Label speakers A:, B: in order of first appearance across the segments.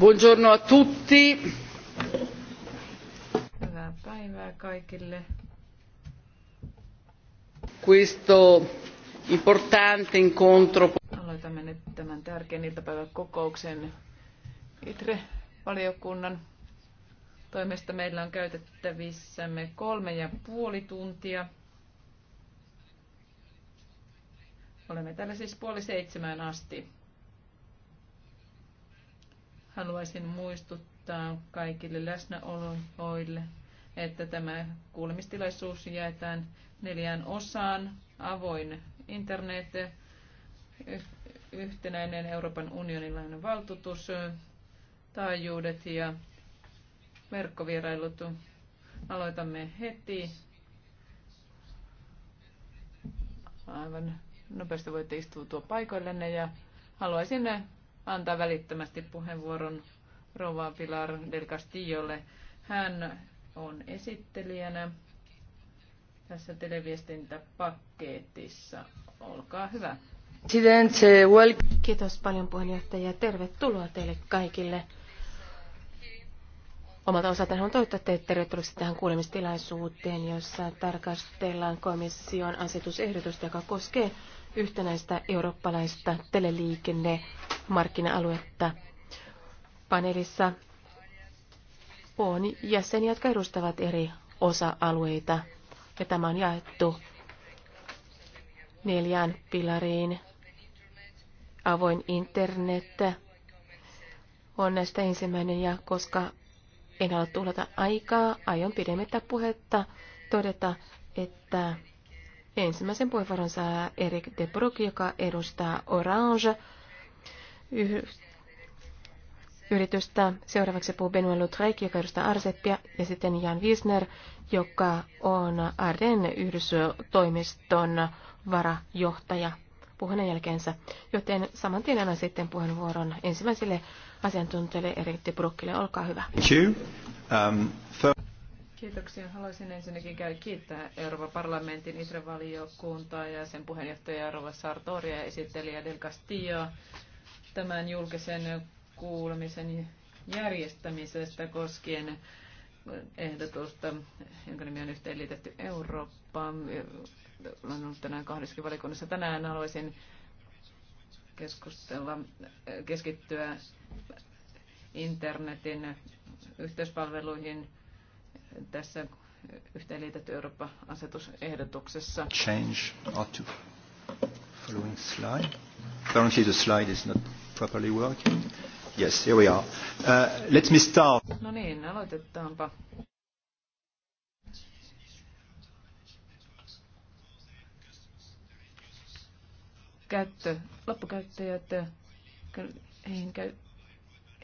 A: Buongiorno a tutti.
B: Hyvää päivää kaikille. Questo importante incontro. Aloitamme nyt tämän tärkeän iltapäivän kokouksen ITRE-valiokunnan toimesta. Meillä on käytettävissämme kolme ja puoli tuntia. Olemme täällä siis puoli seitsemään asti. Haluaisin muistuttaa kaikille läsnäoloille, että tämä kuulemistilaisuus jaetaan neljään osaan. Avoin internet, yhtenäinen Euroopan unionilainen valtuutus, taajuudet ja verkkovierailut. Aloitamme heti. Aivan nopeasti voitte istua tuo paikoillenne ja haluaisin antaa välittömästi puheenvuoron Rova Pilar del Castillolle. Hän on esittelijänä tässä televiestintäpaketissa. Olkaa hyvä.
C: Kiitos paljon puheenjohtaja ja tervetuloa teille kaikille. Omalta osaltaan on toivottaa teidät tervetulleeksi tähän kuulemistilaisuuteen, jossa tarkastellaan komission asetusehdotusta, joka koskee yhtenäistä eurooppalaista teleliikenne markkina-aluetta. Paneelissa on jäseniä, jotka edustavat eri osa-alueita, ja tämä on jaettu neljään pilariin. Avoin internet on näistä ensimmäinen, ja koska en halua tuhlata aikaa, aion pidemmittä puhetta todeta, että ensimmäisen puheenvuoron saa Erik de joka edustaa Orange yritystä. Seuraavaksi puhuu Benoit Lautrec, joka edustaa Arseppia, ja sitten Jan Wiesner, joka on Arden yhdistoimiston varajohtaja puheen jälkeensä. Joten saman tien annan sitten puheenvuoron ensimmäiselle asiantuntijalle Erik Brukkille. Olkaa hyvä.
D: Um,
B: Kiitoksia. Haluaisin ensinnäkin käydä kiittää Euroopan parlamentin itre ja sen puheenjohtaja Rova Sartoria ja esittelijä Del Castillo tämän julkisen kuulemisen järjestämisestä koskien ehdotusta, jonka nimi on yhteenliitetty Eurooppaan. Olen ollut tänään kahdessakin valikunnassa. Tänään haluaisin keskustella, keskittyä internetin yhteispalveluihin tässä yhteenliitetty Eurooppa-asetusehdotuksessa. Change
D: or to following slide. Apparently the slide is not properly Yes, here we are. Uh, let me start.
B: No niin, aloitetaanpa. Käyttö, loppukäyttäjät, heihin, käy,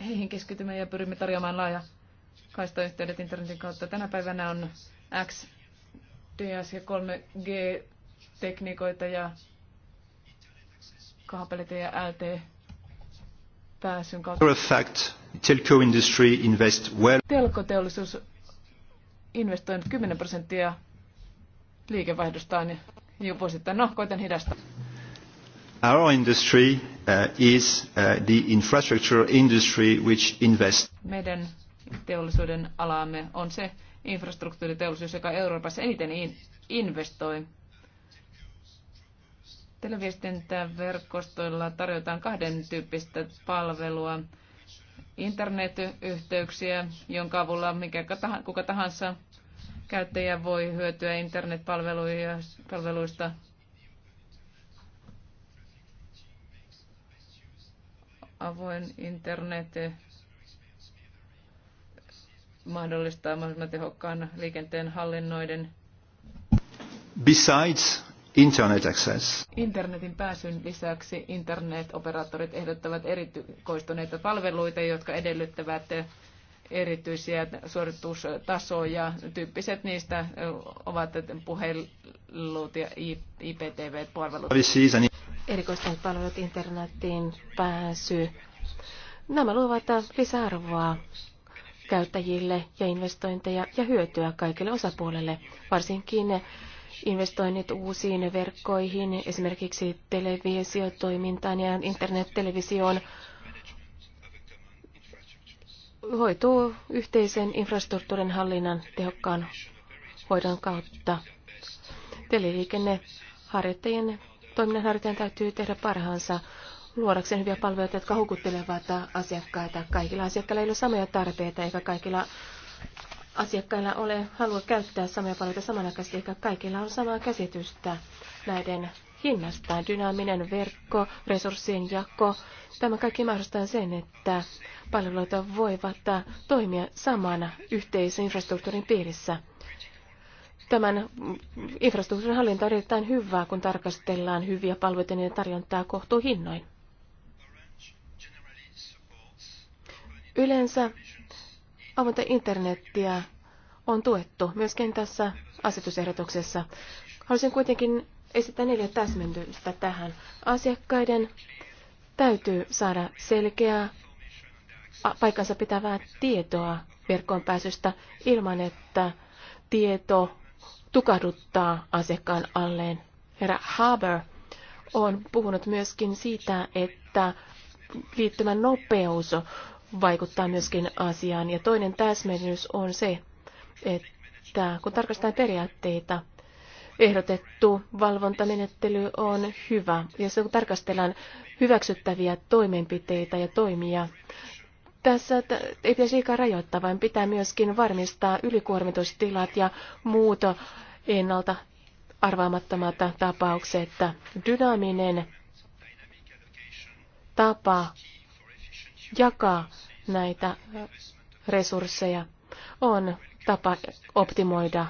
B: heihin keskitymme ja pyrimme tarjoamaan laaja kaistayhteydet internetin kautta. Tänä päivänä on X, DS ja 3G-tekniikoita ja kaapelit ja LTE pääsyn kautta.
D: Fact, telco industry invest well.
B: Telkoteollisuus investoi 10 prosenttia liikevaihdostaan ja niin vuosittain. No, koitan hidasta.
D: Our industry uh, is uh, the infrastructure industry which invests.
B: Meidän teollisuuden alamme on se infrastruktuuriteollisuus, joka Euroopassa eniten investoi Televiestintäverkostoilla tarjotaan kahden tyyppistä palvelua. Internetyhteyksiä, jonka avulla mikä tahansa, kuka tahansa käyttäjä voi hyötyä internetpalveluista. Avoin internet mahdollistaa mahdollisimman tehokkaan liikenteen hallinnoiden.
D: Besides internet access.
B: Internetin pääsyn lisäksi internetoperaattorit ehdottavat erikoistuneita palveluita, jotka edellyttävät erityisiä suoritustasoja. Tyyppiset niistä ovat puhelut ja IPTV-palvelut.
C: Erikoistuneet palvelut internetin pääsy. Nämä luovat lisäarvoa käyttäjille ja investointeja ja hyötyä kaikille osapuolelle, varsinkin ne investoinnit uusiin verkkoihin, esimerkiksi televisiotoimintaan ja internettelevisioon, hoituu yhteisen infrastruktuurin hallinnan tehokkaan hoidon kautta. Teleliikenneharjoittajien toiminnanharjoittajien täytyy tehdä parhaansa luodakseen hyviä palveluita, jotka houkuttelevat asiakkaita. Kaikilla asiakkailla ei ole samoja tarpeita, eikä kaikilla asiakkailla ole halua käyttää samoja palveluita samanaikaisesti, eikä kaikilla on samaa käsitystä näiden hinnasta. Dynaaminen verkko, resurssien jako, tämä kaikki mahdollistaa sen, että palveluita voivat toimia samana yhteisen infrastruktuurin piirissä. Tämän infrastruktuurin hallinta on erittäin hyvää, kun tarkastellaan hyviä palveluita ja niin tarjontaa kohtuuhinnoin. Yleensä avointa internettiä on tuettu myöskin tässä asetusehdotuksessa. Haluaisin kuitenkin esittää neljä täsmennystä tähän. Asiakkaiden täytyy saada selkeää paikansa pitävää tietoa verkkoon pääsystä ilman, että tieto tukahduttaa asiakkaan alleen. Herra Haber on puhunut myöskin siitä, että liittymän nopeus vaikuttaa myöskin asiaan. Ja toinen täsmennys on se, että kun tarkastetaan periaatteita, ehdotettu valvontamenettely on hyvä. Ja se kun tarkastellaan hyväksyttäviä toimenpiteitä ja toimia, tässä ei pitäisi liikaa rajoittaa, vaan pitää myöskin varmistaa ylikuormitustilat ja muut ennalta arvaamattomat tapaukset. Dynaaminen tapa jakaa näitä resursseja on tapa optimoida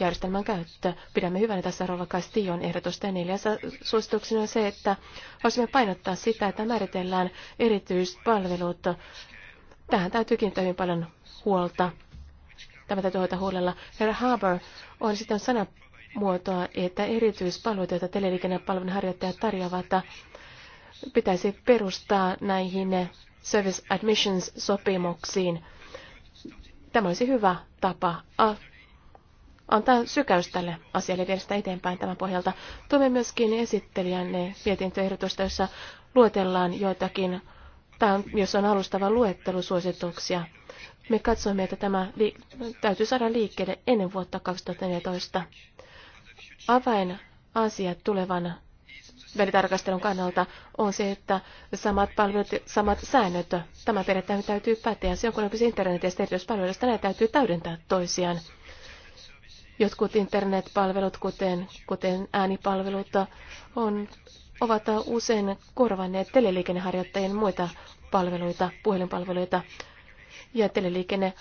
C: järjestelmän käyttö. Pidämme hyvänä tässä Rova Castillon ehdotusta ja neljäs suosituksena on se, että voisimme painottaa sitä, että määritellään erityispalvelut. Tähän täytyy kiinnittää hyvin paljon huolta. Tämä täytyy hoitaa huolella. Herra Haber on sitten sanamuotoa, että erityispalvelut, joita teleliikennepalvelun harjoittajat tarjoavat, pitäisi perustaa näihin Service Admissions-sopimuksiin. Tämä olisi hyvä tapa antaa sykäys tälle asialle viedä eteenpäin tämän pohjalta. Tuomme myöskin esittelijänne mietintöehdotusta, jossa luetellaan joitakin, tai jos on alustava luettelusuosituksia. Me katsoimme, että tämä täytyy saada liikkeelle ennen vuotta 2014. Avain asiat tulevan välitarkastelun kannalta on se, että samat palvelut, samat säännöt, tämä periaatteessa täytyy päteä. Se on kun ja terveyspalveluista, näitä täytyy täydentää toisiaan. Jotkut internetpalvelut, kuten, kuten äänipalvelut, on, ovat usein korvanneet teleliikenneharjoittajien muita palveluita, puhelinpalveluita. Ja teleliikenne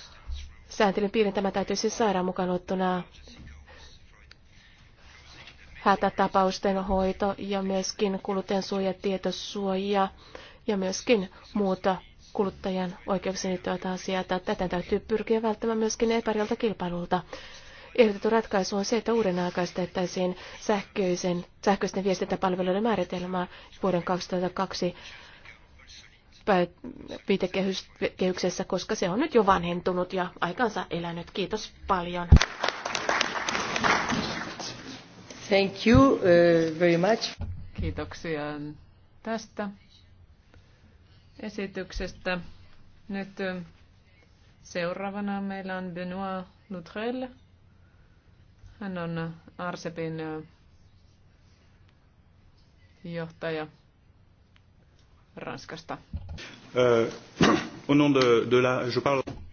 C: sääntelyn piirin tämä täytyisi saada mukaan hätätapausten hoito ja myöskin suoja tietosuoja ja myöskin muuta kuluttajan oikeuksiin liittyvät asiat. Tätä täytyy pyrkiä välttämään myöskin epäreilta kilpailulta. Ehdotettu ratkaisu on se, että uuden aikaistettaisiin sähköisen, sähköisten viestintäpalveluiden määritelmää vuoden 2002 viitekehyksessä, koska se on nyt jo vanhentunut ja aikansa elänyt. Kiitos paljon.
A: Thank you uh, very much. Kiitoksia
C: tästä
B: esityksestä. Nyt seuraavana meillä on Benoit Lutrel. Hän on Arsepin johtaja Ranskasta.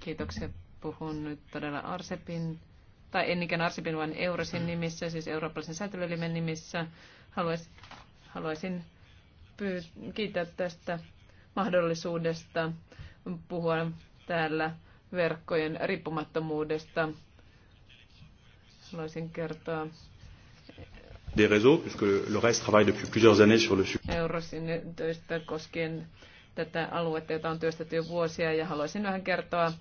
B: Kiitoksia. Puhun nyt todella Arsepin tai en ikään Arsipin, vaan Eurosin nimissä, siis eurooppalaisen säätelyelimen nimissä. Haluais, haluaisin pyy- kiittää tästä mahdollisuudesta puhua täällä verkkojen riippumattomuudesta. Haluaisin kertoa
D: des réseaux, puisque le reste travaille depuis plusieurs années sur le sujet.
B: Eurosin töistä koskien tätä aluetta, jota on työstetty jo vuosia, ja haluaisin vähän kertoa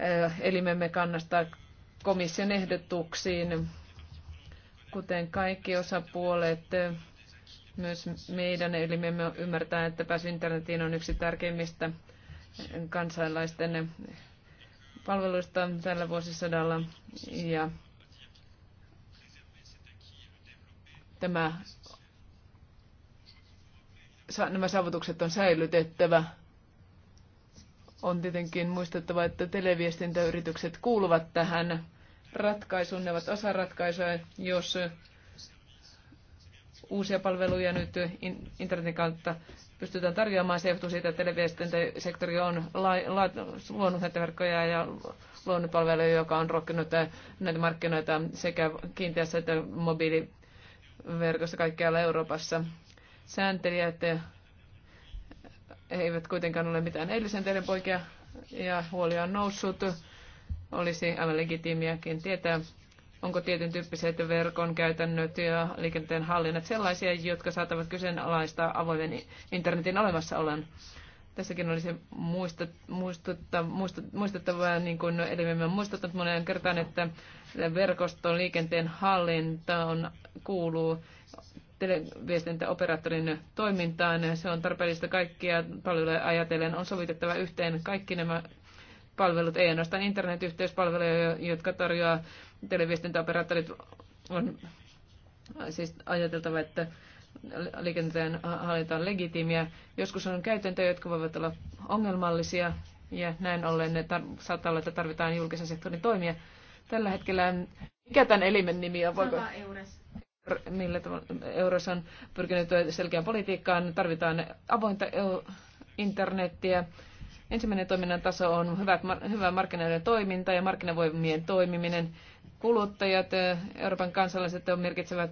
B: Äh, elimemme kannasta komission ehdotuksiin. Kuten kaikki osapuolet, myös meidän elimemme ymmärtää, että pääsy internetiin on yksi tärkeimmistä kansalaisten palveluista tällä vuosisadalla. Ja tämä, nämä saavutukset on säilytettävä on tietenkin muistettava, että televiestintäyritykset kuuluvat tähän ratkaisuun. Ne ovat osa ratkaisuja, jos uusia palveluja nyt internetin kautta pystytään tarjoamaan. Se johtuu siitä, että televiestintäsektori on la, la, luonut näitä verkkoja ja luonut palveluja, joka on rokkinut näitä markkinoita sekä kiinteässä että mobiiliverkossa kaikkialla Euroopassa. Sääntelijät eivät kuitenkaan ole mitään eilisen teidän poikia ja huolia on noussut. Olisi aivan legitiimiäkin tietää, onko tietyn tyyppiset verkon käytännöt ja liikenteen hallinnat sellaisia, jotka saattavat kyseenalaistaa avoimen internetin olemassaolon. Tässäkin olisi muistettava, niin kuin on muistuttanut moneen kertaan, että verkoston liikenteen hallinta on, kuuluu televiestintäoperaattorin toimintaan. Se on tarpeellista kaikkia palveluja ajatellen. On sovitettava yhteen kaikki nämä palvelut, ei ainoastaan internetyhteyspalveluja, jotka tarjoaa televiestintäoperaattorit. On siis ajateltava, että liikenteen hallinta on legitiimiä. Joskus on käytäntöjä, jotka voivat olla ongelmallisia ja näin ollen ne tar- saattaa olla, että tarvitaan julkisen sektorin toimia. Tällä hetkellä, mikä tämän elimen nimi on? Voiko? Sata eures millä eurossa on pyrkinyt selkeään politiikkaan. Tarvitaan avointa internettiä. Ensimmäinen toiminnan taso on hyvät, hyvä markkinoiden toiminta ja markkinavoimien toimiminen. Kuluttajat, Euroopan kansalaiset on merkitsevät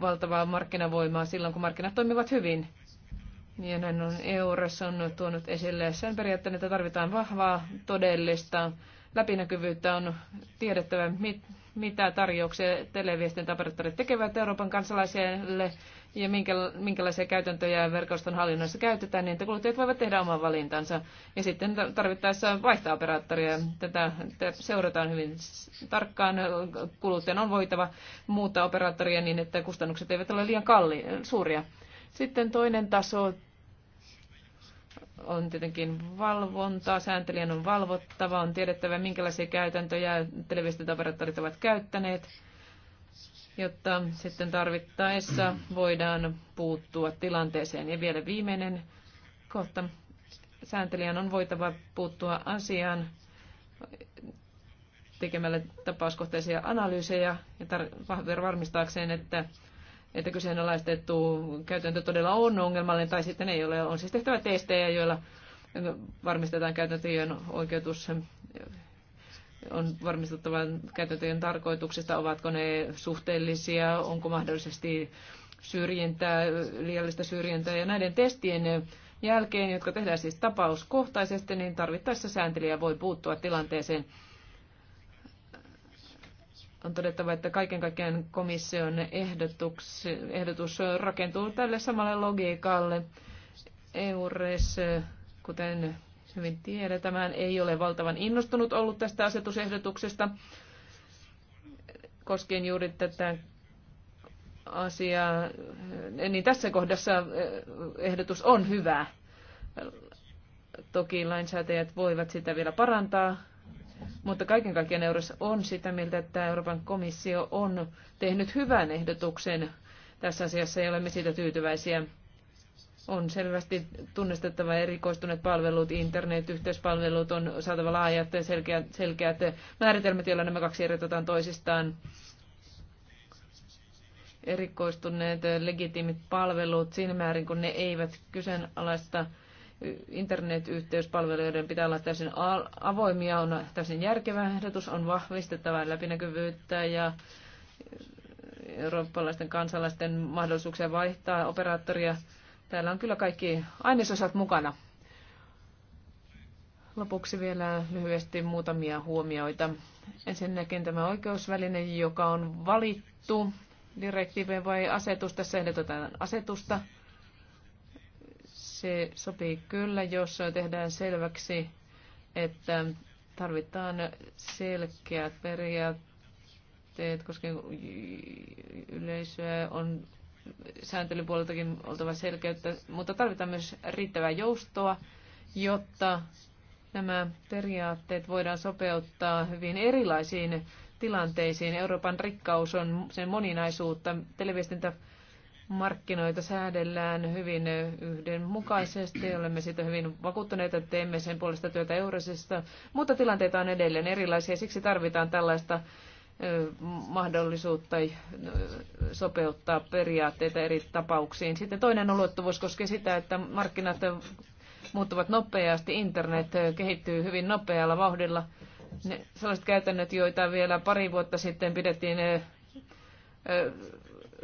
B: valtavaa markkinavoimaa silloin, kun markkinat toimivat hyvin. Ja näin on EURES on tuonut esille sen periaatteen, että tarvitaan vahvaa, todellista läpinäkyvyyttä on tiedettävä, mitä tarjouksia televiestintäoperaattorit tekevät Euroopan kansalaisille ja minkälaisia käytäntöjä verkoston hallinnossa käytetään, niin että kuluttajat voivat tehdä oman valintansa. Ja sitten tarvittaessa vaihtaa operaattoria. Tätä seurataan hyvin tarkkaan. Kuluttajan on voitava muuttaa operaattoria niin, että kustannukset eivät ole liian kalli, suuria. Sitten toinen taso on tietenkin valvontaa, sääntelijän on valvottava, on tiedettävä minkälaisia käytäntöjä televisiooperaattorit ovat käyttäneet, jotta sitten tarvittaessa voidaan puuttua tilanteeseen. Ja vielä viimeinen kohta. Sääntelijän on voitava puuttua asiaan tekemällä tapauskohtaisia analyysejä ja varmistaakseen, että että kyseenalaistettu käytäntö todella on ongelmallinen tai sitten ei ole. On siis tehtävä testejä, joilla varmistetaan käytäntöjen oikeutus on varmistettava käytäntöjen tarkoituksesta, ovatko ne suhteellisia, onko mahdollisesti syrjintää, liiallista syrjintää ja näiden testien jälkeen, jotka tehdään siis tapauskohtaisesti, niin tarvittaessa sääntelijä voi puuttua tilanteeseen on todettava, että kaiken kaikkiaan komission ehdotus, ehdotus rakentuu tälle samalle logiikalle. EURES, kuten hyvin tiedetään, ei ole valtavan innostunut ollut tästä asetusehdotuksesta koskien juuri tätä asiaa, niin tässä kohdassa eh, ehdotus on hyvä. Toki lainsäätäjät voivat sitä vielä parantaa, mutta kaiken kaikkiaan Euroopassa on sitä mieltä, että Euroopan komissio on tehnyt hyvän ehdotuksen. Tässä asiassa ei olemme siitä tyytyväisiä. On selvästi tunnistettava erikoistuneet palvelut, internet, yhteispalvelut, on saatava laajat ja selkeät, selkeät määritelmät, joilla nämä kaksi erotetaan toisistaan erikoistuneet legitiimit palvelut siinä määrin, kun ne eivät kyseenalaista internetyhteyspalveluiden pitää olla täysin avoimia, on täysin järkevä ehdotus, on vahvistettava läpinäkyvyyttä ja eurooppalaisten kansalaisten mahdollisuuksia vaihtaa operaattoria. Täällä on kyllä kaikki ainesosat mukana. Lopuksi vielä lyhyesti muutamia huomioita. Ensinnäkin tämä oikeusväline, joka on valittu direktiiveen vai asetus. Tässä ehdotetaan asetusta. Se sopii kyllä, jos tehdään selväksi, että tarvitaan selkeät periaatteet, koska yleisöä on sääntelypuoleltakin oltava selkeyttä, mutta tarvitaan myös riittävää joustoa, jotta nämä periaatteet voidaan sopeuttaa hyvin erilaisiin tilanteisiin. Euroopan rikkaus on sen moninaisuutta. Televiestintä markkinoita säädellään hyvin yhdenmukaisesti. Olemme siitä hyvin vakuuttuneita, että teemme sen puolesta työtä Eurosista, mutta tilanteita on edelleen erilaisia. Siksi tarvitaan tällaista mahdollisuutta sopeuttaa periaatteita eri tapauksiin. Sitten toinen ulottuvuus koskee sitä, että markkinat muuttuvat nopeasti, internet kehittyy hyvin nopealla vauhdilla. Ne sellaiset käytännöt, joita vielä pari vuotta sitten pidettiin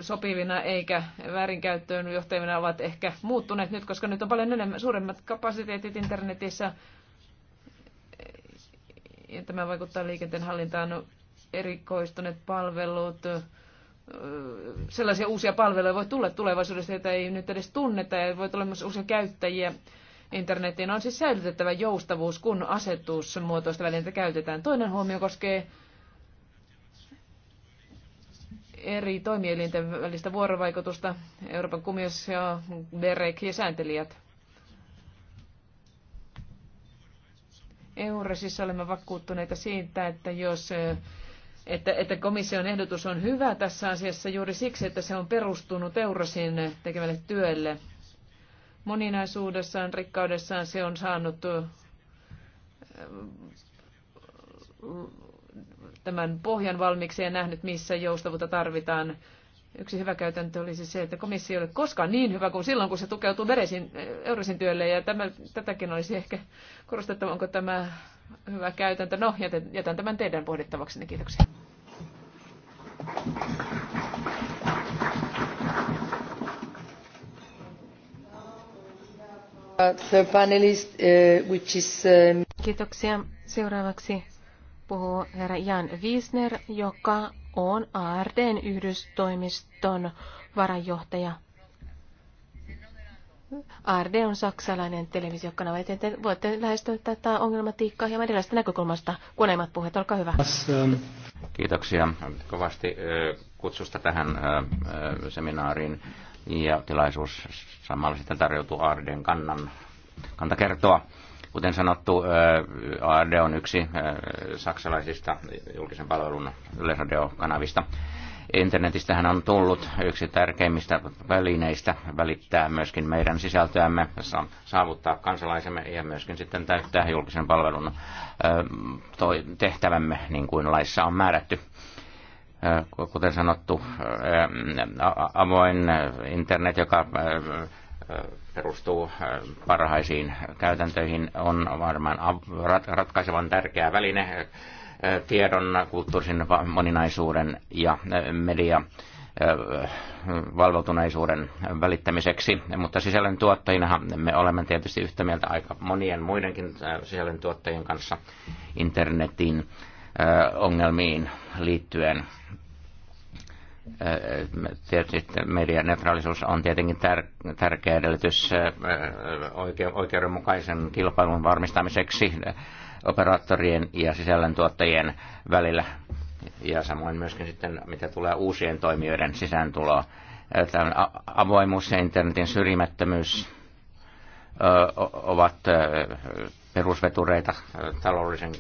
B: sopivina eikä väärinkäyttöön johtavina ovat ehkä muuttuneet nyt, koska nyt on paljon enemmän, suuremmat kapasiteetit internetissä. Ja tämä vaikuttaa liikenteen hallintaan erikoistuneet palvelut. Sellaisia uusia palveluja voi tulla tulevaisuudessa, joita ei nyt edes tunneta ja voi tulla myös uusia käyttäjiä. Internetin on siis säilytettävä joustavuus, kun asetusmuotoista välineitä käytetään. Toinen huomio koskee eri toimielinten välistä vuorovaikutusta, Euroopan komissio, BEREC ja sääntelijät. Euresissa olemme vakuuttuneita siitä, että jos että, että komission ehdotus on hyvä tässä asiassa juuri siksi, että se on perustunut Eurosin tekemälle työlle. Moninaisuudessaan, rikkaudessaan se on saanut tämän pohjan valmiiksi ja nähnyt, missä joustavuutta tarvitaan. Yksi hyvä käytäntö olisi se, että komissio ei ole koskaan niin hyvä kuin silloin, kun se tukeutuu veresin, eurosin työlle, ja tämä, tätäkin olisi ehkä korostettava, onko tämä hyvä käytäntö. No, jätän, jätän tämän teidän pohdittavaksenne. Kiitoksia.
A: Uh, uh, um, Kiitoksia.
C: Seuraavaksi puhuu herra Jan Wiesner, joka on ARDn yhdystoimiston varajohtaja. ARD on saksalainen televisiokanava, joten voitte lähestyä tätä ongelmatiikkaa hieman erilaisesta näkökulmasta. Kuoneimmat puheet, olkaa hyvä.
E: Um, Kiitoksia kovasti kutsusta tähän seminaariin ja tilaisuus samalla sitten tarjoutuu ARDn kannan, kanta kertoa Kuten sanottu, ARD on yksi saksalaisista julkisen palvelun yleisradiokanavista. hän on tullut yksi tärkeimmistä välineistä välittää myöskin meidän sisältöämme, saavuttaa kansalaisemme ja myöskin sitten täyttää julkisen palvelun tehtävämme, niin kuin laissa on määrätty kuten sanottu, avoin internet, joka perustuu äh, parhaisiin käytäntöihin, on varmaan ratkaisevan tärkeä väline äh, tiedon, kulttuurisen moninaisuuden ja äh, media valvotuneisuuden välittämiseksi, mutta sisällöntuottajina me olemme tietysti yhtä mieltä aika monien muidenkin sisällöntuottajien kanssa internetin ongelmiin liittyen tietysti medianeutraalisuus on tietenkin tär- tärkeä edellytys äh, oike- oikeudenmukaisen kilpailun varmistamiseksi operaattorien ja sisällöntuottajien välillä. Ja samoin myöskin sitten, mitä tulee uusien toimijoiden sisääntuloa. Äh, tämän avoimuus ja internetin syrjimättömyys äh, ovat perusvetureita taloudellisen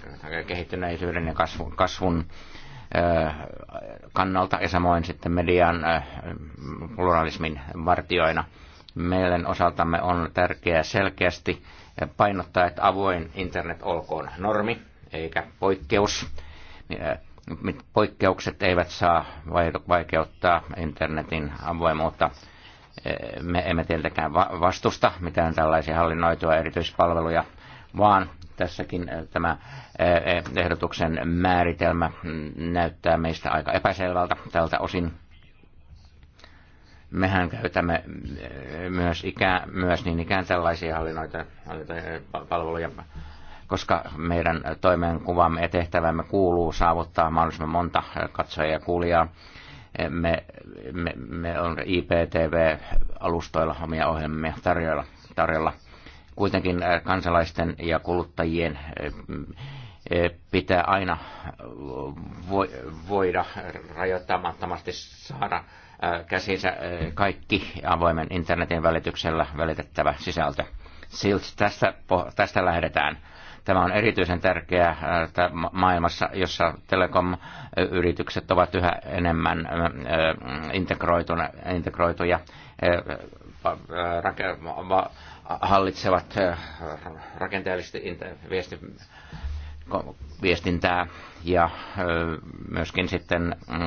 E: kehittyneisyyden ja kasvun kannalta ja samoin sitten median pluralismin vartioina. Meidän osaltamme on tärkeää selkeästi painottaa, että avoin internet olkoon normi eikä poikkeus. Poikkeukset eivät saa vaikeuttaa internetin avoimuutta. Me emme tietenkään vastusta mitään tällaisia hallinnoitua erityispalveluja, vaan Tässäkin äh, tämä äh, äh, ehdotuksen määritelmä mm, näyttää meistä aika epäselvältä tältä osin. Mehän käytämme myös, ikä, myös niin ikään tällaisia hallinnoita, palveluja, koska meidän toimenkuvamme ja tehtävämme kuuluu saavuttaa mahdollisimman monta katsojaa ja kuulijaa me, me, me on IPTV-alustoilla omia ohjelmia tarjolla. tarjolla. Kuitenkin äh, kansalaisten ja kuluttajien äh, äh, pitää aina voida rajoittamattomasti saada käsinsä kaikki avoimen internetin välityksellä välitettävä sisältö. Silti tästä, tästä lähdetään. Tämä on erityisen tärkeää maailmassa, jossa telekom-yritykset ovat yhä enemmän integroituja hallitsevat äh, rakenteellisesti viestintää ja äh, myöskin sitten mm,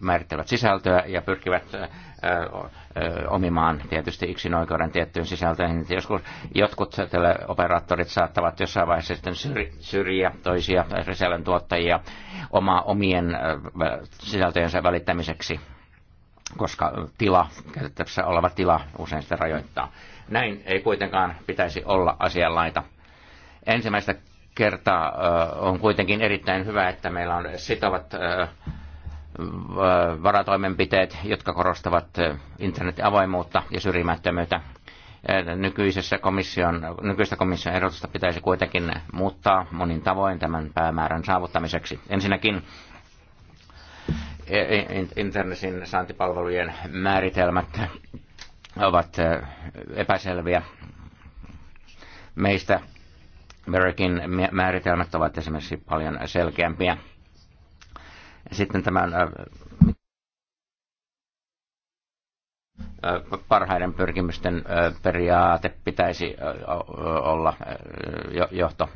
E: määrittävät sisältöä ja pyrkivät äh, omimaan tietysti yksin oikeuden tiettyyn sisältöihin. Joskus jotkut operaattorit saattavat jossain vaiheessa sitten syrjiä toisia sisällön tuottajia oma omien sisältöjensä välittämiseksi, koska tila, käytettävissä oleva tila usein sitä rajoittaa. Näin ei kuitenkaan pitäisi olla asianlaita. Ensimmäistä kertaa on kuitenkin erittäin hyvä, että meillä on sitovat varatoimenpiteet, jotka korostavat internetin avoimuutta ja syrjimättömyyttä. Nykyisessä komission, nykyistä komission ehdotusta pitäisi kuitenkin muuttaa monin tavoin tämän päämäärän saavuttamiseksi. Ensinnäkin e, e, internetin saantipalvelujen määritelmät ovat epäselviä. Meistä Verikin määritelmät ovat esimerkiksi paljon selkeämpiä. Sitten tämän parhaiden pyrkimysten periaate pitäisi olla johto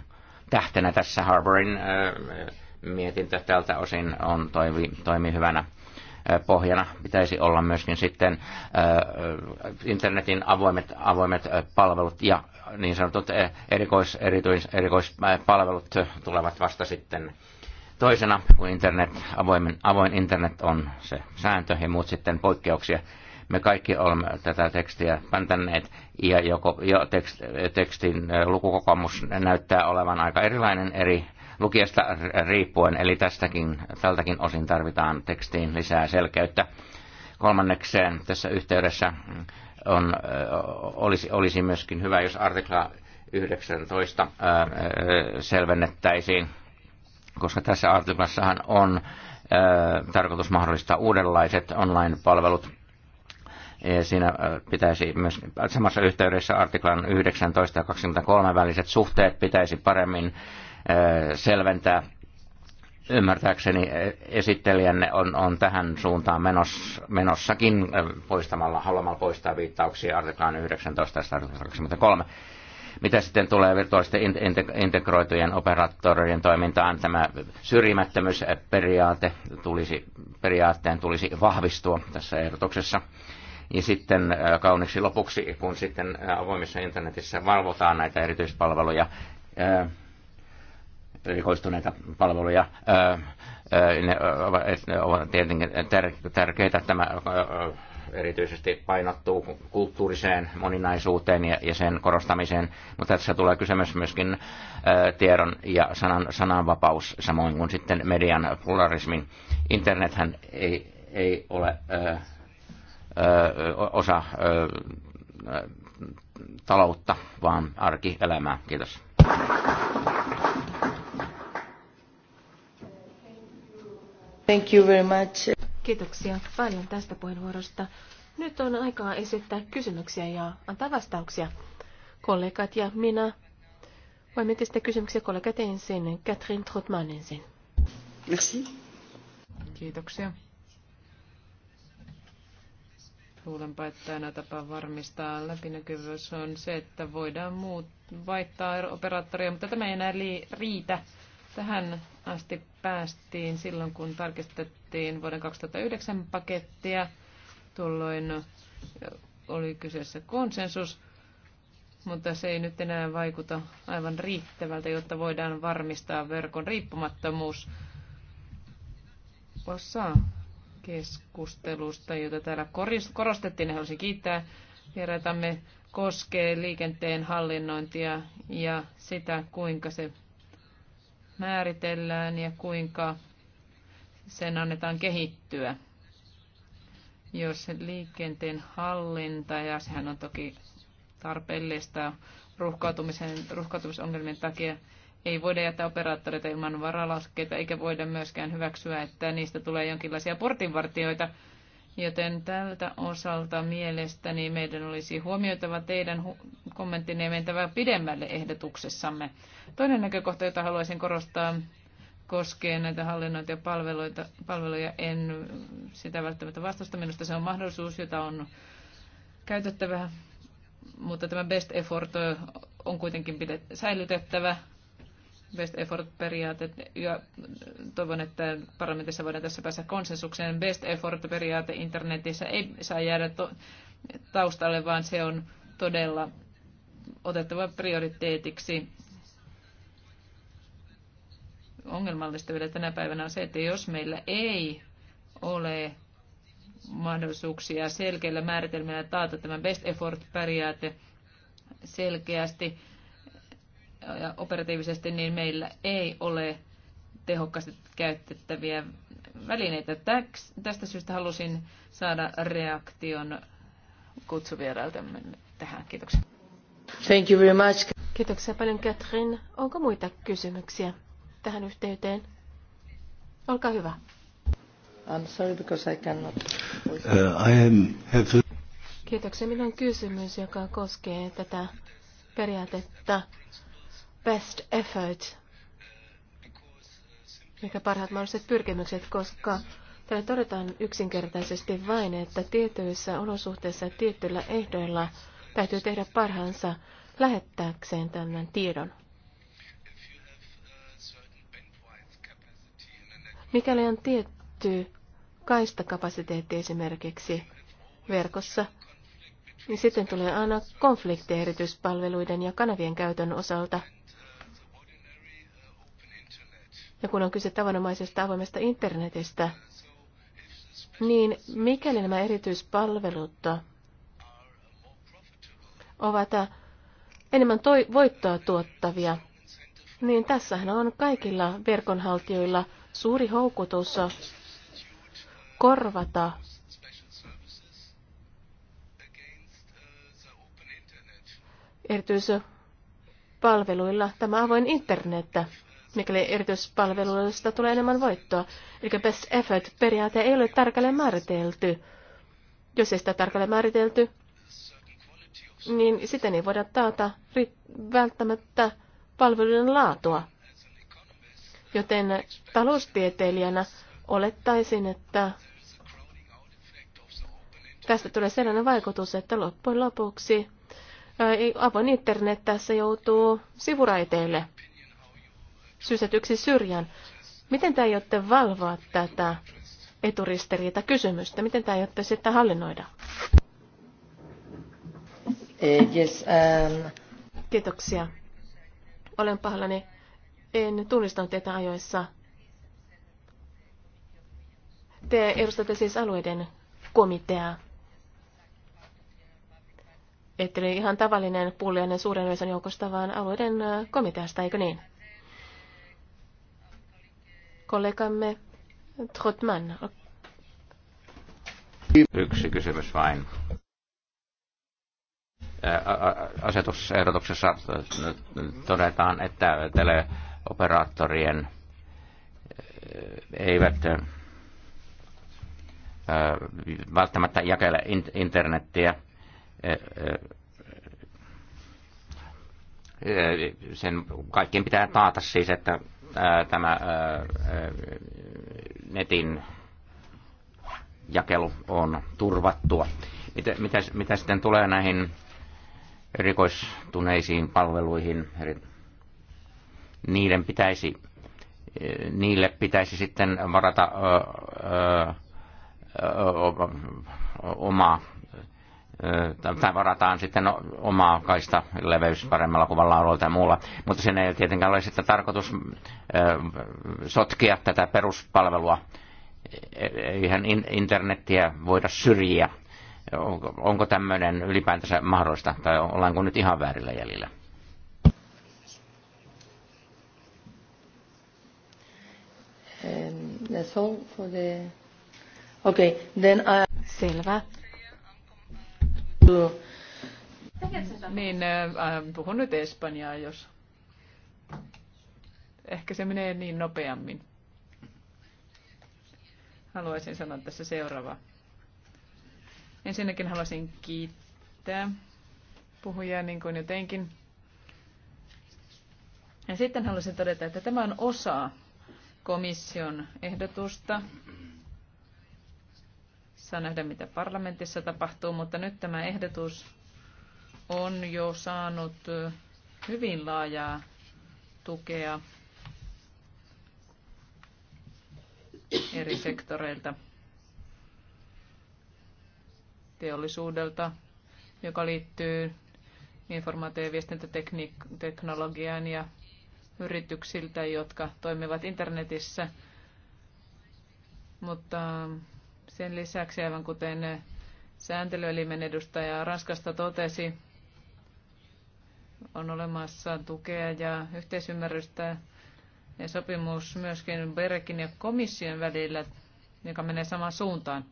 E: tähtenä tässä Harborin mietintö tältä osin on toimi, toimi hyvänä pohjana pitäisi olla myöskin sitten internetin avoimet, avoimet palvelut ja niin sanotut erikois, erityis, erikoispalvelut tulevat vasta sitten toisena, kun internet, avoin, avoin internet on se sääntö ja muut sitten poikkeuksia. Me kaikki olemme tätä tekstiä päntäneet ja joko, jo tekst, tekstin lukukokemus näyttää olevan aika erilainen eri lukijasta riippuen, eli tästäkin, tältäkin osin tarvitaan tekstiin lisää selkeyttä. Kolmannekseen tässä yhteydessä mm, on, olisi, olisi myöskin hyvä, jos artikla 19 ää, selvennettäisiin, koska tässä artiklassahan on ää, tarkoitus mahdollistaa uudenlaiset online-palvelut. Ja siinä pitäisi myös samassa yhteydessä artiklan 19 ja 23 väliset suhteet pitäisi paremmin selventää. Ymmärtääkseni esittelijänne on, on tähän suuntaan menos, menossakin poistamalla, haluamalla poistaa viittauksia artiklaan 19 23. Mitä sitten tulee virtuaalisten integroitujen operaattorien toimintaan, tämä syrjimättömyysperiaate tulisi, periaatteen tulisi vahvistua tässä ehdotuksessa. Ja sitten kauniksi lopuksi, kun sitten avoimissa internetissä valvotaan näitä erityispalveluja, erikoistuneita palveluja. Ne ovat tietenkin tärkeitä. Tämä erityisesti painottuu kulttuuriseen moninaisuuteen ja sen korostamiseen, mutta tässä tulee kysymys myöskin tiedon ja sanan, sananvapaus, samoin kuin sitten median pluralismin. Internethän ei, ei ole ö, osa ö, taloutta, vaan arkielämää. Kiitos.
A: Thank you very much.
C: Kiitoksia paljon tästä puheenvuorosta. Nyt on aikaa esittää kysymyksiä ja antaa vastauksia. Kollegat ja minä voimme esittää kysymyksiä kollegat ensin. Catherine Trotman ensin. Merci. Kiitoksia.
B: Luulenpa, että aina tapa varmistaa läpinäkyvyys on se, että voidaan muut vaihtaa operaattoria, mutta tämä ei enää riitä. Tähän asti päästiin silloin, kun tarkistettiin vuoden 2009 pakettia. Tuolloin oli kyseessä konsensus, mutta se ei nyt enää vaikuta aivan riittävältä, jotta voidaan varmistaa verkon riippumattomuus. Osa keskustelusta, jota täällä korostettiin, haluaisin kiittää vieraitamme, koskee liikenteen hallinnointia ja sitä, kuinka se määritellään ja kuinka sen annetaan kehittyä. Jos liikenteen hallinta, ja sehän on toki tarpeellista ruuhkautumisen, ruuhkautumisongelmien takia, ei voida jättää operaattoreita ilman varalaskeita, eikä voida myöskään hyväksyä, että niistä tulee jonkinlaisia portinvartijoita, Joten tältä osalta mielestäni meidän olisi huomioitava teidän kommenttinne mentävä pidemmälle ehdotuksessamme. Toinen näkökohta, jota haluaisin korostaa, koskee näitä hallinnointia ja palveluita, palveluja. En sitä välttämättä vastusta. Minusta se on mahdollisuus, jota on käytettävä, mutta tämä best effort on kuitenkin säilytettävä best effort-periaate, ja toivon, että parlamentissa voidaan tässä päästä konsensukseen. Best effort-periaate internetissä ei saa jäädä to- taustalle, vaan se on todella otettava prioriteetiksi. Ongelmallista vielä tänä päivänä on se, että jos meillä ei ole mahdollisuuksia selkeillä määritelmillä taata tämä best effort-periaate selkeästi, ja operatiivisesti, niin meillä ei ole tehokkaasti käytettäviä välineitä. Tästä syystä halusin saada reaktion kutsuvierailtamme tähän. Kiitoksia.
C: Thank you very much. Kiitoksia paljon Katrin. Onko muita kysymyksiä tähän yhteyteen? Olkaa hyvä.
A: I'm sorry because I
C: cannot. Uh,
D: I am, have...
C: Kiitoksia. Minun on kysymys, joka koskee tätä periaatetta, best effort, mikä parhaat mahdolliset pyrkimykset, koska täällä todetaan yksinkertaisesti vain, että tietyissä olosuhteissa ja tietyillä ehdoilla täytyy tehdä parhaansa lähettääkseen tämän tiedon. Mikäli on tietty kaistakapasiteetti esimerkiksi verkossa, niin sitten tulee aina konflikti erityispalveluiden ja kanavien käytön osalta – ja kun on kyse tavanomaisesta avoimesta internetistä, niin mikäli nämä erityispalvelut ovat enemmän toi, voittoa tuottavia, niin tässähän on kaikilla verkonhaltijoilla suuri houkutus korvata erityispalveluilla tämä avoin internet mikäli erityispalveluista tulee enemmän voittoa. Eli best effort-periaate ei ole tarkalleen määritelty. Jos ei sitä tarkalleen määritelty, niin sitten ei voida taata välttämättä palveluiden laatua. Joten taloustieteilijänä olettaisin, että tästä tulee sellainen vaikutus, että loppujen lopuksi avoin internet tässä joutuu sivuraiteille sysätyksi syrjään. Miten te aiotte valvoa tätä eturisteriitä kysymystä? Miten te aiotte sitä hallinnoida?
A: Eh, yes, um...
C: Kiitoksia. Olen pahallani. En tunnistanut teitä ajoissa. Te edustatte siis alueiden komiteaa. Ette ole ihan tavallinen pulliainen suuren yleisön joukosta, vaan alueiden komiteasta, eikö niin? Kollegamme Trotman.
E: Yksi kysymys vain. Asetusehdotuksessa todetaan, että teleoperaattorien eivät välttämättä jakele internettiä sen kaikkien pitää taata siis, että tämä netin jakelu on turvattua. Mitä, mitä, mitä sitten tulee näihin erikoistuneisiin palveluihin, niiden pitäisi, niille pitäisi sitten varata ö, ö, ö, oma tai varataan sitten omaa kaista leveys paremmalla kuvalla alueella ja muulla. Mutta sen ei tietenkään ole sitten tarkoitus sotkea tätä peruspalvelua. E-, eihän internettiä voida syrjiä. Onko, tämmöinen ylipäätänsä mahdollista tai ollaanko nyt ihan väärillä jäljillä? Um,
A: that's all for the... Okay, then I... Selvä.
B: Niin, äh, äh, puhun nyt espanjaa, jos... Ehkä se menee niin nopeammin. Haluaisin sanoa tässä seuraava. Ensinnäkin haluaisin kiittää puhujaa niin kuin jotenkin. Ja sitten haluaisin todeta, että tämä on osa komission ehdotusta Saa nähdä, mitä parlamentissa tapahtuu, mutta nyt tämä ehdotus on jo saanut hyvin laajaa tukea eri sektoreilta, teollisuudelta, joka liittyy informaatio- ja viestintäteknologiaan ja yrityksiltä, jotka toimivat internetissä, mutta sen lisäksi, aivan kuten sääntelyelimen edustaja Ranskasta totesi, on olemassa tukea ja yhteisymmärrystä ja sopimus myöskin Berekin ja komission välillä, joka menee samaan suuntaan.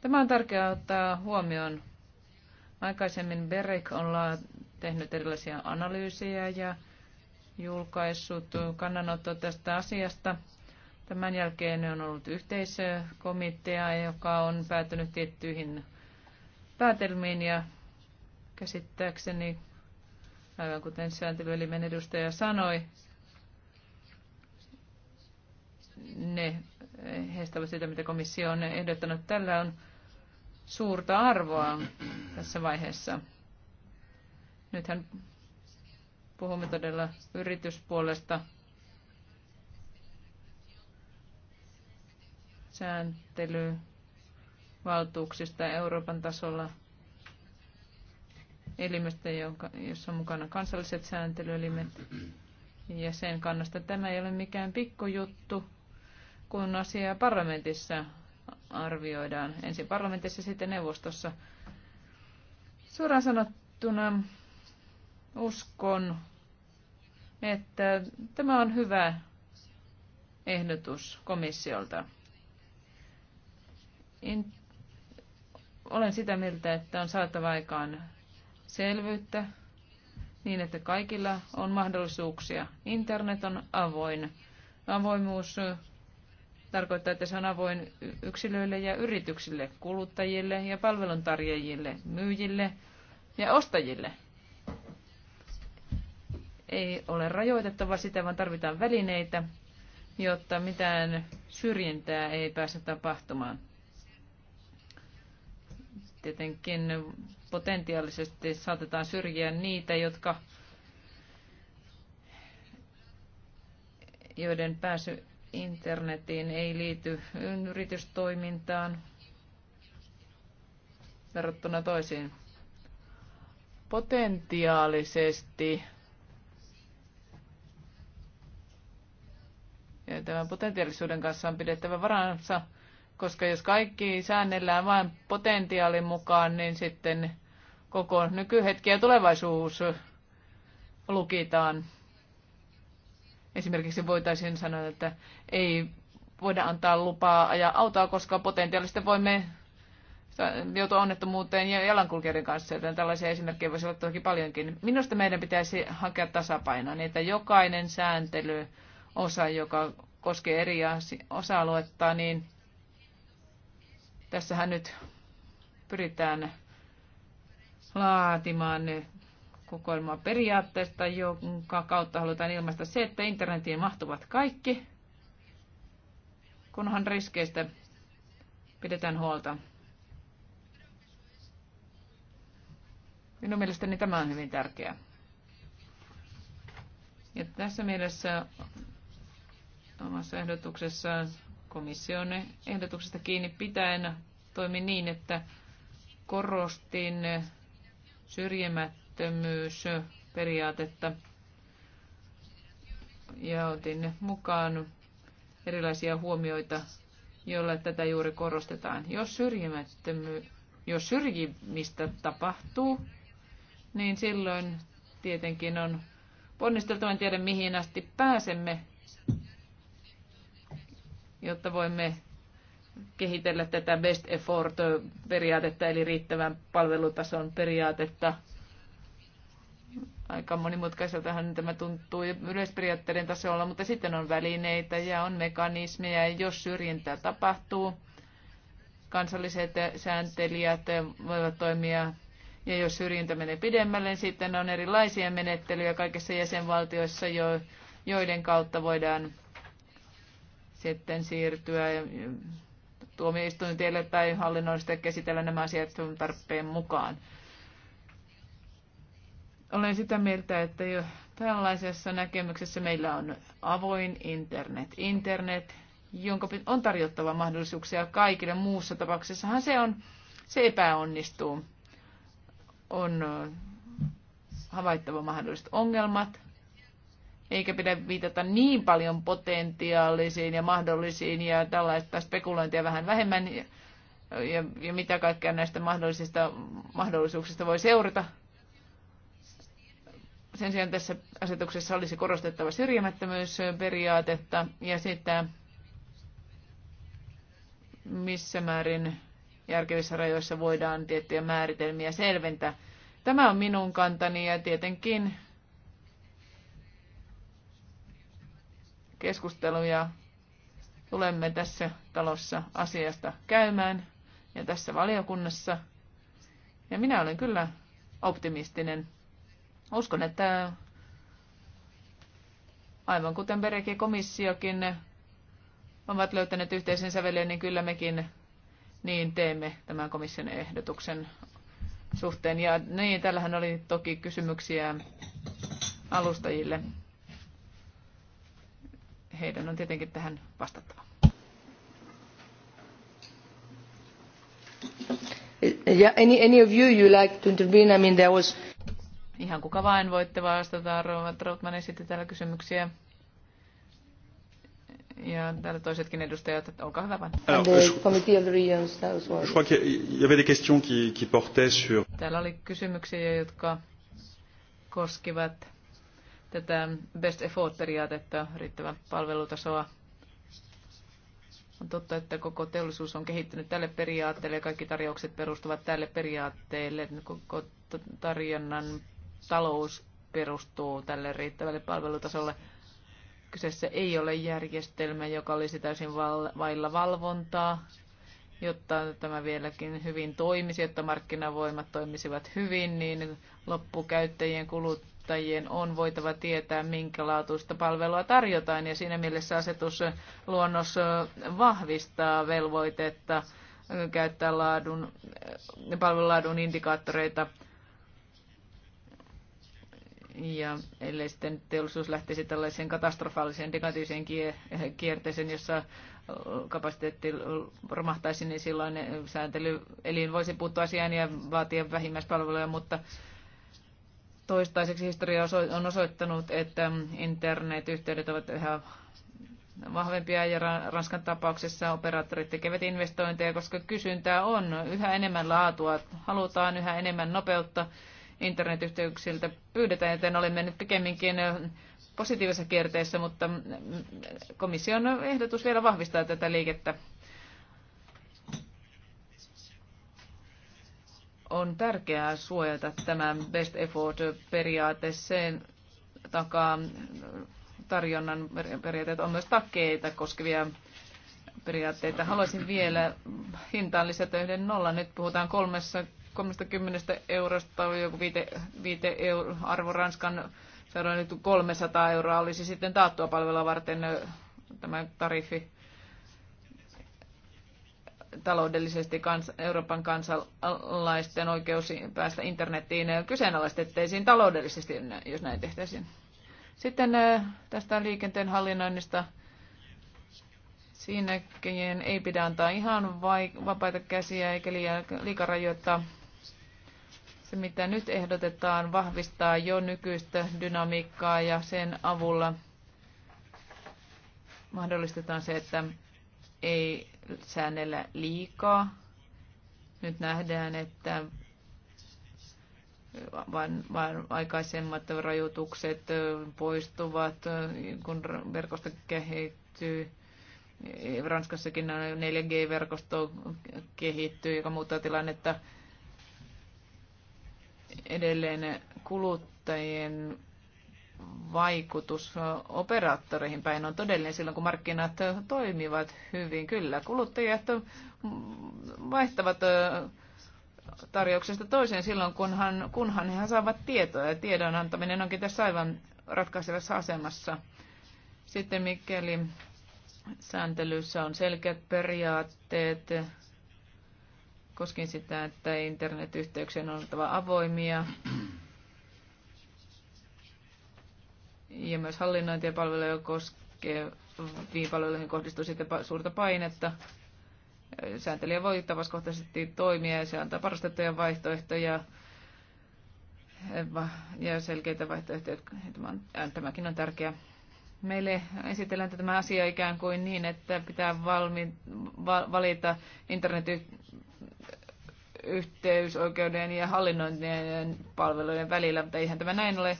B: Tämä on tärkeää ottaa huomioon. Aikaisemmin Berek on tehnyt erilaisia analyysejä ja julkaissut kannanotto tästä asiasta – Tämän jälkeen on ollut yhteisökomitea, joka on päätynyt tiettyihin päätelmiin ja käsittääkseni, aivan kuten sääntelyelimen edustaja sanoi, ne, heistä ovat sitä, mitä komissio on ehdottanut. Tällä on suurta arvoa tässä vaiheessa. Nythän puhumme todella yrityspuolesta sääntelyvaltuuksista Euroopan tasolla elimestä, jonka, jossa on mukana kansalliset sääntelyelimet. Ja sen kannasta tämä ei ole mikään pikkujuttu, kun asiaa parlamentissa arvioidaan. Ensin parlamentissa, sitten neuvostossa. Suoraan sanottuna uskon, että tämä on hyvä ehdotus komissiolta. En, olen sitä mieltä, että on saatava aikaan selvyyttä niin, että kaikilla on mahdollisuuksia. Internet on avoin. Avoimuus tarkoittaa, että se on avoin yksilöille ja yrityksille, kuluttajille ja palveluntarjoajille, myyjille ja ostajille. Ei ole rajoitettava sitä, vaan tarvitaan välineitä, jotta mitään syrjintää ei pääse tapahtumaan tietenkin potentiaalisesti saatetaan syrjiä niitä, jotka, joiden pääsy internetiin ei liity yritystoimintaan verrattuna toisiin. Potentiaalisesti ja tämän potentiaalisuuden kanssa on pidettävä varansa – koska jos kaikki säännellään vain potentiaalin mukaan, niin sitten koko nykyhetki ja tulevaisuus lukitaan. Esimerkiksi voitaisiin sanoa, että ei voida antaa lupaa ajaa autoa, koska potentiaalisesti voimme joutua onnettomuuteen ja jalankulkijoiden kanssa, joten tällaisia esimerkkejä voisi olla toki paljonkin. Minusta meidän pitäisi hakea tasapainoa, niin että jokainen sääntely osa, joka koskee eri osa-aluetta, niin Tässähän nyt pyritään laatimaan kokoelmaa periaatteesta, jonka kautta halutaan ilmaista se, että internetiin mahtuvat kaikki, kunhan riskeistä pidetään huolta. Minun mielestäni tämä on hyvin tärkeää. Ja tässä mielessä omassa ehdotuksessaan komission ehdotuksesta kiinni pitäen toimin niin, että korostin syrjimättömyysperiaatetta ja otin mukaan erilaisia huomioita, joilla tätä juuri korostetaan. Jos, jos syrjimistä tapahtuu, niin silloin tietenkin on ponnisteltava tiedä, mihin asti pääsemme jotta voimme kehitellä tätä best effort-periaatetta, eli riittävän palvelutason periaatetta. Aika monimutkaiseltahan tämä tuntuu yleisperiaatteiden tasolla, mutta sitten on välineitä ja on mekanismeja, jos syrjintää tapahtuu. Kansalliset sääntelijät voivat toimia ja jos syrjintä menee pidemmälle, niin sitten on erilaisia menettelyjä kaikissa jäsenvaltioissa, joiden kautta voidaan sitten siirtyä eh, tuomioistuintielle tai hallinnollisesti käsitellä nämä asiat tarpeen mukaan. Olen sitä mieltä, että jo tällaisessa näkemyksessä meillä on avoin internet. Internet, jonka on tarjottava mahdollisuuksia kaikille. Muussa tapauksessahan se, on, se epäonnistuu. On eh, havaittava mahdolliset ongelmat – eikä pidä viitata niin paljon potentiaalisiin ja mahdollisiin ja tällaista spekulointia vähän vähemmän ja, ja, ja mitä kaikkea näistä mahdollisista mahdollisuuksista voi seurata. Sen sijaan tässä asetuksessa olisi korostettava syrjimättömyysperiaatetta ja sitä, missä määrin järkevissä rajoissa voidaan tiettyjä määritelmiä selventää. Tämä on minun kantani ja tietenkin keskusteluja tulemme tässä talossa asiasta käymään ja tässä valiokunnassa. Ja minä olen kyllä optimistinen. Uskon, että aivan kuten Berek komissiokin ovat löytäneet yhteisen sävelen, niin kyllä mekin niin teemme tämän komission ehdotuksen suhteen. Ja niin, tällähän oli toki kysymyksiä alustajille heidän on tietenkin tähän vastattava.
A: Yeah, any, any of you you like to intervene? I mean, there was...
B: Ihan kuka vain voitte vastata. Rova Trautman esitti täällä kysymyksiä. Ja täällä toisetkin edustajat, että olkaa hyvä vain. Täällä oli kysymyksiä, jotka koskivat tätä best effort-periaatetta, riittävän palvelutasoa. On totta, että koko teollisuus on kehittynyt tälle periaatteelle ja kaikki tarjoukset perustuvat tälle periaatteelle. Koko tarjonnan talous perustuu tälle riittävälle palvelutasolle. Kyseessä ei ole järjestelmä, joka olisi täysin vailla valvontaa, jotta tämä vieläkin hyvin toimisi, jotta markkinavoimat toimisivat hyvin, niin loppukäyttäjien kulut kuluttajien on voitava tietää, laatuista palvelua tarjotaan, ja siinä mielessä asetusluonnos äh, äh, vahvistaa velvoitetta äh, käyttää laadun, palvelulaadun indikaattoreita. Ja ellei sitten teollisuus lähtisi tällaiseen katastrofaaliseen negatiiviseen kierteeseen, jossa kapasiteetti romahtaisi, niin silloin sääntelyelin voisi puuttua asiaan ja vaatia vähimmäispalveluja, mutta Toistaiseksi historia on osoittanut, että internetyhteydet ovat yhä vahvempia ja Ranskan tapauksessa operaattorit tekevät investointeja, koska kysyntää on yhä enemmän laatua, halutaan yhä enemmän nopeutta internetyhteyksiltä pyydetään, joten olemme nyt pikemminkin positiivisessa kierteessä, mutta mm, komission ehdotus vielä vahvistaa tätä liikettä. on tärkeää suojata tämä best effort-periaate. Sen takaa tarjonnan periaatteet on myös takeita koskevia periaatteita. Haluaisin vielä hintaan lisätä yhden nolla. Nyt puhutaan kolmessa 30 eurosta, joku viite, viite euro, arvo Ranskan seuraavaksi 300 euroa olisi sitten taattua palvelua varten tämä tariffi taloudellisesti kans, Euroopan kansalaisten oikeus päästä internettiin kyseenalaistettaisiin taloudellisesti, jos näin tehtäisiin. Sitten tästä liikenteen hallinnoinnista. Siinäkin ei pidä antaa ihan vapaita käsiä eikä liikaa rajoittaa. Se, mitä nyt ehdotetaan, vahvistaa jo nykyistä dynamiikkaa ja sen avulla mahdollistetaan se, että ei säännellä liikaa. Nyt nähdään, että vain, vain aikaisemmat rajoitukset poistuvat, kun verkosto kehittyy. Ranskassakin 4G-verkosto kehittyy, joka muuttaa tilannetta edelleen kuluttajien vaikutus operaattoreihin päin on todellinen silloin, kun markkinat toimivat hyvin. Kyllä, kuluttajat vaihtavat tarjouksesta toiseen silloin, kunhan, kunhan he saavat tietoa. Ja tiedon antaminen onkin tässä aivan ratkaisevassa asemassa. Sitten mikäli sääntelyssä on selkeät periaatteet, koskien sitä, että internetyhteyksien on oltava avoimia, ja myös hallinnointia palveluja koskeviin palveluihin kohdistuu sitten suurta painetta. Sääntelijä voi tapauskohtaisesti toimia ja se antaa parastettuja vaihtoehtoja ja selkeitä vaihtoehtoja. Tämäkin on tärkeää. Meille esitellään tämä asia ikään kuin niin, että pitää valmi, valita internetyhteysoikeuden ja hallinnointien palvelujen välillä, mutta eihän tämä näin ole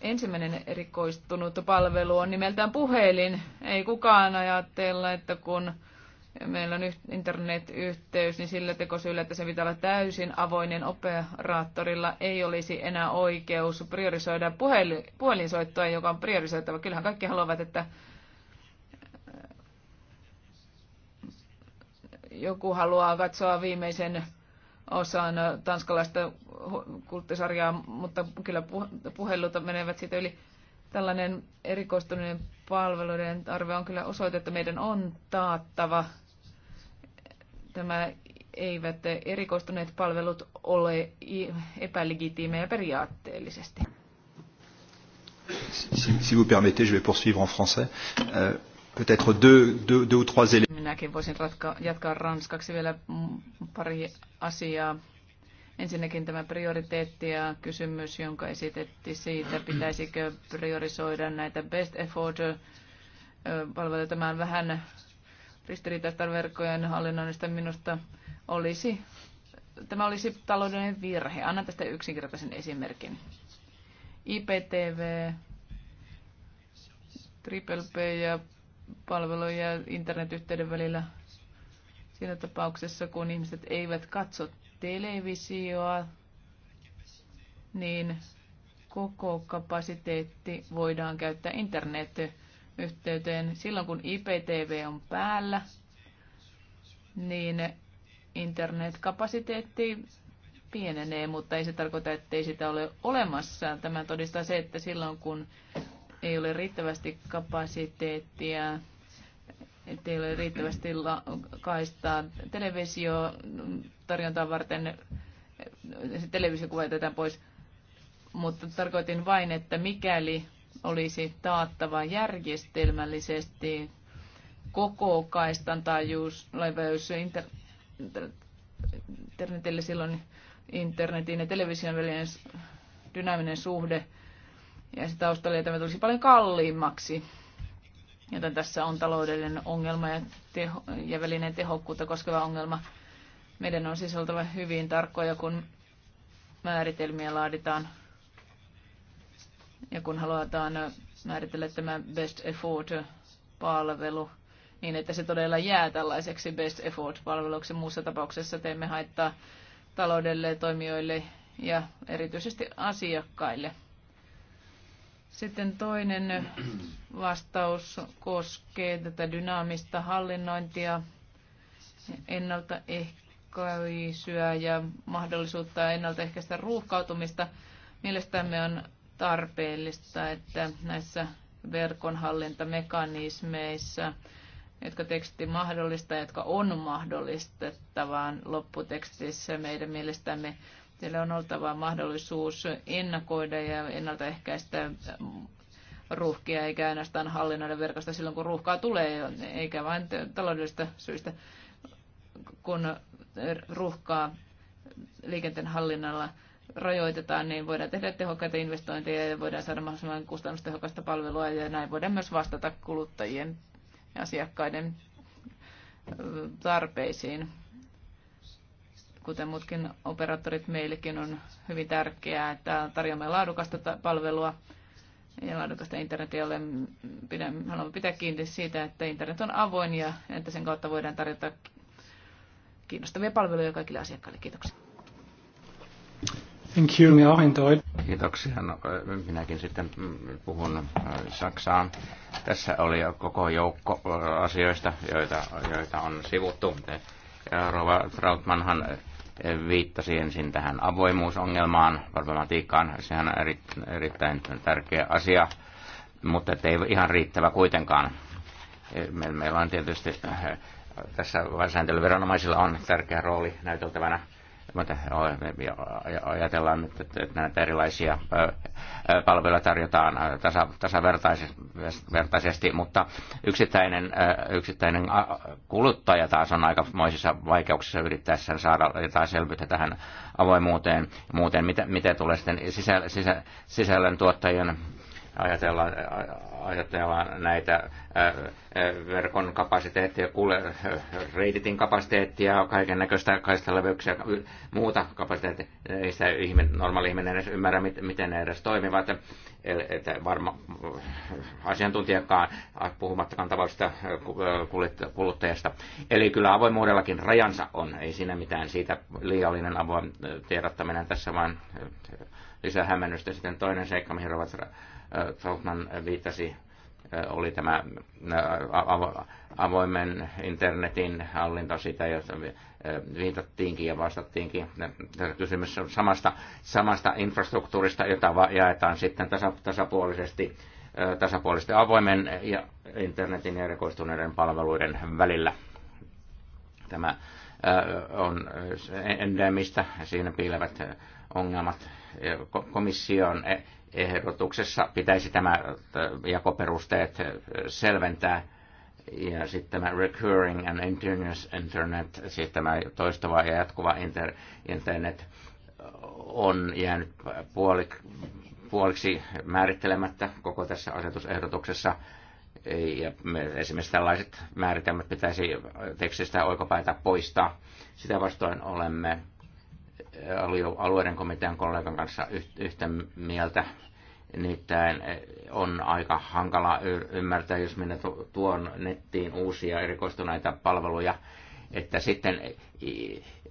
B: Ensimmäinen erikoistunut palvelu on nimeltään puhelin. Ei kukaan ajatella, että kun meillä on internetyhteys, niin sillä tekosyllä, että se pitää olla täysin avoinen operaattorilla, ei olisi enää oikeus priorisoida puhel- puhelinsoittoa, joka on priorisoitava. Kyllähän kaikki haluavat, että joku haluaa katsoa viimeisen osaan tanskalaista kulttisarjaa, mutta kyllä puheluta menevät siitä yli. Tällainen erikoistuneen palveluiden tarve on kyllä osoitettu, meidän on taattava. Tämä eivät erikoistuneet palvelut ole epälegitiimejä periaatteellisesti.
D: Si, si vous permettez, je vais poursuivre en français. Euh, peut-être deux, deux, deux ou trois éléments.
B: Minäkin voisin ratka- jatkaa ranskaksi vielä pari asiaa. Ensinnäkin tämä prioriteetti ja kysymys, jonka esitettiin siitä, pitäisikö priorisoida näitä best effort palveluja. tämän vähän ristiriitaista verkkojen hallinnoinnista minusta olisi. Tämä olisi taloudellinen virhe. Annan tästä yksinkertaisen esimerkin. IPTV, Triple P ja palveluja internetyhteyden välillä siinä tapauksessa, kun ihmiset eivät katso televisioa, niin koko kapasiteetti voidaan käyttää internetyhteyteen. Silloin kun IPTV on päällä, niin internetkapasiteetti pienenee, mutta ei se tarkoita, ettei sitä ole olemassa. Tämä todistaa se, että silloin kun ei ole riittävästi kapasiteettia, ei ole riittävästi la- kaistaa tarjontaa varten, televisio jätetään pois, mutta tarkoitin vain, että mikäli olisi taattava järjestelmällisesti koko kaistan taajuus, inter- inter, internetille silloin internetin ja television välinen dynaaminen suhde ja se taustalle tämä tulisi paljon kalliimmaksi. Joten tässä on taloudellinen ongelma ja, teho, ja välinen tehokkuutta koskeva ongelma. Meidän on siis oltava hyvin tarkkoja, kun määritelmiä laaditaan ja kun halutaan määritellä tämä best effort-palvelu niin, että se todella jää tällaiseksi best effort-palveluksi. Muussa tapauksessa teemme haittaa taloudelle, toimijoille ja erityisesti asiakkaille. Sitten toinen vastaus koskee tätä dynaamista hallinnointia, ennaltaehkäisyä ja mahdollisuutta ennaltaehkäistä ruuhkautumista. Mielestämme on tarpeellista, että näissä verkonhallintamekanismeissa, jotka teksti mahdollistaa, jotka on mahdollistettavaan lopputekstissä meidän mielestämme Teillä on oltava mahdollisuus ennakoida ja ennaltaehkäistä ruuhkia, eikä ainoastaan hallinnoida verkosta silloin, kun ruuhkaa tulee, eikä vain taloudellista syistä, kun ruuhkaa liikenteen hallinnalla rajoitetaan, niin voidaan tehdä tehokkaita investointeja ja voidaan saada mahdollisimman kustannustehokasta palvelua ja näin voidaan myös vastata kuluttajien ja asiakkaiden tarpeisiin kuten muutkin operaattorit, meillekin on hyvin tärkeää, että tarjoamme laadukasta palvelua ja laadukasta internetiä. Haluamme pitää kiinni siitä, että internet on avoin ja että sen kautta voidaan tarjota kiinnostavia palveluja kaikille asiakkaille. Kiitoksia.
E: Thank you. Minä Kiitoksia. No, minäkin sitten mm, puhun Saksaan. Tässä oli jo koko joukko asioista, joita, joita on sivuttu. Rova Trautmanhan viittasi ensin tähän avoimuusongelmaan, problematiikkaan. Sehän on eri, erittäin tärkeä asia, mutta ei ihan riittävä kuitenkaan. Meillä on tietysti tässä sääntelyviranomaisilla on tärkeä rooli näyteltävänä mutta ajatellaan nyt, että näitä erilaisia palveluja tarjotaan tasavertaisesti, mutta yksittäinen, yksittäinen kuluttaja taas on aika moisissa vaikeuksissa yrittäessään saada jotain selvyyttä tähän avoimuuteen. Muuten, mitä, mitä tulee sitten sisä, sisä, sisällön tuottajien ajatellaan, ajatellaan näitä äh, äh, verkon kapasiteettia, kuule, äh, reititin kapasiteettia, kaiken näköistä kaistaleveyksiä, muuta kapasiteettia. Ei sitä ihminen, normaali ihminen edes ymmärrä, miten ne edes toimivat. Että varma asiantuntijakaan, puhumattakaan tavallisesta kuluttajasta. Eli kyllä avoimuudellakin rajansa on, ei siinä mitään siitä liiallinen avoin tiedottaminen tässä, vaan lisää hämmennystä. Sitten toinen seikka, mihin ovat Trotman viittasi, äh, oli tämä äh, avoimen internetin hallinta sitä, jossa äh, viitattiinkin ja vastattiinkin. Kysymys on samasta, samasta infrastruktuurista, jota jaetaan sitten tasapuolisesti tasapuolisesti avoimen ja internetin ja erikoistuneiden palveluiden välillä. Tämä on endemistä, siinä piilevät ongelmat. Komissio on e- ehdotuksessa pitäisi tämä jakoperusteet selventää. Ja sitten tämä recurring and continuous internet, siis tämä toistava ja jatkuva inter, internet on jäänyt puolik, puoliksi määrittelemättä koko tässä asetusehdotuksessa. Ja esimerkiksi tällaiset määritelmät pitäisi tekstistä oikopäätä poistaa. Sitä vastoin olemme alueiden komitean kollegan kanssa yhtä mieltä. Niittäin eh, on aika hankala ymmärtää, jos minä tuon nettiin uusia erikoistuneita palveluja, että sitten eh,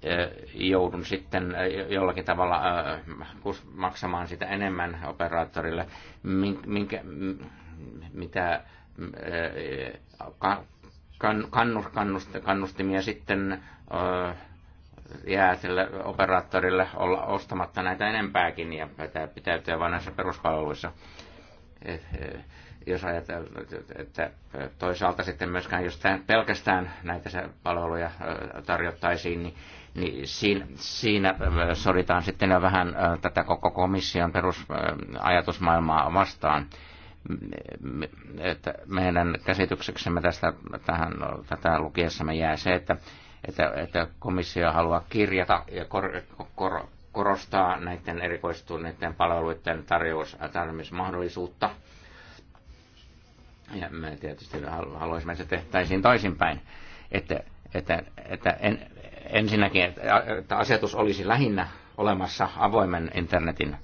E: eh, joudun sitten jollakin tavalla maksamaan sitä enemmän operaattorille, minkä, mitä kannustimia sitten jäätille operaattorille olla ostamatta näitä enempääkin ja pitää pitäytyä vain näissä peruspalveluissa. Et, e, jos ajatellaan, että toisaalta sitten myöskään, jos pelkästään näitä palveluja tarjottaisiin, niin, niin siinä, siinä soditaan sitten jo vähän tätä koko komission perusajatusmaailmaa vastaan että meidän käsityksemme tästä, tähän, tätä lukiessamme jää se, että että, että komissio haluaa kirjata ja kor, kor, korostaa näiden erikoistuneiden palveluiden tarjous, tarjoamismahdollisuutta. Ja me tietysti haluaisimme, että se tehtäisiin toisinpäin. Että, että, että en, ensinnäkin, että asetus olisi lähinnä olemassa avoimen internetin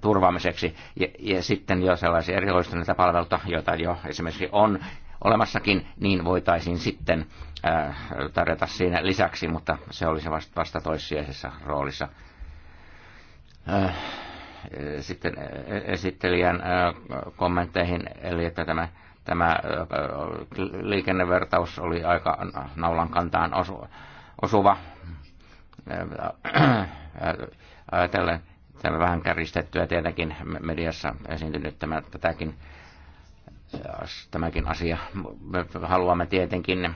E: turvaamiseksi. Ja, ja sitten jo sellaisia erikoistuneita palveluita, joita jo esimerkiksi on olemassakin, niin voitaisiin sitten Äh, tarjota siinä lisäksi, mutta se olisi vasta, vasta toissijaisessa roolissa. Äh, sitten äh, esittelijän kommentteihin, eli että tämä, tämä liikennevertaus oli aika naulan kantaan osu, osuva ajatellen tämä vähän käristettyä tietenkin mediassa esiintynyt tämä, tätäkin, tämäkin asia. Me haluamme tietenkin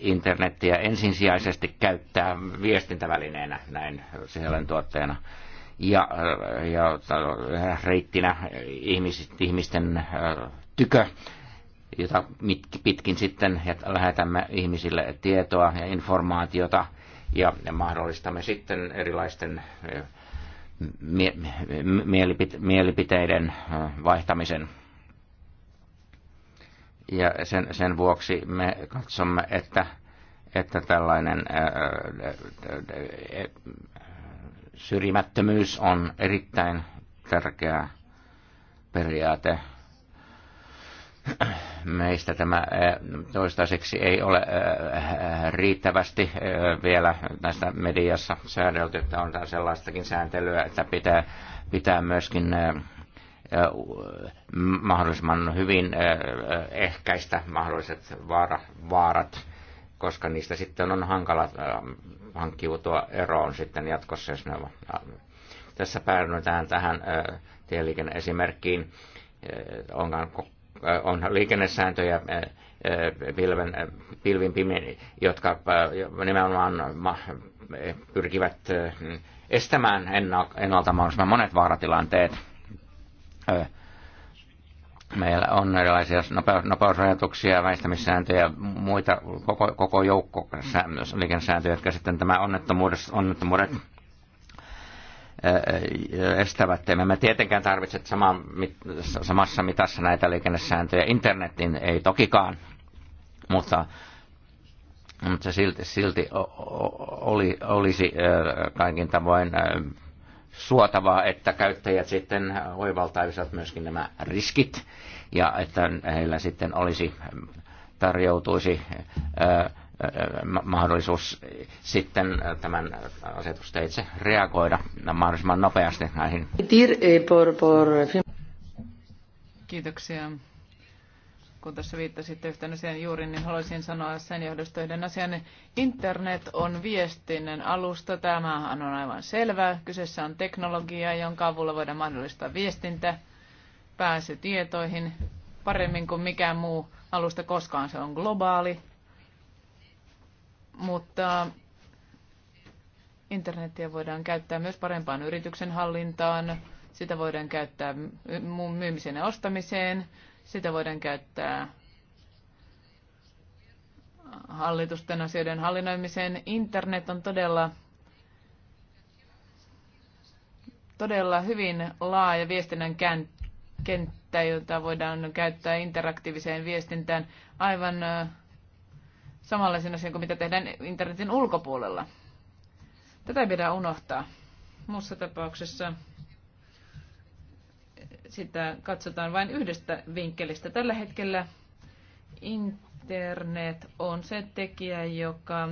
E: internettiä ensisijaisesti käyttää viestintävälineenä näin sisällöntuottajana ja, ja reittinä ihmis, ihmisten äh, tykö, jota pitkin sitten lähetämme ihmisille tietoa ja informaatiota ja mahdollistamme sitten erilaisten äh, mielipiteiden äh, vaihtamisen ja sen, sen vuoksi me katsomme, että, että tällainen syrjimättömyys on erittäin tärkeä periaate. Meistä tämä toistaiseksi ei ole riittävästi vielä näistä mediassa säädelty, että on sellaistakin sääntelyä, että pitää, pitää myöskin mahdollisimman hyvin ehkäistä mahdolliset vaara, vaarat, koska niistä sitten on hankala hankkiutua eroon sitten jatkossa, jos ne on. Tässä päädytään tähän tieliikenneesimerkkiin. Onhan, on liikennesääntöjä pilven, pilvin pimein, jotka nimenomaan pyrkivät estämään ennalta mahdollisimman monet vaaratilanteet – Meillä on erilaisia nopeusrajoituksia, väistämissääntöjä ja muita koko, koko joukko liikennesääntöjä, jotka sitten tämä onnettomuudet, onnettomuudet estävät. Emme me tietenkään tarvitse sama, samassa mitassa näitä liikennesääntöjä. Internetin ei tokikaan, mutta, mutta se silti, silti oli, olisi kaikin tavoin suotavaa, että käyttäjät sitten oivaltaisivat myöskin nämä riskit ja että heillä sitten olisi tarjoutuisi mahdollisuus sitten tämän asetusteitse reagoida mahdollisimman nopeasti näihin.
A: Eh, Kiitoksia kun
B: tässä viittasitte yhteen sen juuri, niin haluaisin sanoa sen johdosta yhden asian. Internet on viestinnän alusta. Tämähän on aivan selvää. Kyseessä on teknologia, jonka avulla voidaan mahdollistaa viestintä, pääsy tietoihin paremmin kuin mikään muu alusta koskaan. Se on globaali. Mutta internetiä voidaan käyttää myös parempaan yrityksen hallintaan. Sitä voidaan käyttää myymiseen, ja ostamiseen sitä voidaan käyttää hallitusten asioiden hallinnoimiseen. Internet on todella, todella hyvin laaja viestinnän kenttä, jota voidaan käyttää interaktiiviseen viestintään aivan samanlaisen asian kuin mitä tehdään internetin ulkopuolella. Tätä ei pidä unohtaa. Muussa tapauksessa sitä katsotaan vain yhdestä vinkkelistä. Tällä hetkellä internet on se tekijä, joka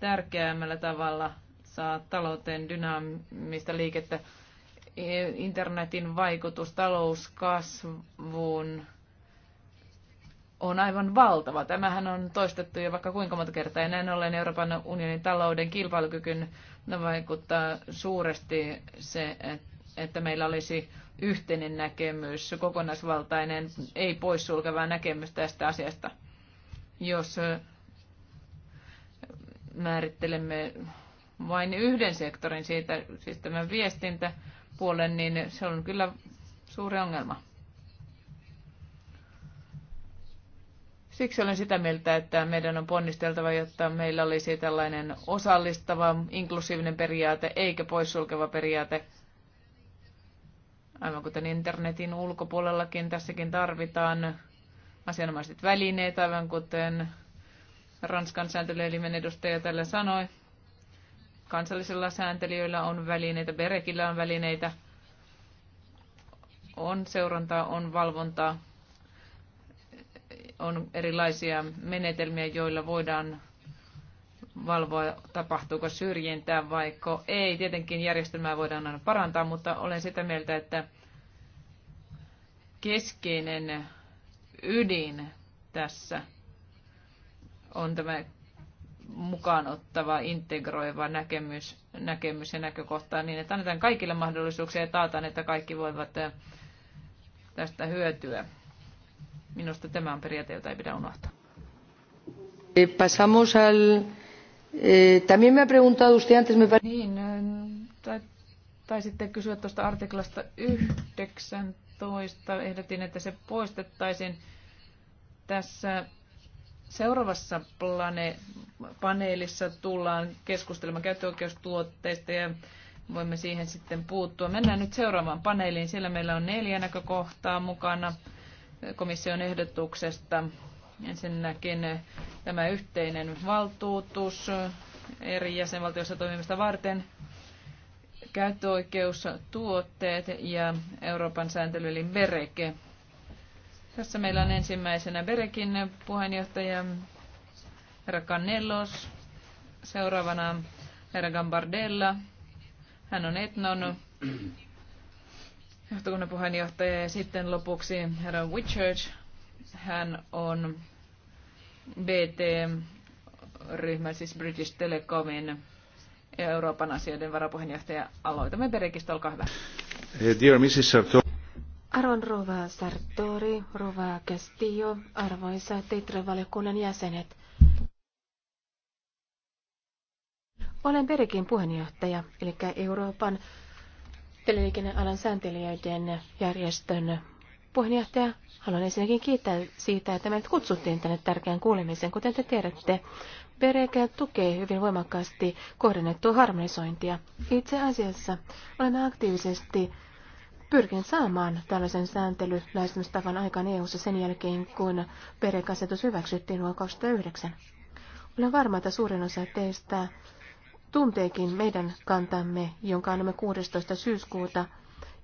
B: tärkeämmällä tavalla saa talouteen dynaamista liikettä. Internetin vaikutus talouskasvuun on aivan valtava. Tämähän on toistettu jo vaikka kuinka monta kertaa, ja näin ollen Euroopan unionin talouden kilpailukykyn vaikuttaa suuresti se, että meillä olisi yhteinen näkemys, kokonaisvaltainen, ei poissulkeva näkemys tästä asiasta. Jos määrittelemme vain yhden sektorin siitä, siis tämän viestintäpuolen, niin se on kyllä suuri ongelma. Siksi olen sitä mieltä, että meidän on ponnisteltava, jotta meillä olisi tällainen osallistava, inklusiivinen periaate, eikä poissulkeva periaate, Aivan kuten internetin ulkopuolellakin, tässäkin tarvitaan asianomaiset välineet, aivan kuten Ranskan sääntelyelimen edustaja tällä sanoi. Kansallisilla sääntelijöillä on välineitä, Berekillä on välineitä, on seurantaa, on valvontaa, on erilaisia menetelmiä, joilla voidaan valvoa, tapahtuuko syrjintää vai ei. Tietenkin järjestelmää voidaan aina parantaa, mutta olen sitä mieltä, että keskeinen ydin tässä on tämä ottava, integroiva näkemys, näkemys ja näkökohta niin, että annetaan kaikille mahdollisuuksia ja taataan, että kaikki voivat äh, tästä hyötyä. Minusta tämä on periaate, jota ei pidä unohtaa.
A: Eh, pasamos al Eh, también me ha preguntado usted antes, me parece... Niin, eh,
B: tai, tai sitten kysyä tuosta artiklasta 19. Ehdotin, että se poistettaisiin tässä seuraavassa plane, paneelissa tullaan keskustelemaan käyttöoikeustuotteista ja voimme siihen sitten puuttua. Mennään nyt seuraavaan paneeliin. Siellä meillä on neljä näkökohtaa mukana komission ehdotuksesta Ensinnäkin tämä yhteinen valtuutus eri jäsenvaltioissa toimimista varten, käyttöoikeustuotteet ja Euroopan sääntely eli BEREKE. Tässä meillä on ensimmäisenä BEREKin puheenjohtaja herra Kannellos, seuraavana herra Gambardella. Hän on Etnon johtokunnan puheenjohtaja ja sitten lopuksi herra Whitchurch, hän on bt ryhmä siis British Telecomin Euroopan asioiden varapuheenjohtaja. Aloitamme Berekistä, olkaa hyvä.
D: Eh, dear Mrs. Sartori.
C: Arvon Rova Sartori, Rova Castillo, arvoisa tetra valiokunnan jäsenet. Olen Berekin puheenjohtaja, eli Euroopan teleliikennealan sääntelijöiden järjestön Puheenjohtaja, haluan ensinnäkin kiittää siitä, että meidät kutsuttiin tänne tärkeään kuulemiseen. Kuten te tiedätte, BRG tukee hyvin voimakkaasti kohdennettua harmonisointia. Itse asiassa olemme aktiivisesti pyrkin saamaan tällaisen sääntelylähestymistavan aikaan EU-ssa sen jälkeen, kun perekasetus hyväksyttiin vuonna 2009. Olen varma, että suurin osa teistä tunteekin meidän kantamme, jonka annamme 16. syyskuuta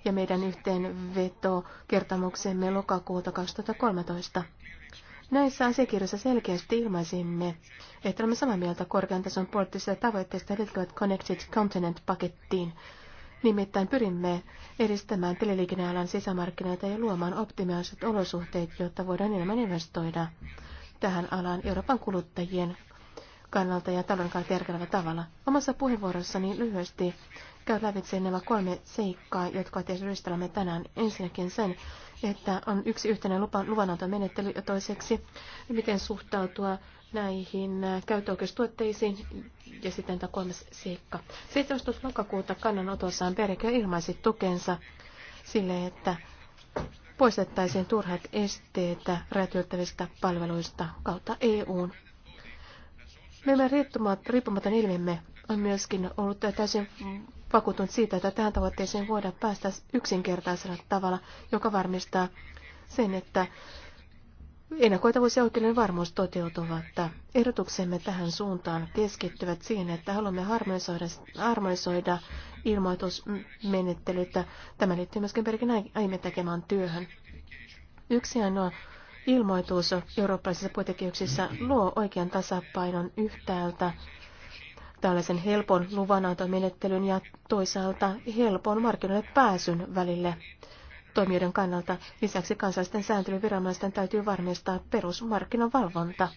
C: ja meidän yhteenveto kertomuksemme lokakuuta 2013. Näissä asiakirjoissa selkeästi ilmaisimme, että olemme samaa mieltä korkean tason poliittisista tavoitteista liittyvät Connected Continent-pakettiin. Nimittäin pyrimme edistämään teleliikennealan sisämarkkinoita ja luomaan optimaaliset olosuhteet, jotta voidaan enemmän investoida tähän alaan Euroopan kuluttajien kannalta ja talouden kannalta järkevällä tavalla. Omassa puheenvuorossani lyhyesti käy lävitse nämä kolme seikkaa, jotka ovat tänään. Ensinnäkin sen, että on yksi yhteinen lupa, luvanantomenettely ja toiseksi, miten suhtautua näihin käyttöoikeustuotteisiin ja sitten tämä kolmas seikka. 17. lokakuuta kannanotossaan perikö ilmaisi tukensa sille, että poistettaisiin turhat esteet räätyyttävistä palveluista kautta EUn. Meidän riippumaton ilmemme on myöskin ollut täysin vakuutunut siitä, että tähän tavoitteeseen voidaan päästä yksinkertaisella tavalla, joka varmistaa sen, että ennakoitavuus ja oikeuden varmuus toteutuvat. Ehdotuksemme tähän suuntaan keskittyvät siihen, että haluamme harmonisoida, harmonisoida ilmoitusmenettelytä. Tämä liittyy myöskin perikin aiemmin tekemään työhön. Yksi ainoa ilmoitus eurooppalaisissa puitekehyksissä luo oikean tasapainon yhtäältä tällaisen helpon luvanantomenettelyn ja toisaalta helpon markkinoille pääsyn välille toimijoiden kannalta. Lisäksi kansallisten sääntelyviranomaisten täytyy varmistaa perusmarkkinavalvonta.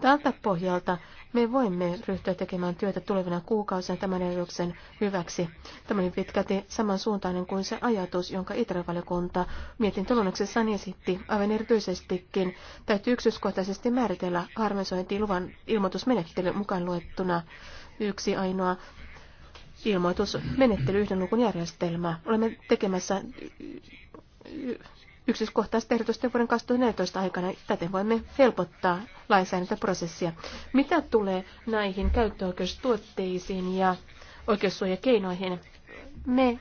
C: Tältä pohjalta me voimme ryhtyä tekemään työtä tulevina kuukausina tämän edellyksen hyväksi. Tämä oli pitkälti samansuuntainen kuin se ajatus, jonka Itävaliokunta mietintöluonnoksessaan esitti. Aivan erityisestikin täytyy yksityiskohtaisesti määritellä harmonisointiluvan ilmoitusmenettely mukaan luettuna yksi ainoa ilmoitusmenettely yhden lukun järjestelmä. Olemme tekemässä yksityiskohtaiset ehdotusten vuoden 2014 aikana. Täten voimme helpottaa lainsäädäntöprosessia. Mitä tulee näihin käyttöoikeustuotteisiin ja oikeussuojakeinoihin? Me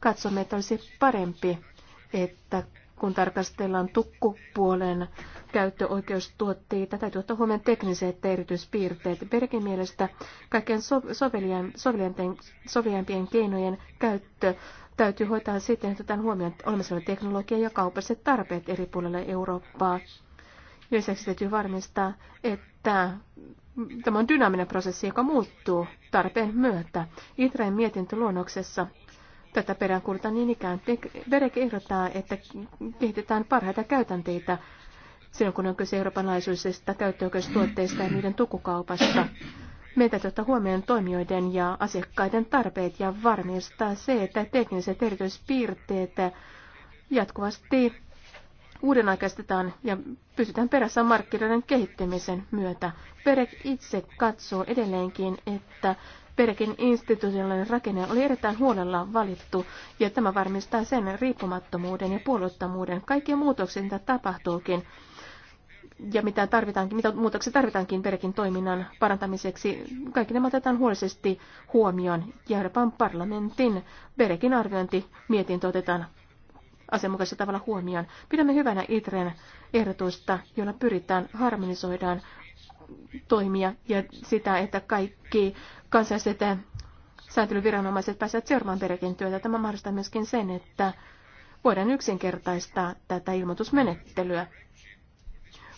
C: katsomme, että olisi parempi, että kun tarkastellaan tukkupuolen käyttöoikeustuotteita. Täytyy ottaa huomioon tekniset erityispiirteet. Bergin mielestä kaikkien soveliampien keinojen käyttö täytyy hoitaa siten, että otetaan huomioon olemassa oleva teknologia ja kaupalliset tarpeet eri puolilla Eurooppaa. Lisäksi täytyy varmistaa, että tämä on dynaaminen prosessi, joka muuttuu tarpeen myötä. Itrain mietintöluonnoksessa Tätä peräänkuulutaan niin ikään. Berek ehdottaa, että kehitetään parhaita käytänteitä silloin kun on kyse eurooppalaisuisesta käyttöoikeustuotteista ja niiden tukukaupasta. Meidän täytyy ottaa huomioon toimijoiden ja asiakkaiden tarpeet ja varmistaa se, että tekniset erityispiirteet jatkuvasti uudenaikaistetaan ja pysytään perässä markkinoiden kehittymisen myötä. Perek itse katsoo edelleenkin, että Perekin institutionaalinen rakenne oli erittäin huolella valittu, ja tämä varmistaa sen riippumattomuuden ja puolueettomuuden. Kaikki muutokset, mitä tapahtuukin, ja mitä, tarvitaankin, mitä muutoksia tarvitaankin perkin toiminnan parantamiseksi. Kaikki nämä otetaan huolellisesti huomioon. Euroopan parlamentin perkin arviointi mietintö otetaan asianmukaisella tavalla huomioon. Pidämme hyvänä ITREn ehdotusta, jolla pyritään harmonisoidaan toimia ja sitä, että kaikki kansalliset sääntelyviranomaiset pääsevät seuraamaan Berkin työtä. Tämä mahdollistaa myöskin sen, että voidaan yksinkertaistaa tätä ilmoitusmenettelyä.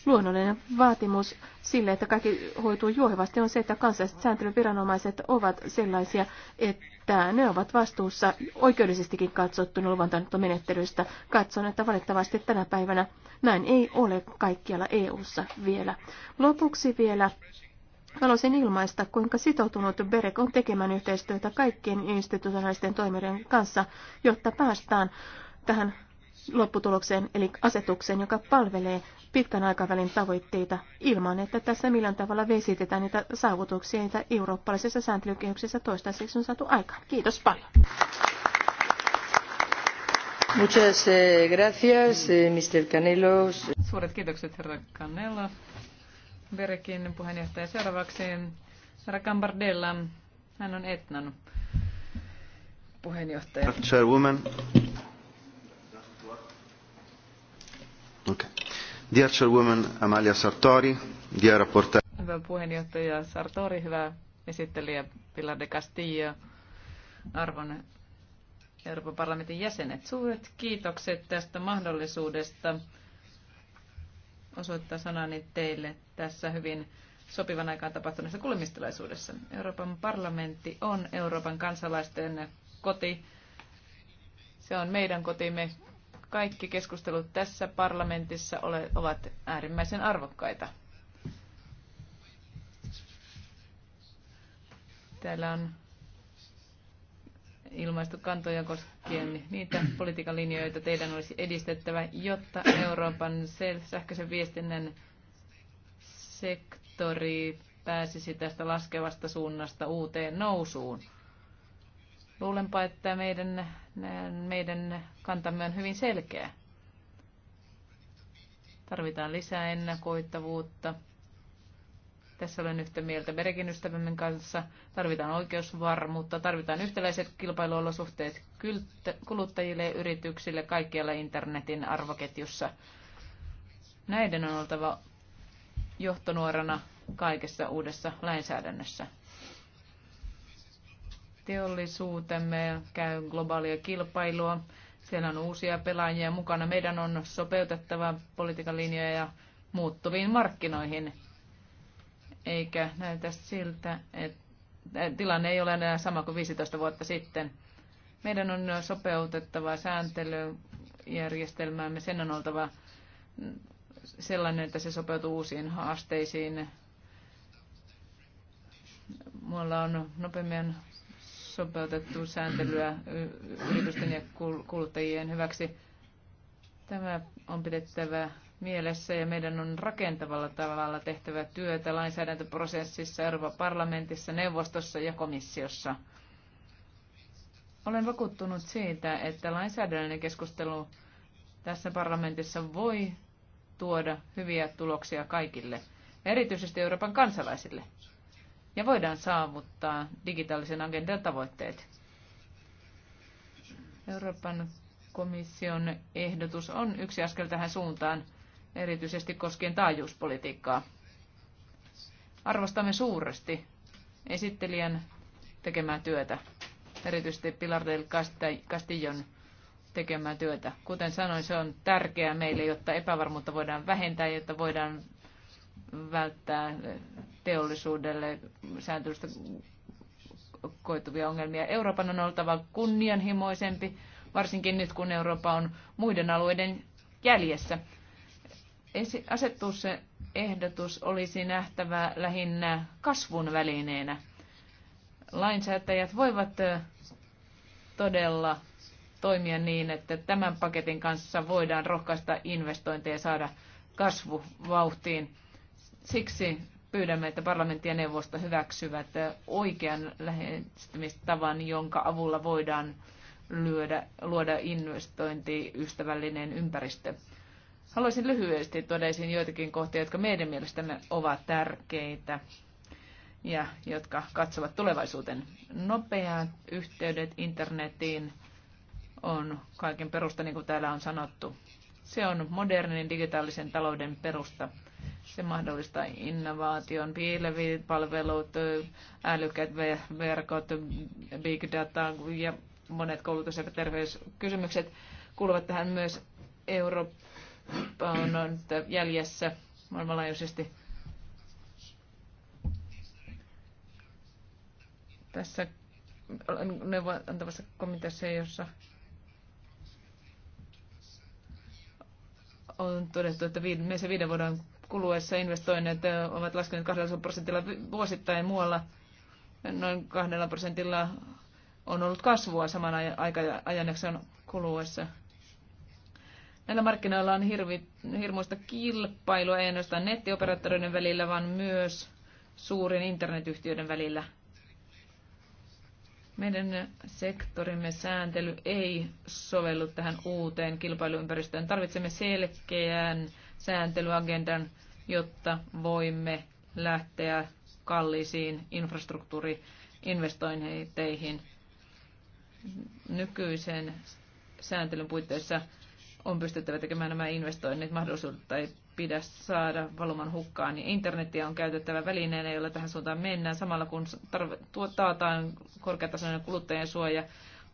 C: Luonnollinen vaatimus sille, että kaikki hoituu juohevasti, on se, että kansalliset sääntelyviranomaiset ovat sellaisia, että ne ovat vastuussa oikeudellisestikin katsottuna luvantannuttomenettelystä. Katson, että valitettavasti tänä päivänä näin ei ole kaikkialla EU-ssa vielä. Lopuksi vielä Haluaisin ilmaista, kuinka sitoutunut BEREC on tekemään yhteistyötä kaikkien institutionaalisten toimijoiden kanssa, jotta päästään tähän lopputulokseen, eli asetukseen, joka palvelee pitkän aikavälin tavoitteita ilman, että tässä millään tavalla vesitetään niitä saavutuksia, joita eurooppalaisessa sääntelykehyksessä toistaiseksi on saatu aikaan. Kiitos paljon.
A: Muchas eh, gracias, eh, Mr. Canelos.
B: Suuret kiitokset, herra Canello. Berekin puheenjohtaja seuraavaksi. Herra Gambardella, hän on Etnan puheenjohtaja.
D: Chairwoman, Dear Chairwoman Amalia Sartori, dear Rapporteur.
B: Hyvä puheenjohtaja Sartori, hyvä esittelijä Pilar de Castillo, arvon Euroopan parlamentin jäsenet. Suuret kiitokset tästä mahdollisuudesta osoittaa sanani teille tässä hyvin sopivan aikaan tapahtuneessa kuulemistilaisuudessa. Euroopan parlamentti on Euroopan kansalaisten koti. Se on meidän kotimme kaikki keskustelut tässä parlamentissa ole, ovat äärimmäisen arvokkaita. Täällä on ilmaistu kantoja koskien niitä politiikan linjoja, joita teidän olisi edistettävä, jotta Euroopan sähköisen viestinnän sektori pääsisi tästä laskevasta suunnasta uuteen nousuun. Luulenpa, että meidän, meidän kantamme on hyvin selkeä. Tarvitaan lisää ennakoittavuutta. Tässä olen yhtä mieltä Berekin ystävämme kanssa. Tarvitaan oikeusvarmuutta, tarvitaan yhtäläiset kilpailuolosuhteet kuluttajille ja yrityksille kaikkialla internetin arvoketjussa. Näiden on oltava johtonuorana kaikessa uudessa lainsäädännössä teollisuutemme käy globaalia kilpailua. Siellä on uusia pelaajia mukana. Meidän on sopeutettava politiikan linjoja muuttuviin markkinoihin. Eikä näytä siltä, että tilanne ei ole enää sama kuin 15 vuotta sitten. Meidän on sopeutettava sääntelyjärjestelmäämme. Sen on oltava sellainen, että se sopeutuu uusiin haasteisiin. Mulla on nopeammin sopeutettu sääntelyä yritysten ja kuluttajien hyväksi. Tämä on pidettävä mielessä ja meidän on rakentavalla tavalla tehtävä työtä lainsäädäntöprosessissa, Euroopan parlamentissa, neuvostossa ja komissiossa. Olen vakuuttunut siitä, että lainsäädännöllinen keskustelu tässä parlamentissa voi tuoda hyviä tuloksia kaikille, erityisesti Euroopan kansalaisille ja voidaan saavuttaa digitaalisen agendan tavoitteet. Euroopan komission ehdotus on yksi askel tähän suuntaan, erityisesti koskien taajuuspolitiikkaa. Arvostamme suuresti esittelijän tekemää työtä, erityisesti Pilar del Castillon tekemää työtä. Kuten sanoin, se on tärkeää meille, jotta epävarmuutta voidaan vähentää, jotta voidaan välttää teollisuudelle sääntelystä koituvia ongelmia. Euroopan on oltava kunnianhimoisempi, varsinkin nyt kun Eurooppa on muiden alueiden jäljessä. Asettuus ehdotus olisi nähtävä lähinnä kasvun välineenä. Lainsäätäjät voivat todella toimia niin, että tämän paketin kanssa voidaan rohkaista investointeja ja saada kasvu vauhtiin. Siksi pyydämme, että parlamentti ja neuvosto hyväksyvät oikean lähestymistavan, jonka avulla voidaan lyödä, luoda investointiystävällinen ympäristö. Haluaisin lyhyesti todeisin joitakin kohtia, jotka meidän mielestämme ovat tärkeitä ja jotka katsovat tulevaisuuteen. Nopeat yhteydet internetiin on kaiken perusta, niin kuin täällä on sanottu. Se on modernin digitaalisen talouden perusta. Se mahdollistaa innovaation, palvelut älykät verkot, big data ja monet koulutus- ja terveyskysymykset kuuluvat tähän myös. Euroopan on jäljessä maailmanlaajuisesti. Tässä neuvoa antavassa komiteassa, jossa on todettu, että viiden, viiden vuoden kuluessa investoinneet ovat laskeneet 2 prosentilla vuosittain muualla. Noin 2 prosentilla on ollut kasvua saman ajanjakson kuluessa. Näillä markkinoilla on hirvi, hirmuista kilpailua, ei ainoastaan nettioperaattoreiden välillä, vaan myös suurin internetyhtiöiden välillä. Meidän sektorimme sääntely ei sovellu tähän uuteen kilpailuympäristöön. Tarvitsemme selkeän sääntelyagendan, jotta voimme lähteä kalliisiin infrastruktuuriinvestointeihin. Nykyisen sääntelyn puitteissa on pystyttävä tekemään nämä investoinnit mahdollisuutta ei pidä saada valuman hukkaan, niin internetiä on käytettävä välineenä, jolla tähän suuntaan mennään, samalla kun taataan korkeatasoinen kuluttajien suoja,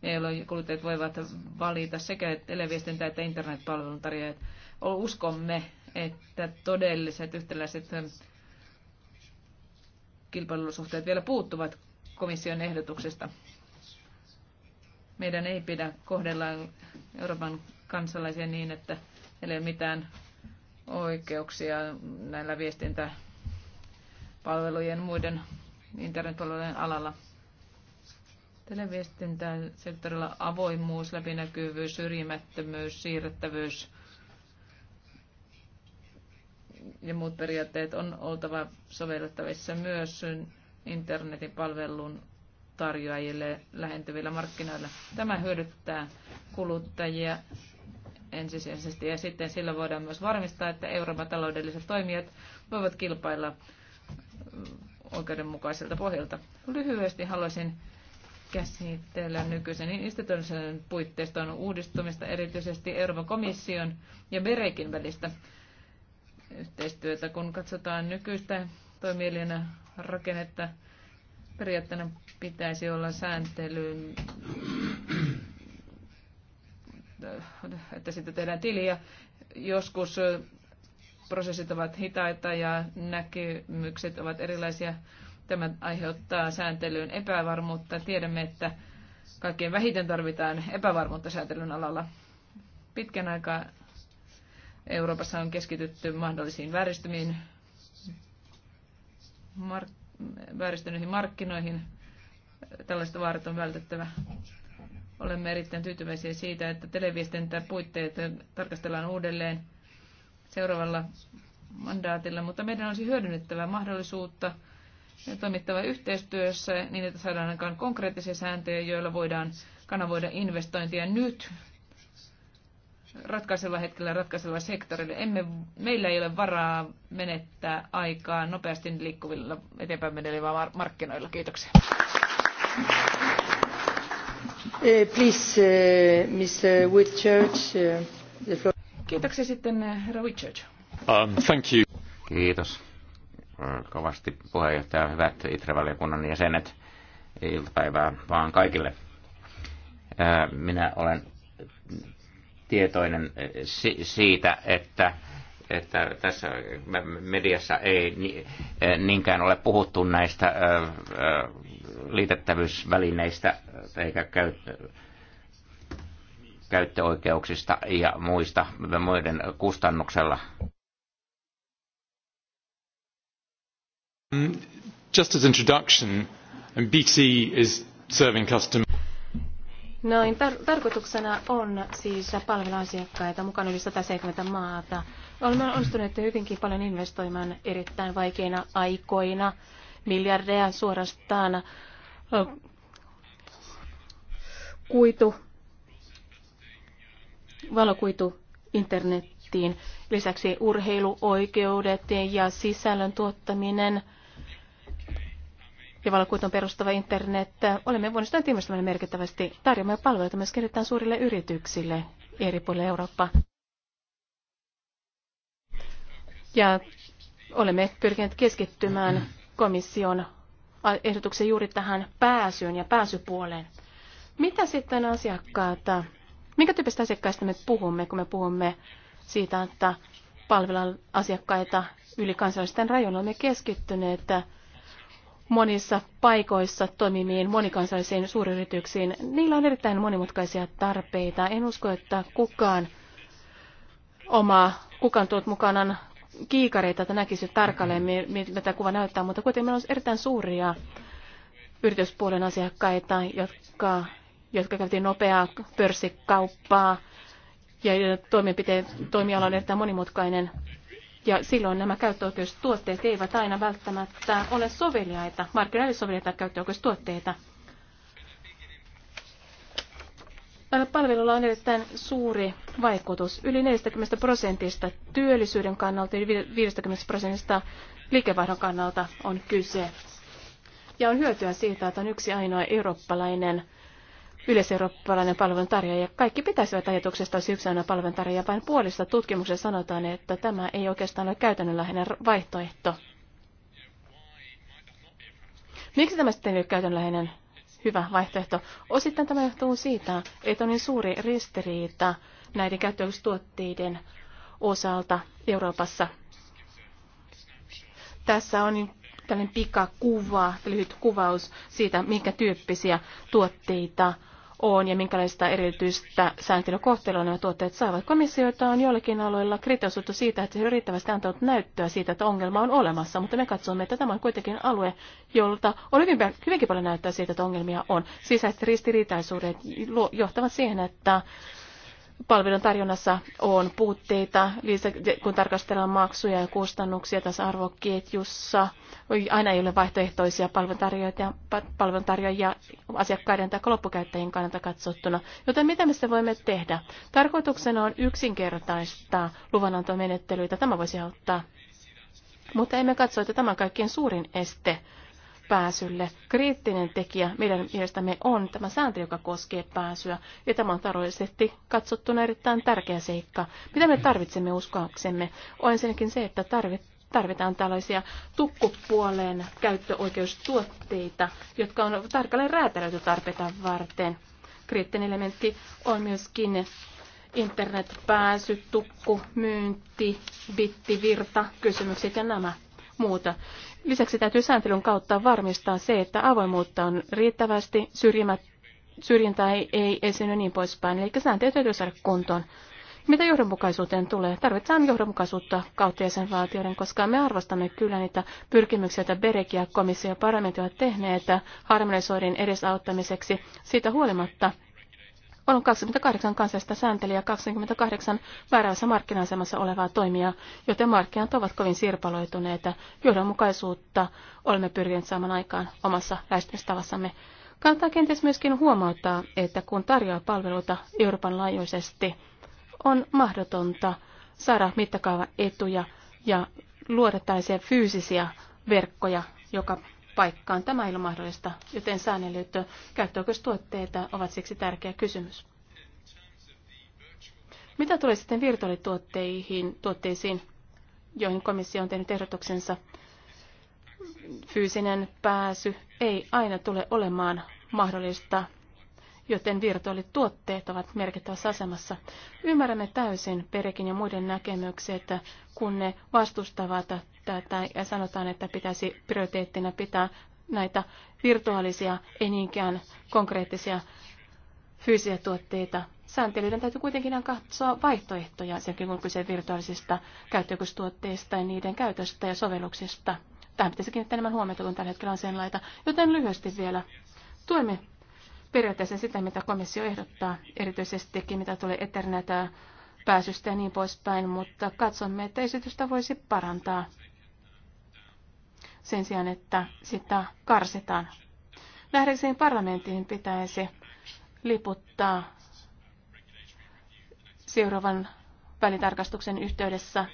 B: jolloin kuluttajat voivat valita sekä televiestintä että internetpalvelun tarjoajat. Uskomme että todelliset yhtäläiset ähm, kilpailusuhteet vielä puuttuvat komission ehdotuksesta. Meidän ei pidä kohdella Euroopan kansalaisia niin, että heillä ei ole mitään oikeuksia näillä viestintäpalvelujen muiden internetpalvelujen alalla. Televiestintäsektorilla avoimuus, läpinäkyvyys, syrjimättömyys, siirrettävyys ja muut periaatteet on oltava sovellettavissa myös internetin palvelun tarjoajille lähentyvillä markkinoilla. Tämä hyödyttää kuluttajia ensisijaisesti ja sitten sillä voidaan myös varmistaa, että Euroopan taloudelliset toimijat voivat kilpailla mm, oikeudenmukaiselta pohjalta. Lyhyesti haluaisin käsitellä nykyisen instituutioiden puitteiston uudistumista erityisesti Euroopan komission ja Berekin välistä yhteistyötä. Kun katsotaan nykyistä toimielijänä rakennetta, periaatteena pitäisi olla sääntelyyn, että sitä tehdään tiliä. Joskus prosessit ovat hitaita ja näkymykset ovat erilaisia. Tämä aiheuttaa sääntelyyn epävarmuutta. Tiedämme, että kaikkien vähiten tarvitaan epävarmuutta sääntelyn alalla. Pitkän aikaa Euroopassa on keskitytty mahdollisiin vääristymiin, mark, vääristyneihin markkinoihin. Tällaista vaarat on vältettävä. Olemme erittäin tyytyväisiä siitä, että televiestintäpuitteet tarkastellaan uudelleen seuraavalla mandaatilla, mutta meidän olisi hyödynnettävä mahdollisuutta ja toimittava yhteistyössä niin, että saadaan aikaan konkreettisia sääntöjä, joilla voidaan kanavoida investointia nyt ratkaisella hetkellä ratkaisella sektorilla. Emme, meillä ei ole varaa menettää aikaa nopeasti liikkuvilla eteenpäin menevillä markkinoilla. Kiitoksia.
A: Eh, please, eh, Mr. Whitchurch, eh, the floor. Kiitoksia sitten herra Whitchurch.
E: Um, thank you. Kiitos kovasti puheenjohtaja, hyvät ITRE-valiokunnan jäsenet. Iltapäivää vaan kaikille. Minä olen tietoinen eh, siitä, että, että tässä mediassa ei eh, niinkään ole puhuttu näistä eh, liitettävyysvälineistä eikä käyttöoikeuksista ja muista muiden kustannuksella. Mm, just as introduction, BT is serving customers.
C: Noin, tar- tarkoituksena on siis palvella asiakkaita mukaan yli 170 maata. Olemme onnistuneet hyvinkin paljon investoimaan erittäin vaikeina aikoina, miljardeja suorastaan kuitu, valokuitu internettiin. Lisäksi urheiluoikeudet ja sisällön tuottaminen – ja valokuiton perustava internet, olemme onnistuneet tiimistämällä merkittävästi tarjoamme palveluita myös kerrotaan suurille yrityksille eri puolille Eurooppaa. Ja olemme pyrkineet keskittymään komission ehdotuksen juuri tähän pääsyyn ja pääsypuoleen. Mitä sitten asiakkaata, minkä tyyppistä asiakkaista me puhumme, kun me puhumme siitä, että palvellaan asiakkaita yli kansallisten rajoilla olemme keskittyneet monissa paikoissa toimimiin monikansallisiin suuryrityksiin. Niillä on erittäin monimutkaisia tarpeita. En usko, että kukaan oma, kukaan tullut mukanaan kiikareita, että näkisi tarkalleen, mitä tämä kuva näyttää, mutta kuitenkin meillä on erittäin suuria yrityspuolen asiakkaita, jotka, jotka käytiin nopeaa pörssikauppaa ja toimenpiteen toimiala on erittäin monimutkainen ja silloin nämä käyttöoikeustuotteet eivät aina välttämättä ole soveliaita, markkinoille soveliaita käyttöoikeustuotteita. Tällä palvelulla on erittäin suuri vaikutus. Yli 40 prosentista työllisyyden kannalta ja 50 prosentista liikevaihdon kannalta on kyse. Ja on hyötyä siitä, että on yksi ainoa eurooppalainen yleiseurooppalainen palveluntarjoaja. Kaikki pitäisivät ajatuksesta olisi yksi aina palveluntarjoaja, vain puolista tutkimuksessa sanotaan, että tämä ei oikeastaan ole käytännönläheinen vaihtoehto. Miksi tämä sitten ei ole käytännönläheinen hyvä vaihtoehto? Osittain tämä johtuu siitä, että on niin suuri ristiriita näiden käyttöystuotteiden osalta Euroopassa. Tässä on niin tällainen pikakuva, lyhyt kuvaus siitä, minkä tyyppisiä tuotteita on ja minkälaista erityistä sääntelykohtelua nämä tuotteet saavat. Komissioita on joillakin aloilla kritisoitu siitä, että on riittävästi antanut näyttöä siitä, että ongelma on olemassa, mutta me katsomme, että tämä on kuitenkin alue, jolta on hyvin, hyvinkin paljon näyttää siitä, että ongelmia on. Sisäiset ristiriitaisuudet johtavat siihen, että palvelun tarjonnassa on puutteita, kun tarkastellaan maksuja ja kustannuksia tässä arvoketjussa – aina ei ole vaihtoehtoisia palveluntarjoajia, asiakkaiden tai loppukäyttäjien kannalta katsottuna. Joten mitä me se voimme tehdä? Tarkoituksena on yksinkertaistaa luvanantomenettelyitä. Tämä voisi auttaa. Mutta emme katso, että tämä on kaikkein suurin este pääsylle. Kriittinen tekijä meidän mielestämme on tämä sääntö, joka koskee pääsyä, ja tämä on taloudellisesti katsottuna erittäin tärkeä seikka. Mitä me tarvitsemme uskoaksemme? On ensinnäkin se, että tarvit, tarvitaan tällaisia tukkupuoleen käyttöoikeustuotteita, jotka on tarkalleen räätälöity tarpeita varten. Kriittinen elementti on myöskin internetpääsy, tukku, myynti, bittivirta, kysymykset ja nämä muuta. Lisäksi täytyy sääntelyn kautta varmistaa se, että avoimuutta on riittävästi, syrjimät, syrjintä ei, ei esiinny niin poispäin. Eli sääntöjä täytyy saada kuntoon. Mitä johdonmukaisuuteen tulee? Tarvitaan johdonmukaisuutta kautta jäsenvaltioiden, koska me arvostamme kyllä niitä pyrkimyksiä, joita Berek ja komissio ja parlamentti ovat tehneet harmonisoidin edesauttamiseksi. Siitä huolimatta on 28 kansallista sääntelyä ja 28 väärässä markkina-asemassa olevaa toimijaa, joten markkinat ovat kovin sirpaloituneita. Johdonmukaisuutta olemme pyrkineet saamaan aikaan omassa lähestymistavassamme. Kannattaa kenties myöskin huomauttaa, että kun tarjoaa palveluita Euroopan laajuisesti, on mahdotonta saada mittakaavan etuja ja luoda tällaisia fyysisiä verkkoja joka paikkaan. Tämä ei ole mahdollista, joten säännellyt käyttöoikeustuotteita ovat siksi tärkeä kysymys. Mitä tulee sitten virtuaalituotteisiin, tuotteisiin, joihin komissio on tehnyt ehdotuksensa? Fyysinen pääsy ei aina tule olemaan mahdollista joten tuotteet ovat merkittävässä asemassa. Ymmärrämme täysin Perekin ja muiden näkemykset, kun ne vastustavat tätä ja sanotaan, että pitäisi prioriteettina pitää näitä virtuaalisia, ei niinkään konkreettisia fyysisiä tuotteita. Sääntelyiden täytyy kuitenkin katsoa vaihtoehtoja senkin kun kyse virtuaalisista käyttökustuotteista ja niiden käytöstä ja sovelluksista. Tähän pitäisi kiinnittää enemmän huomiota, kun tällä hetkellä on sen laita. Joten lyhyesti vielä. Tuemme periaatteessa sitä, mitä komissio ehdottaa, erityisestikin mitä tulee Ethernetä pääsystä ja niin poispäin, mutta katsomme, että esitystä voisi parantaa sen sijaan, että sitä karsitaan. Nähdäkseni parlamenttiin pitäisi liputtaa seuraavan välitarkastuksen yhteydessä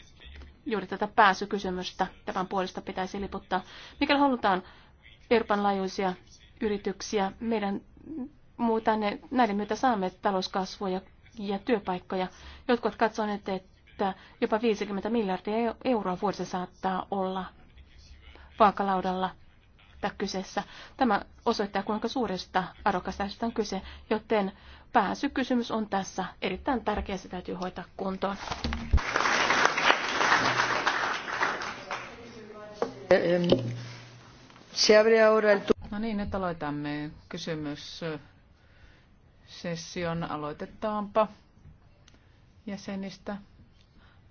C: juuri tätä pääsykysymystä. Tämän puolesta pitäisi liputtaa. Mikäli halutaan Euroopan laajuisia yrityksiä, meidän muuta ne, näiden myötä saamme talouskasvua ja, ja työpaikkoja. Jotkut ovat katsoneet, että jopa 50 miljardia euroa vuodessa saattaa olla vaakalaudalla tai kyseessä. Tämä osoittaa, kuinka suuresta arvokasta on kyse, joten pääsykysymys on tässä erittäin tärkeä, se täytyy hoitaa kuntoon.
B: Eh, se abre ahora el No niin, nyt aloitamme kysymyssession. Aloitetaanpa jäsenistä.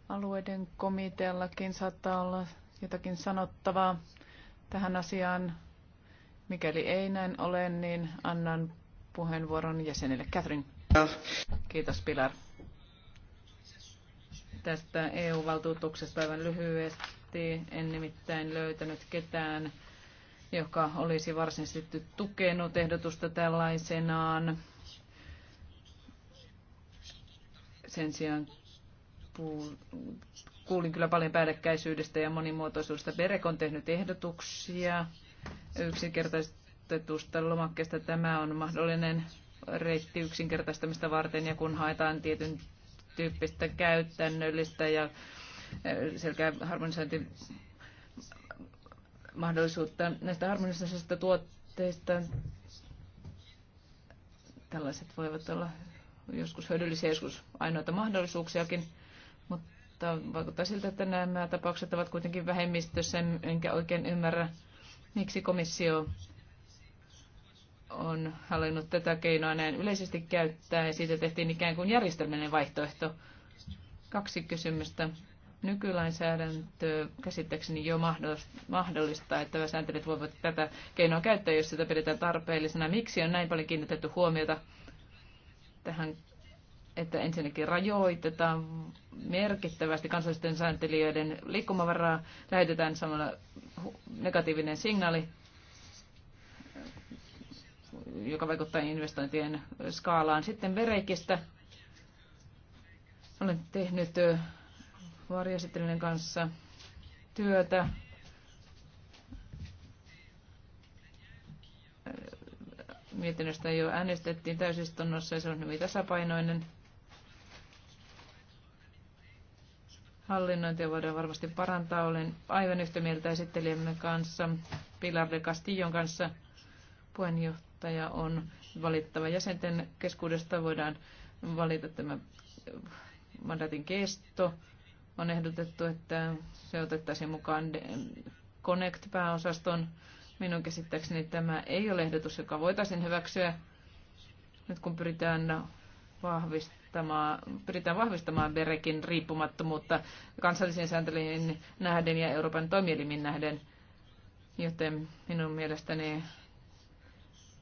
B: Alueiden komiteallakin saattaa olla jotakin sanottavaa tähän asiaan. Mikäli ei näin ole, niin annan puheenvuoron jäsenille. Catherine. Kiitos Pilar. Tästä EU-valtuutuksesta aivan lyhyesti. En nimittäin löytänyt ketään joka olisi varsinaisesti tukenut ehdotusta tällaisenaan. Sen sijaan kuulin kyllä paljon päällekkäisyydestä ja monimuotoisuudesta. Berek on tehnyt ehdotuksia yksinkertaistetusta lomakkeesta. Tämä on mahdollinen reitti yksinkertaistamista varten ja kun haetaan tietyn tyyppistä käytännöllistä ja selkeä harmonisointi mahdollisuutta näistä harmonisista tuotteista. Tällaiset voivat olla joskus hyödyllisiä, joskus ainoita mahdollisuuksiakin, mutta vaikuttaa siltä, että nämä tapaukset ovat kuitenkin vähemmistössä, enkä oikein ymmärrä, miksi komissio on hallinnut tätä keinoa näin yleisesti käyttää ja siitä tehtiin ikään kuin järjestelmällinen vaihtoehto. Kaksi kysymystä Nykylainsäädäntö käsittääkseni jo mahdollistaa, että sääntelyt voivat tätä keinoa käyttää, jos sitä pidetään tarpeellisena. Miksi on näin paljon kiinnitetty huomiota tähän, että ensinnäkin rajoitetaan merkittävästi kansallisten sääntelijöiden liikkumavaraa, lähetetään samalla negatiivinen signaali joka vaikuttaa investointien skaalaan. Sitten vereikistä olen tehnyt varjoesittelyiden kanssa työtä. Mietinnöstä jo äänestettiin täysistunnossa ja se on hyvin tasapainoinen. Hallinnointia voidaan varmasti parantaa. Olen aivan yhtä mieltä esittelijämme kanssa, Pilar de Castillon kanssa. Puheenjohtaja on valittava jäsenten keskuudesta. Voidaan valita tämä mandatin kesto on ehdotettu, että se otettaisiin mukaan Connect-pääosaston. Minun käsittääkseni tämä ei ole ehdotus, joka voitaisiin hyväksyä. Nyt kun pyritään vahvistamaan, pyritään vahvistamaan BEREKin riippumattomuutta kansallisiin sääntelyihin nähden ja Euroopan toimielimin nähden, joten minun mielestäni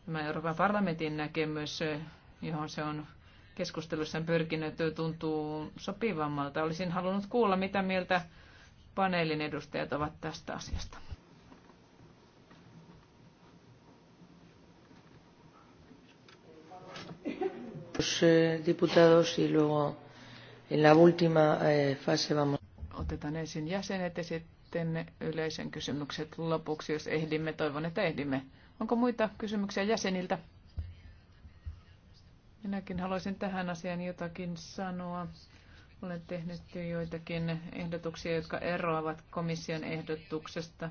B: tämä Euroopan parlamentin näkemys, johon se on keskustelussa pyrkinyt tuntuu sopivammalta. Olisin halunnut kuulla, mitä mieltä paneelin edustajat ovat
A: tästä asiasta. Eh, eh, Otetaan ensin jäsenet ja sitten
B: yleisen kysymykset lopuksi, jos ehdimme. Toivon, että ehdimme. Onko muita kysymyksiä jäseniltä? Minäkin haluaisin tähän asiaan jotakin sanoa. Olen tehnyt jo joitakin ehdotuksia, jotka eroavat komission ehdotuksesta.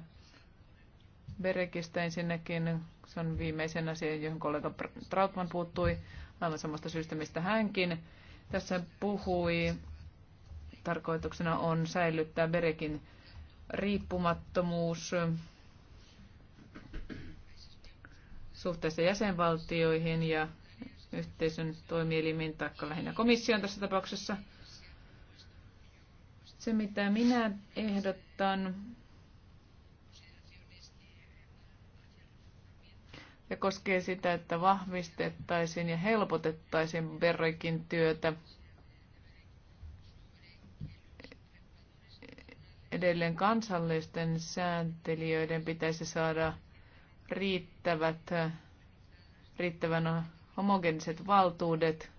B: Berekistä ensinnäkin, se on viimeisen asian, johon kollega Trautman puuttui, aivan samasta syystä, mistä hänkin tässä puhui. Tarkoituksena on säilyttää Berekin riippumattomuus suhteessa jäsenvaltioihin ja yhteisön toimielimin, taikka lähinnä komission tässä tapauksessa. Se, mitä minä ehdotan, ja koskee sitä, että vahvistettaisiin ja helpotettaisiin Berrekin työtä. Edelleen kansallisten sääntelijöiden pitäisi saada riittävät, riittävän homogeniset valtuudet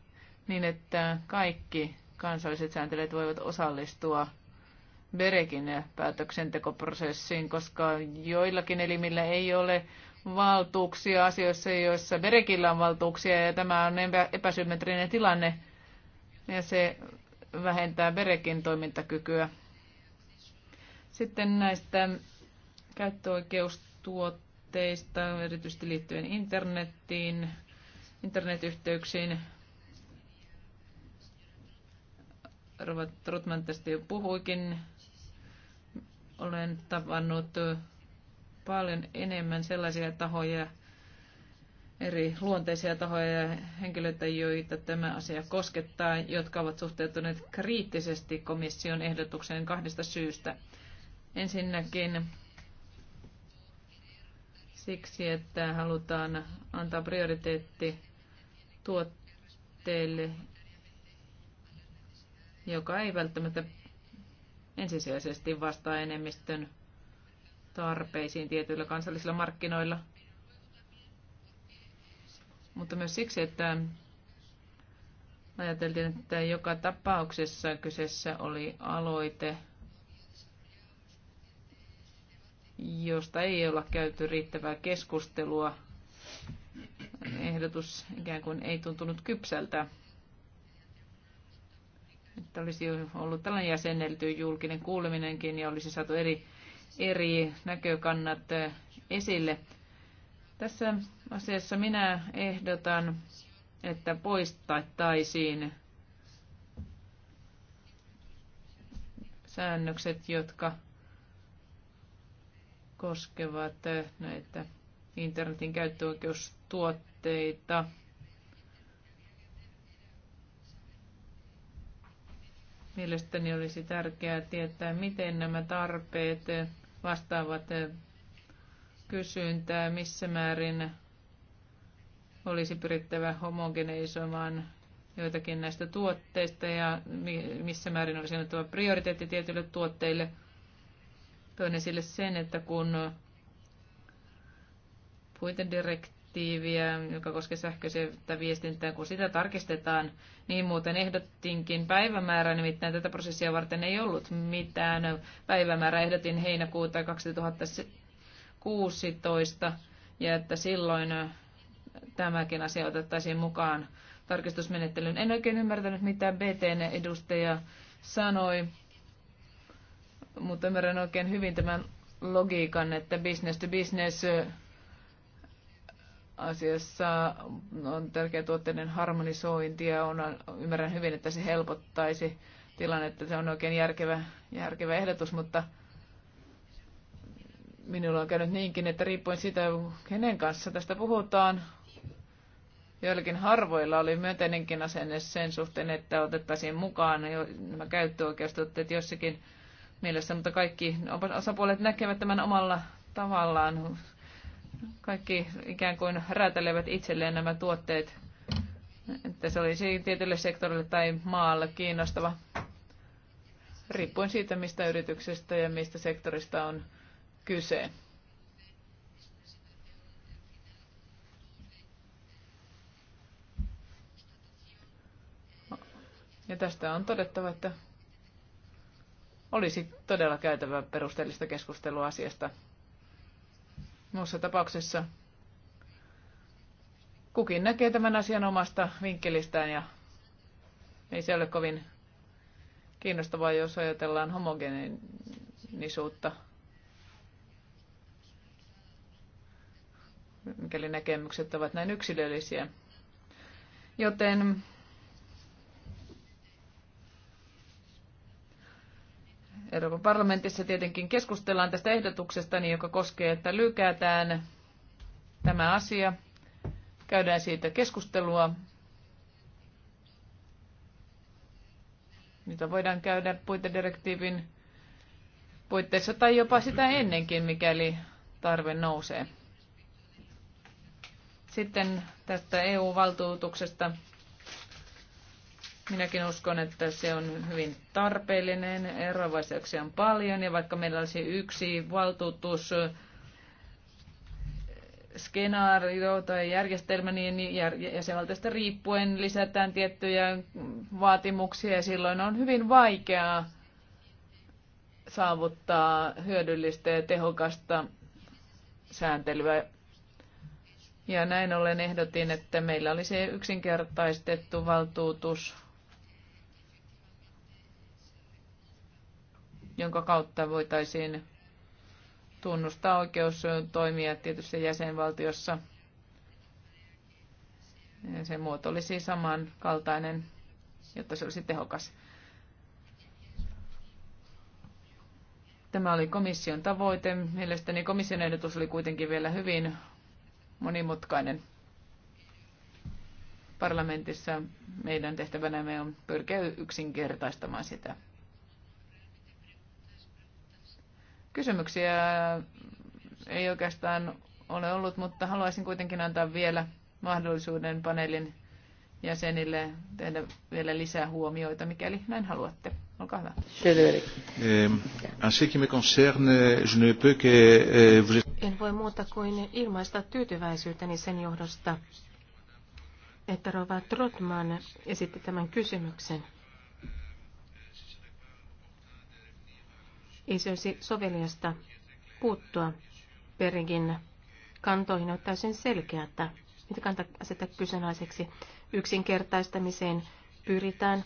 B: niin, että kaikki kansalliset sääntelijät voivat osallistua Berekin päätöksentekoprosessiin, koska joillakin elimillä ei ole valtuuksia asioissa, joissa Berekillä on valtuuksia, ja tämä on epäsymmetrinen tilanne, ja se vähentää Berekin toimintakykyä. Sitten näistä käyttöoikeustuotteista, erityisesti liittyen internettiin, internetyhteyksiin. Robert Trutman tästä jo puhuikin. Olen tavannut paljon enemmän sellaisia tahoja, eri luonteisia tahoja ja henkilöitä, joita tämä asia koskettaa, jotka ovat suhteutuneet kriittisesti komission ehdotukseen kahdesta syystä. Ensinnäkin siksi, että halutaan antaa prioriteetti tuotteille, joka ei välttämättä ensisijaisesti vastaa enemmistön tarpeisiin tietyillä kansallisilla markkinoilla, mutta myös siksi, että ajateltiin, että joka tapauksessa kyseessä oli aloite, josta ei olla käyty riittävää keskustelua ehdotus ikään kuin ei tuntunut kypsältä. Että olisi ollut tällainen jäsennelty julkinen kuuleminenkin ja olisi saatu eri, eri näkökannat esille. Tässä asiassa minä ehdotan, että poistettaisiin säännökset, jotka koskevat näitä internetin käyttöoikeus tuotteita. Mielestäni olisi tärkeää tietää, miten nämä tarpeet vastaavat kysyntää, missä määrin olisi pyrittävä homogeneisoimaan joitakin näistä tuotteista ja missä määrin olisi annettava prioriteetti tietyille tuotteille. Toin esille sen, että kun puitedirektiivi direktiiviä, joka koskee sähköistä viestintää, kun sitä tarkistetaan, niin muuten ehdottinkin päivämäärää, nimittäin tätä prosessia varten ei ollut mitään päivämäärä Ehdotin heinäkuuta 2016 ja että silloin tämäkin asia otettaisiin mukaan tarkistusmenettelyyn. En oikein ymmärtänyt, mitä BTN edustaja sanoi, mutta ymmärrän oikein hyvin tämän logiikan, että business to business asiassa on tärkeä tuotteiden harmonisointi ja on, ymmärrän hyvin, että se helpottaisi tilannetta. Se on oikein järkevä, järkevä ehdotus, mutta minulla on käynyt niinkin, että riippuen siitä, kenen kanssa tästä puhutaan, joillakin harvoilla oli myönteinenkin asenne sen suhteen, että otettaisiin mukaan jo, nämä käyttöoikeustuotteet jossakin mielessä, mutta kaikki osapuolet näkevät tämän omalla tavallaan kaikki ikään kuin räätälevät itselleen nämä tuotteet, että se olisi tietylle sektorille tai maalle kiinnostava, riippuen siitä, mistä yrityksestä ja mistä sektorista on kyse. Ja tästä on todettava, että olisi todella käytävä perusteellista keskustelua asiasta Muussa tapauksessa kukin näkee tämän asian omasta vinkkelistään ja ei se ole kovin kiinnostavaa, jos ajatellaan homogeenisuutta. mikäli näkemykset ovat näin yksilöllisiä. Joten Euroopan parlamentissa tietenkin keskustellaan tästä ehdotuksesta, niin joka koskee, että lykätään tämä asia. Käydään siitä keskustelua. Niitä voidaan käydä puitedirektiivin puitteissa tai jopa sitä ennenkin, mikäli tarve nousee. Sitten tästä EU-valtuutuksesta Minäkin uskon, että se on hyvin tarpeellinen. Eroavaisuuksia on paljon ja vaikka meillä olisi yksi valtuutus skenaario tai järjestelmä, niin jäsenvaltiosta riippuen lisätään tiettyjä vaatimuksia ja silloin on hyvin vaikeaa saavuttaa hyödyllistä ja tehokasta sääntelyä. Ja näin ollen ehdotin, että meillä olisi yksinkertaistettu valtuutus jonka kautta voitaisiin tunnustaa oikeus toimia tietyssä jäsenvaltiossa. Ja se muoto olisi samankaltainen, jotta se olisi tehokas. Tämä oli komission tavoite. Mielestäni komission ehdotus oli kuitenkin vielä hyvin monimutkainen. Parlamentissa meidän tehtävänämme on pyrkiä yksinkertaistamaan sitä. Kysymyksiä ei oikeastaan ole ollut, mutta haluaisin kuitenkin antaa vielä mahdollisuuden paneelin jäsenille tehdä vielä lisää huomioita, mikäli näin haluatte. Olkaa hyvä.
D: Eh,
C: en voi muuta kuin ilmaista tyytyväisyyteni sen johdosta, että Rova Trotman esitti tämän kysymyksen. ei se olisi soveliasta puuttua perinkin kantoihin on täysin selkeää, että mitä kantaa asettaa kyseenalaiseksi. Yksinkertaistamiseen pyritään.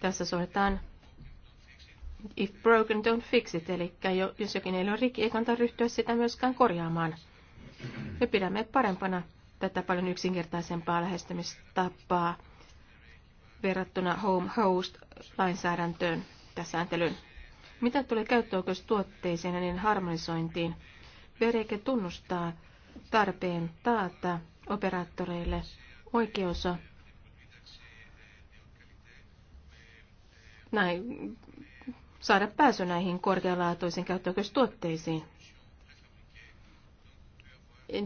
C: Tässä soitetaan if broken, don't fix it, eli jos jokin ei ole rikki, ei kannata ryhtyä sitä myöskään korjaamaan. Me pidämme parempana tätä paljon yksinkertaisempaa lähestymistapaa verrattuna home host lainsäädäntöön sääntelyn. Mitä tulee käyttöoikeustuotteisiin ja niin harmonisointiin? Vereke tunnustaa tarpeen taata operaattoreille oikeus näin, saada pääsy näihin korkealaatuisiin käyttöoikeustuotteisiin.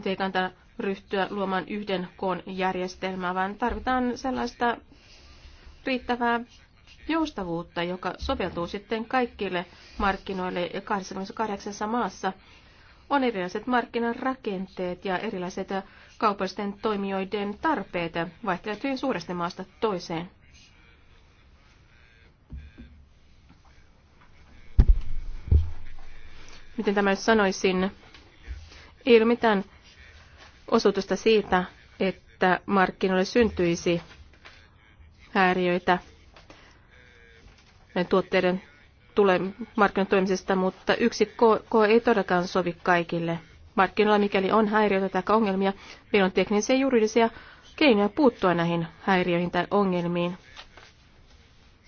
C: Ei kannata ryhtyä luomaan yhden koon järjestelmää, vaan tarvitaan sellaista riittävää joustavuutta, joka soveltuu sitten kaikille markkinoille 28 maassa. On erilaiset markkinan rakenteet ja erilaiset kaupallisten toimijoiden tarpeet vaihtelevat hyvin suuresti maasta toiseen. Miten tämä nyt sanoisin? Ei ole mitään osuutusta siitä, että markkinoille syntyisi häiriöitä tuotteiden tule, markkinoiden toimisesta, mutta yksi koe ei todellakaan sovi kaikille. Markkinoilla, mikäli on häiriöitä tai ongelmia, meillä on teknisiä ja juridisia keinoja puuttua näihin häiriöihin tai ongelmiin.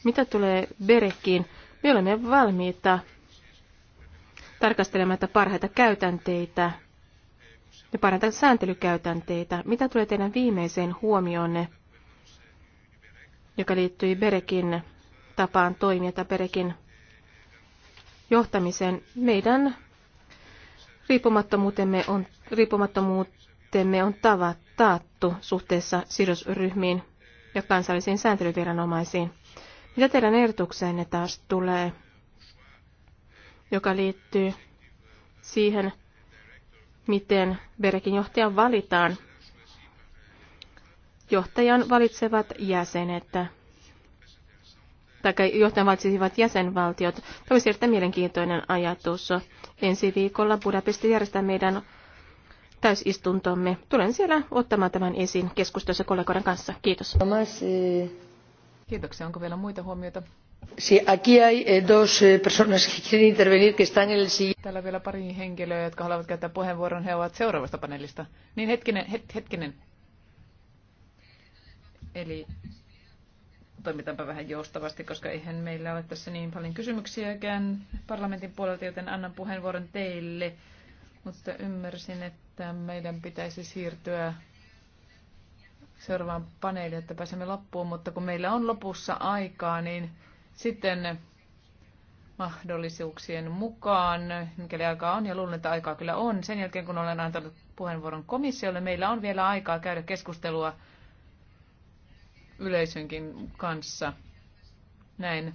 C: Mitä tulee Berekkiin, me olemme valmiita tarkastelemaan parhaita käytänteitä ja parantaa sääntelykäytänteitä. Mitä tulee teidän viimeiseen huomioonne, joka liittyy Berekin tapaan toimia tai perekin johtamiseen. Meidän riippumattomuutemme on, riippumattomuutemme on tava, taattu suhteessa sidosryhmiin ja kansallisiin sääntelyviranomaisiin. Mitä teidän ehdotukseenne taas tulee, joka liittyy siihen, miten Berekin johtaja valitaan? Johtajan valitsevat jäsenet tai johtajan valitsisivat jäsenvaltiot. Tämä olisi erittäin mielenkiintoinen ajatus. Ensi viikolla Budapesti järjestää meidän täysistuntomme. Tulen siellä ottamaan tämän esiin keskustelussa kollegoiden kanssa. Kiitos.
B: Kiitoksia. Onko vielä muita huomioita?
A: Sí, aquí hay eh, dos eh, personas que quieren intervenir que están en el
B: Täällä on vielä pari henkilöä, jotka haluavat käyttää puheenvuoron. He ovat seuraavasta panelista? Niin hetkinen, het, hetkinen. Eli toimitaanpa vähän joustavasti, koska eihän meillä ole tässä niin paljon kysymyksiäkään parlamentin puolelta, joten annan puheenvuoron teille. Mutta ymmärsin, että meidän pitäisi siirtyä seuraavaan paneeliin, että pääsemme loppuun, mutta kun meillä on lopussa aikaa, niin sitten mahdollisuuksien mukaan, mikäli aikaa on, ja luulen, että aikaa kyllä on, sen jälkeen kun olen antanut puheenvuoron komissiolle, meillä on vielä aikaa käydä keskustelua yleisönkin kanssa. Näin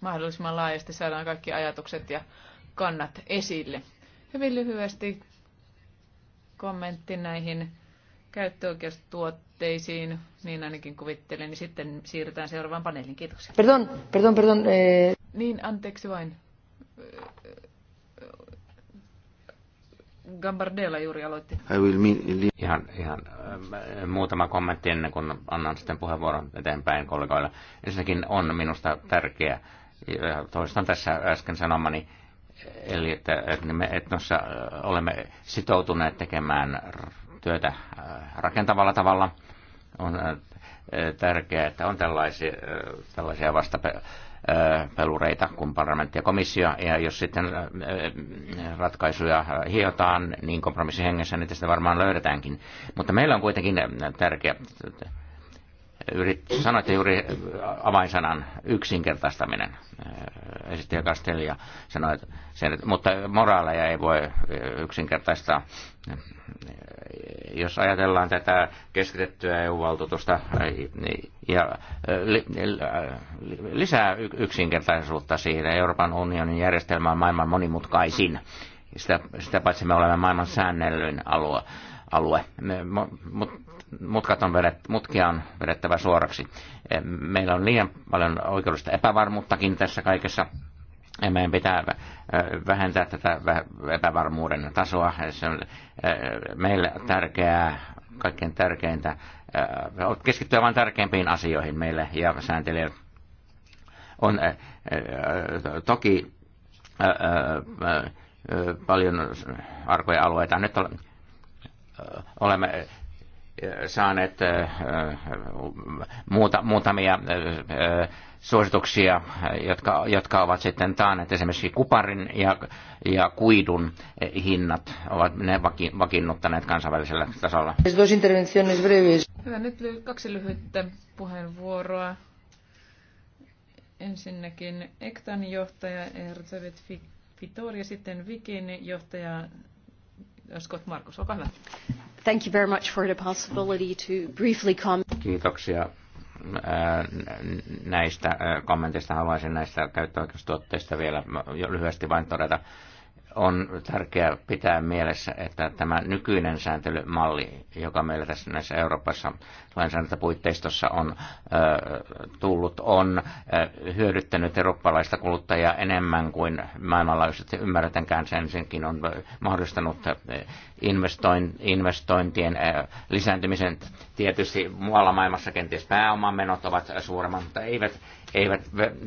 B: mahdollisimman laajasti saadaan kaikki ajatukset ja kannat esille. Hyvin lyhyesti kommentti näihin käyttöoikeustuotteisiin, niin ainakin kuvittelen, niin sitten siirrytään seuraavaan paneeliin. Kiitoksia. Perdon, perdon, perdon. Eh... Niin, anteeksi vain. Gambardella juuri aloitti.
E: Ihan, ihan äh, muutama kommentti ennen kuin annan sitten puheenvuoron eteenpäin kollegoille. Ensinnäkin on minusta tärkeää, äh, toistan tässä äsken sanomani, eli että, että me etnossa äh, olemme sitoutuneet tekemään työtä rakentavalla tavalla. On tärkeää, että on tällaisia, tällaisia vasta pelureita kuin parlamentti ja komissio, ja jos sitten ratkaisuja hiotaan niin kompromissihengessä, niin tästä varmaan löydetäänkin. Mutta meillä on kuitenkin tärkeä yrit, sanoitte juuri äh, avainsanan yksinkertaistaminen, äh, esittäjä ja sanoi sen, mutta moraaleja ei voi äh, yksinkertaistaa. Jos ajatellaan tätä keskitettyä EU-valtuutusta niin- ja lisää yksinkertaisuutta siihen, Euroopan unionin järjestelmä on maailman monimutkaisin. Sitä, sitä paitsi me olemme maailman säännellyn alue alue. Me, mutta mutkat on vedet, mutkia on vedettävä suoraksi. E, meillä on liian paljon oikeudellista epävarmuuttakin tässä kaikessa. Ja e, meidän pitää e, vähentää tätä epävarmuuden tasoa. Se on meille tärkeää, kaikkein tärkeintä, keskittyä vain tärkeimpiin asioihin meille ja sääntelijöille. on toki paljon arkoja alueita. Nyt olemme saaneet äh, äh, muuta, muutamia äh, suosituksia, jotka, jotka ovat sitten taaneet esimerkiksi kuparin ja, ja kuidun hinnat, ovat ne vaki, vakiinnuttaneet kansainvälisellä tasolla.
B: Hyvä, nyt kaksi lyhyttä puheenvuoroa. Ensinnäkin Ektan johtaja Erzsébet Fitor ja sitten Vikin johtaja Scott Markus, olkaa hyvä.
C: Thank you very much for the possibility to briefly comment.
E: Kiitoksia näistä kommenteista haluaisin näistä käyttöoikeustuotteista vielä lyhyesti vain todeta on tärkeää pitää mielessä, että tämä nykyinen sääntelymalli, joka meillä tässä näissä Euroopassa lainsäädäntöpuitteistossa on ö, tullut, on ö, hyödyttänyt eurooppalaista kuluttajaa enemmän kuin maailmanlaajuisesti ymmärretäänkään. Sen senkin on mahdollistanut investointien ö, lisääntymisen. Tietysti muualla maailmassa kenties pääomamenot ovat suuremmat, mutta eivät, eivät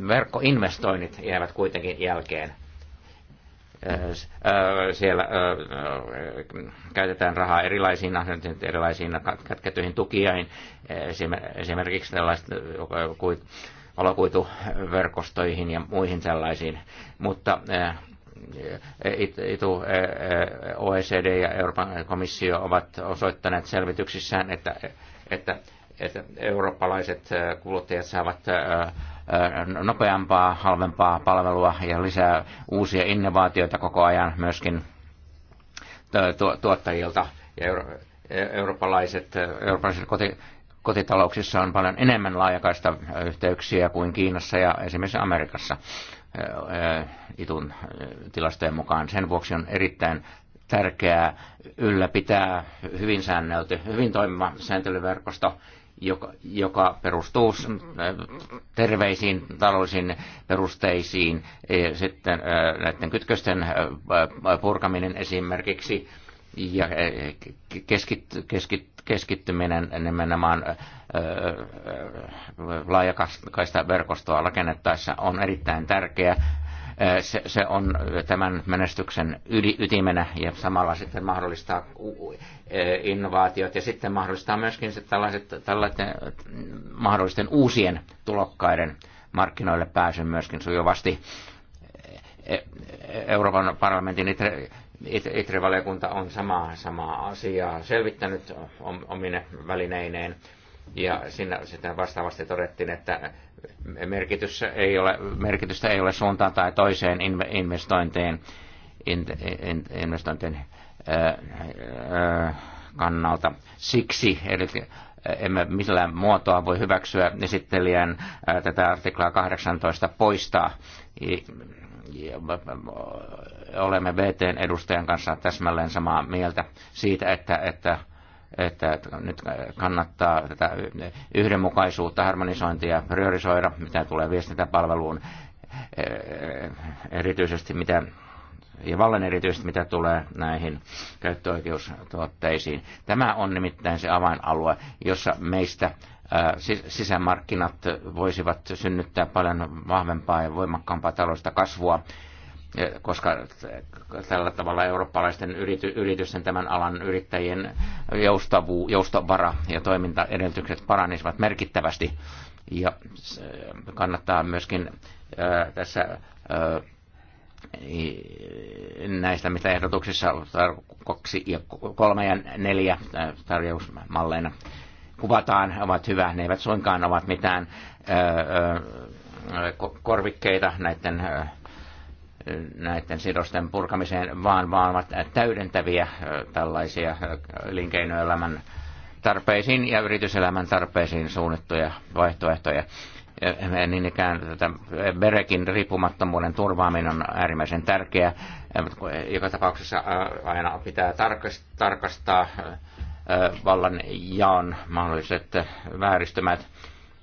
E: verkkoinvestoinnit jäävät kuitenkin jälkeen siellä käytetään rahaa erilaisiin, erilaisiin kätkettyihin tukiin, esimerkiksi tällaiset valokuituverkostoihin ja muihin sellaisiin. Mutta itu, OECD ja Euroopan komissio ovat osoittaneet selvityksissään, että, että, että eurooppalaiset kuluttajat saavat nopeampaa, halvempaa palvelua ja lisää uusia innovaatioita koko ajan myöskin tuottajilta. Ja e-, eurooppalaiset, eurooppalaiset koti, kotitalouksissa on paljon enemmän laajakaista yhteyksiä kuin Kiinassa ja esimerkiksi Amerikassa itun tilastojen mukaan. Sen vuoksi on erittäin tärkeää ylläpitää hyvin säännelty, hyvin toimiva sääntelyverkosto, joka, joka perustuu terveisiin taloudellisiin perusteisiin, e, sitten e, näiden kytkösten e, purkaminen esimerkiksi ja keskit, keskit, keskittyminen nimenomaan laajakaista verkostoa rakennettaessa on erittäin tärkeä se, se on tämän menestyksen ytimenä ja samalla sitten mahdollistaa innovaatiot ja sitten mahdollistaa myöskin sitten tällaiset, tällaisten mahdollisten uusien tulokkaiden markkinoille pääsyn myöskin sujuvasti. Euroopan parlamentin itri valiokunta on samaa, samaa asiaa selvittänyt omine välineineen ja siinä sitä vastaavasti todettiin, että merkitys ei ole, merkitystä ei ole suuntaan tai toiseen ö, ö, kannalta. Siksi eli emme millään muotoa voi hyväksyä esittelijän tätä artiklaa 18 poistaa. Olemme VTn edustajan kanssa täsmälleen samaa mieltä siitä, että, että että nyt kannattaa tätä yhdenmukaisuutta, harmonisointia priorisoida, mitä tulee viestintäpalveluun, erityisesti mitä ja vallan erityisesti mitä tulee näihin käyttöoikeustuotteisiin. Tämä on nimittäin se avainalue, jossa meistä sisämarkkinat voisivat synnyttää paljon vahvempaa ja voimakkaampaa taloudellista kasvua koska tällä tavalla eurooppalaisten yrity, yritysten tämän alan yrittäjien joustavu, joustavara ja toimintaedellytykset paranisivat merkittävästi. Ja äh, kannattaa myöskin äh, tässä äh, näistä, mitä ehdotuksissa kaksi ja kolme ja neljä tarjousmalleina kuvataan, ovat hyvä. Ne eivät suinkaan ovat mitään korvikkeita näiden näiden sidosten purkamiseen, vaan, vaan ovat täydentäviä tällaisia elinkeinoelämän tarpeisiin ja yrityselämän tarpeisiin suunnittuja vaihtoehtoja. Niin ikään tätä Berekin riippumattomuuden turvaaminen on äärimmäisen tärkeä. Joka tapauksessa aina pitää tarkastaa vallan jaon mahdolliset vääristymät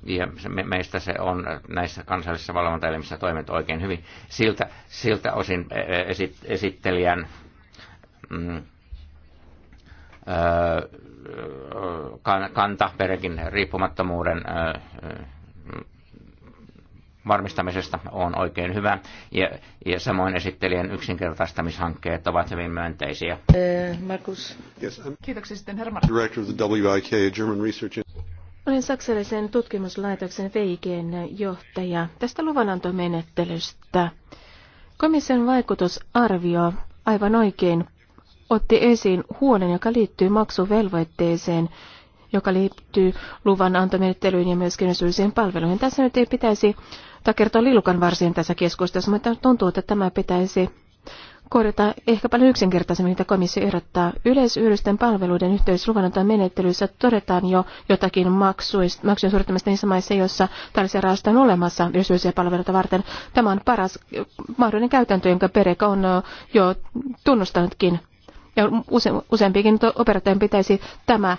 E: ja meistä se on näissä kansallisissa valvontaelimissä toimet oikein hyvin. Siltä, siltä osin e-, e-, esit, esittelijän mm, kanta perekin riippumattomuuden varmistamisesta on oikein hyvä. Ja, ja samoin esittelijän yksinkertaistamishankkeet ovat hyvin myönteisiä.
C: Markus. Yes, Kiitoksia sitten Herman. Director
E: of the WIK, German Research
C: olen saksalaisen tutkimuslaitoksen VIGn johtaja tästä luvanantomenettelystä. Komission vaikutusarvio aivan oikein otti esiin huolen, joka liittyy maksuvelvoitteeseen, joka liittyy luvanantomenettelyyn ja myöskin syyllisiin palveluihin. Tässä nyt ei pitäisi takertoa lilukan varsin tässä keskustelussa, mutta tuntuu, että tämä pitäisi korjata ehkä paljon yksinkertaisemmin, mitä komissio ehdottaa. Yleisyhdysten palveluiden yhteisluvanoton menettelyssä todetaan jo jotakin maksuista, maksujen suorittamista niissä maissa, joissa tällaisia rahastoja on olemassa yleisyhdysten palveluita varten. Tämä on paras mahdollinen käytäntö, jonka Pereka on jo tunnustanutkin. Ja use, useampikin operaattojen pitäisi tämä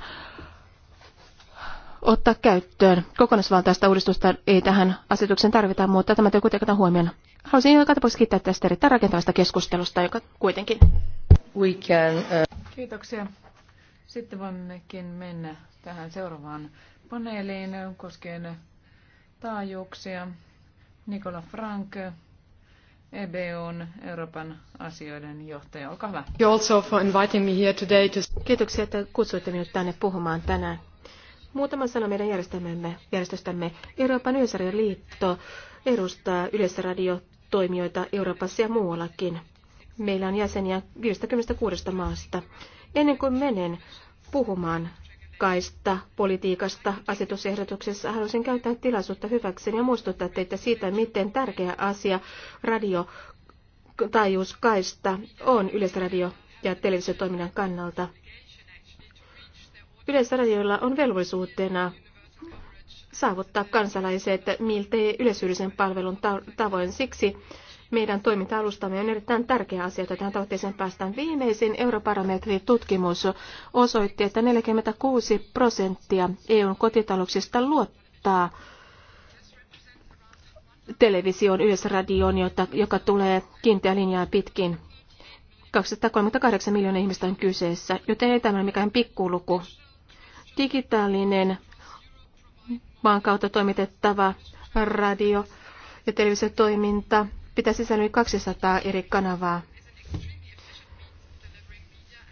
C: ottaa käyttöön. Kokonaisvaltaista uudistusta ei tähän asetukseen tarvita, mutta tämä työ kuitenkin huomioon. Haluaisin joka tapauksessa kiittää tästä erittäin rakentavasta keskustelusta, joka kuitenkin... We can, uh... Kiitoksia.
B: Sitten voimmekin mennä tähän seuraavaan paneeliin koskien taajuuksia. Nikola Frank, EBUn Euroopan asioiden johtaja. Olkaa hyvä. You also
C: for inviting me here today to... Kiitoksia, että kutsuitte minut tänne puhumaan tänään. Muutama sana meidän järjestelmämme, järjestöstämme. Euroopan yleisradioliitto edustaa Yleisradio toimijoita Euroopassa ja muuallakin. Meillä on jäseniä 56 maasta. Ennen kuin menen puhumaan kaista politiikasta asetusehdotuksessa, haluaisin käyttää tilaisuutta hyväkseni ja muistuttaa teitä siitä, miten tärkeä asia radio taajuuskaista on yleisradio- ja televisiotoiminnan kannalta. Yleisradioilla on velvollisuutena saavuttaa kansalaiset miltei yleisyydisen palvelun tavoin. Siksi meidän toiminta-alustamme on erittäin tärkeä asia, että tähän tavoitteeseen päästään. Viimeisin Europarametri-tutkimus osoitti, että 46 prosenttia EUn kotitalouksista luottaa televisioon, yleisradioon, joka tulee kiinteä linjaa pitkin. 238 miljoonaa ihmistä on kyseessä, joten ei tämä mikään pikkuluku. Digitaalinen maan kautta toimitettava radio- ja televisiotoiminta pitää sisällä yli 200 eri kanavaa.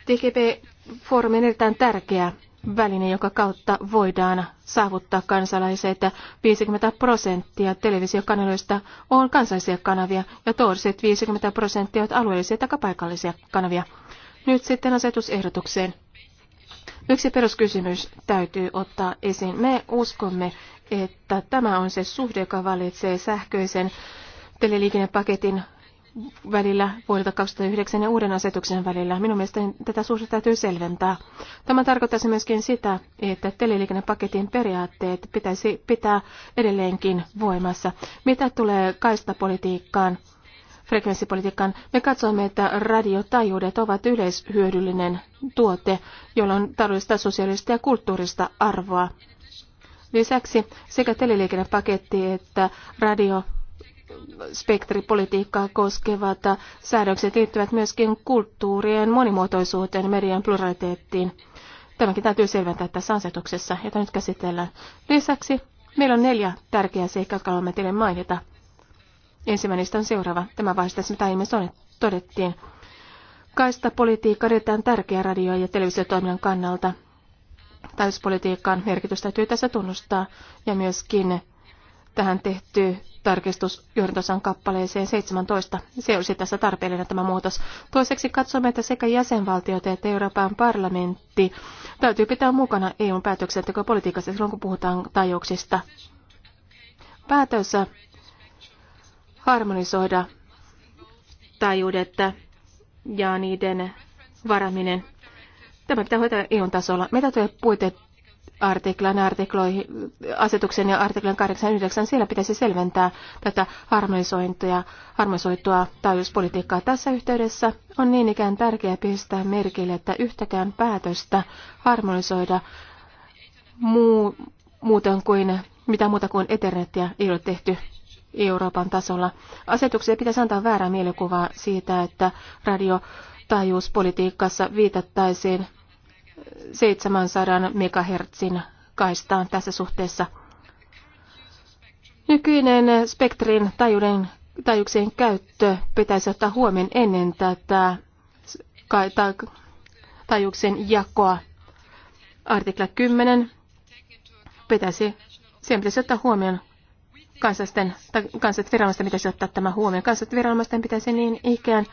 C: tgp foorumi on erittäin tärkeä väline, joka kautta voidaan saavuttaa kansalaiset. 50 prosenttia televisiokanaloista on kansallisia kanavia ja toiset 50 prosenttia ovat alueellisia tai paikallisia kanavia. Nyt sitten asetusehdotukseen. Yksi peruskysymys täytyy ottaa esiin. Me uskomme, että tämä on se suhde, joka valitsee sähköisen teleliikennepaketin välillä vuodelta 2009 ja uuden asetuksen välillä. Minun mielestäni tätä suhde täytyy selventää. Tämä tarkoittaisi myöskin sitä, että teleliikennepaketin periaatteet pitäisi pitää edelleenkin voimassa. Mitä tulee kaistapolitiikkaan? frekvenssipolitiikkaan. Me katsomme, että radiotaajuudet ovat yleishyödyllinen tuote, jolla on taloudellista, sosiaalista ja kulttuurista arvoa. Lisäksi sekä teleliikennepaketti että radio spektripolitiikkaa koskevat säädökset liittyvät myöskin kulttuurien monimuotoisuuteen, median pluraliteettiin. Tämäkin täytyy selventää tässä asetuksessa, jota nyt käsitellään. Lisäksi meillä on neljä tärkeää seikkaa, jotka haluamme teille mainita. Ensimmäinen on seuraava. Tämä vastaa mitä aiemmin todettiin. Kaista politiikka erittäin tärkeä radio- ja televisiotoiminnan kannalta. Täyspolitiikan merkitys täytyy tässä tunnustaa ja myöskin tähän tehty tarkistus johdantosan kappaleeseen 17. Se olisi tässä tarpeellinen tämä muutos. Toiseksi katsomme, että sekä jäsenvaltiot että Euroopan parlamentti täytyy pitää mukana EUn päätöksentekopolitiikassa silloin, kun puhutaan taajuuksista. Päätössä harmonisoida taajuudet ja niiden varaminen. Tämä pitää hoitaa EUn tasolla. Meitä tulee puite artiklan, artikloihin, asetuksen ja artiklan 89, siellä pitäisi selventää tätä harmonisointia, harmonisoitua taajuuspolitiikkaa. Tässä yhteydessä on niin ikään tärkeää pistää merkille, että yhtäkään päätöstä harmonisoida muu, muuten kuin, mitä muuta kuin eternetiä ei ole tehty Euroopan tasolla. Asetukselle pitäisi antaa väärä mielikuva siitä, että radiotaajuuspolitiikassa viitattaisiin 700 MHz kaistaan tässä suhteessa. Nykyinen spektrin taajuuden, taajuuksien käyttö pitäisi ottaa huomioon ennen tätä taajuuksien jakoa. Artikla 10 pitäisi, sen pitäisi ottaa huomioon kansallisten, kansalliset viranomaisten pitäisi ottaa tämä huomioon. Kansalliset viranomaisten pitäisi niin ikään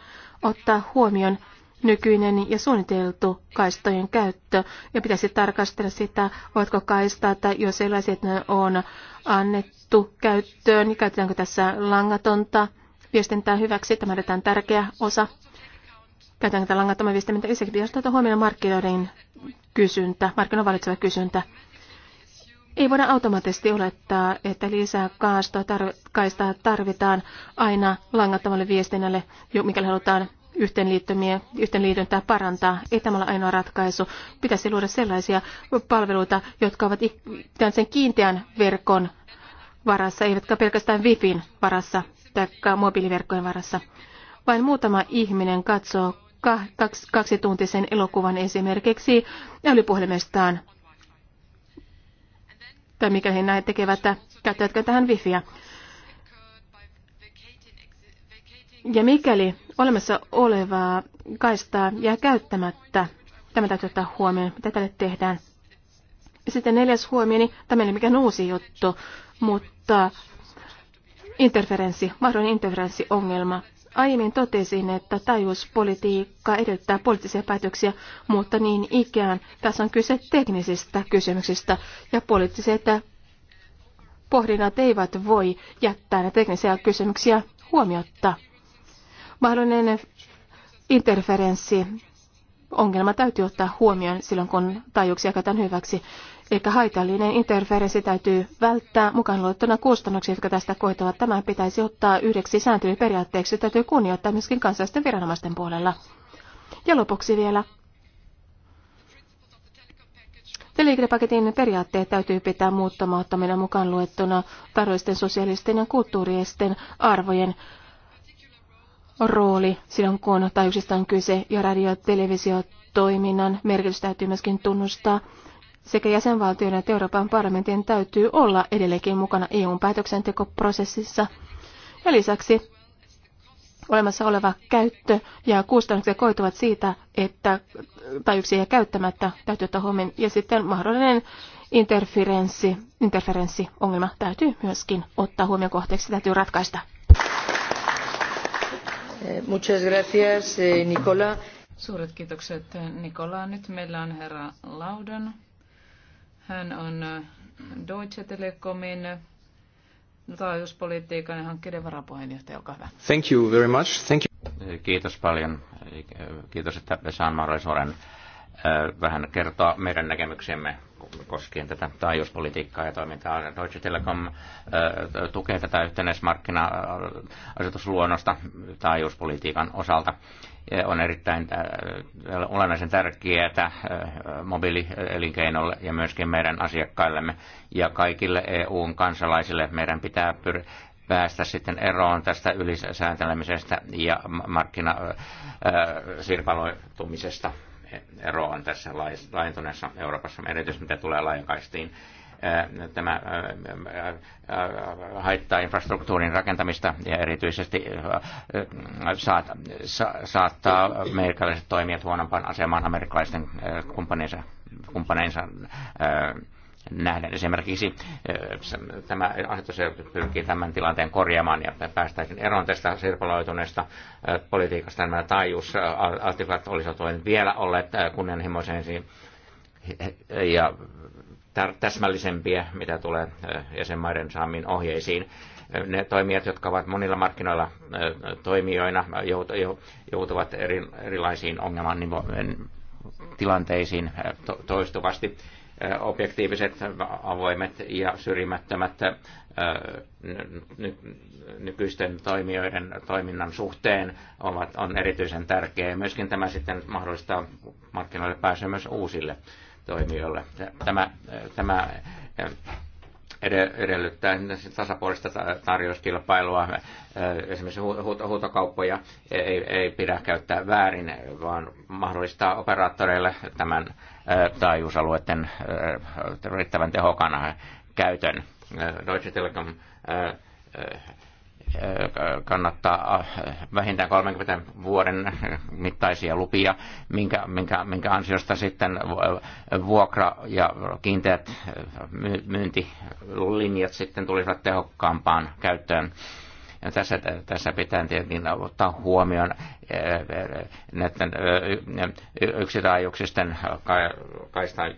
C: ottaa huomioon nykyinen ja suunniteltu kaistojen käyttö ja pitäisi tarkastella sitä, ovatko kaistat, jos sellaiset on annettu käyttöön, niin käytetäänkö tässä langatonta viestintää hyväksi. Tämä on tärkeä osa. Käytetäänkö tätä langattoman viestintä, lisäksi pitäisi ottaa huomioon markkinoiden kysyntä, markkinoiden valitseva kysyntä. Ei voida automaattisesti olettaa, että lisää kaastoa tar- kaistaa tarvitaan aina langattomalle viestinnälle, mikäli halutaan yhteenliittymiä, yhteenliityntää parantaa. Ei tämä ole ainoa ratkaisu. Pitäisi luoda sellaisia palveluita, jotka ovat sen kiinteän verkon varassa, eivätkä pelkästään Wifin varassa tai mobiiliverkkojen varassa. Vain muutama ihminen katsoo kaksituntisen elokuvan esimerkiksi älypuhelimestaan tai mikä he näin tekevät, käyttävätkö tähän wifiä. Ja mikäli olemassa olevaa kaistaa jää käyttämättä, tämä täytyy ottaa huomioon, mitä tälle tehdään. Sitten neljäs huomio, niin tämä ei ole mikään uusi juttu, mutta interferenssi, mahdollinen interferenssiongelma. Aiemmin totesin, että tajuuspolitiikka edellyttää poliittisia päätöksiä, mutta niin ikään tässä on kyse teknisistä kysymyksistä ja poliittiset pohdinnat eivät voi jättää näitä teknisiä kysymyksiä huomiotta. Mahdollinen interferenssi ongelma täytyy ottaa huomioon silloin, kun taajuuksia käytetään hyväksi. Eli haitallinen interferenssi täytyy välttää mukaan luettuna kustannuksia, jotka tästä koituvat. Tämä pitäisi ottaa yhdeksi sääntelyperiaatteeksi. Täytyy kunnioittaa myöskin kansallisten viranomaisten puolella. Ja lopuksi vielä. Liikennepaketin periaatteet täytyy pitää muuttamattomina mukaan luettuna taroisten, sosiaalisten ja kulttuuriesten arvojen rooli silloin, kun tai on kyse ja radio- ja televisiotoiminnan merkitys täytyy myöskin tunnustaa sekä jäsenvaltioiden että Euroopan parlamentin täytyy olla edelleenkin mukana EUn päätöksentekoprosessissa. Ja lisäksi olemassa oleva käyttö ja kustannukset koituvat siitä, että tai yksi käyttämättä, täytyy ottaa huomioon. Ja sitten mahdollinen interferenssi, interferenssiongelma täytyy myöskin ottaa huomioon kohteeksi, täytyy ratkaista. Eh,
A: muchas gracias, eh, Nicola.
B: Suuret kiitokset, Nikola. Nyt meillä on herra Laudan. Hän on äh, Deutsche Telekomin taajuuspolitiikan ja hankkeiden varapuheenjohtaja. Olkaa hyvä.
D: Thank you very much. Thank
E: you. Kiitos paljon. Kiitos, että saan mahdollisuuden äh, vähän kertoa meidän näkemyksemme koskien tätä taajuuspolitiikkaa ja toimintaa. Deutsche Telekom äh, tukee tätä yhtenäismarkkina-asetusluonnosta taajuuspolitiikan osalta on erittäin olennaisen tärkeää äh, mobiilielinkeinolle ja myöskin meidän asiakkaillemme ja kaikille EUn kansalaisille. Meidän pitää pyr- päästä sitten eroon tästä ylisääntelemisestä ja markkinasirpaloitumisesta äh, eroon tässä laajentuneessa Euroopassa, erityisesti mitä tulee laajakaistiin. Äh, tämä äh, äh, haittaa infrastruktuurin rakentamista ja erityisesti saat, sa, saattaa amerikkalaiset toimijat huonompaan asemaan amerikkalaisten kumppaneinsa, kumppaneinsa nähden. Esimerkiksi tämä asetus pyrkii tämän tilanteen korjaamaan ja päästäisiin eroon tästä sirpaloituneesta politiikasta. Nämä taajuusartiklat olisivat vielä olleet kunnianhimoisen ja täsmällisempiä, mitä tulee jäsenmaiden saamiin ohjeisiin. Ne toimijat, jotka ovat monilla markkinoilla toimijoina, joutuvat erilaisiin ongelman tilanteisiin toistuvasti. Objektiiviset, avoimet ja syrjimättömät nykyisten toimijoiden toiminnan suhteen ovat, on erityisen tärkeää. Myöskin tämä sitten mahdollistaa markkinoille pääsyä myös uusille toimijoille. Tämä, tämä eh, edellyttää siis tasapuolista tarjouskilpailua. Eh, esimerkiksi huutokauppoja ei, ei pidä käyttää väärin, vaan mahdollistaa operaattoreille tämän eh, taajuusalueiden riittävän tehokana käytön. Deutsche Telekom kannattaa äh, vähintään 30 vuoden mittaisia lupia, minkä, minkä, minkä ansiosta sitten vuokra- ja kiinteät äh, myyntilinjat sitten tulisivat tehokkaampaan käyttöön. Ja tässä, tässä pitää tietenkin ottaa huomioon äh, näiden yksitaajuuksisten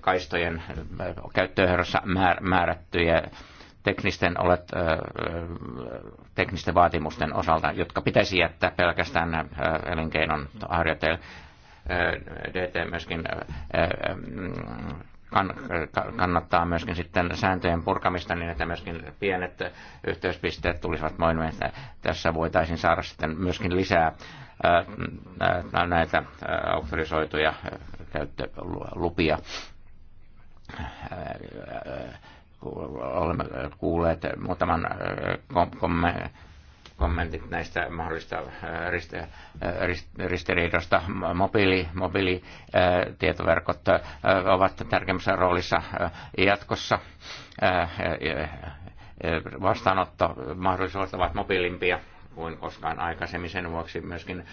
E: kaistojen käyttöönotossa määrättyjä teknisten, olet, teknisten vaatimusten osalta, jotka pitäisi jättää pelkästään elinkeinon harjoittajille. DT myöskin kannattaa myöskin sitten sääntöjen purkamista niin, että myöskin pienet yhteyspisteet tulisivat että Tässä voitaisiin saada sitten myöskin lisää näitä auktorisoituja käyttölupia olemme kuulleet muutaman äh, kommentit näistä mahdollista äh, äh, ristiriidosta. Mobiili, mobiilitietoverkot ovat tärkeimmässä roolissa jatkossa. Vastaanottomahdollisuudet ovat mobiilimpia kuin koskaan aikaisemmin. Sen vuoksi myöskin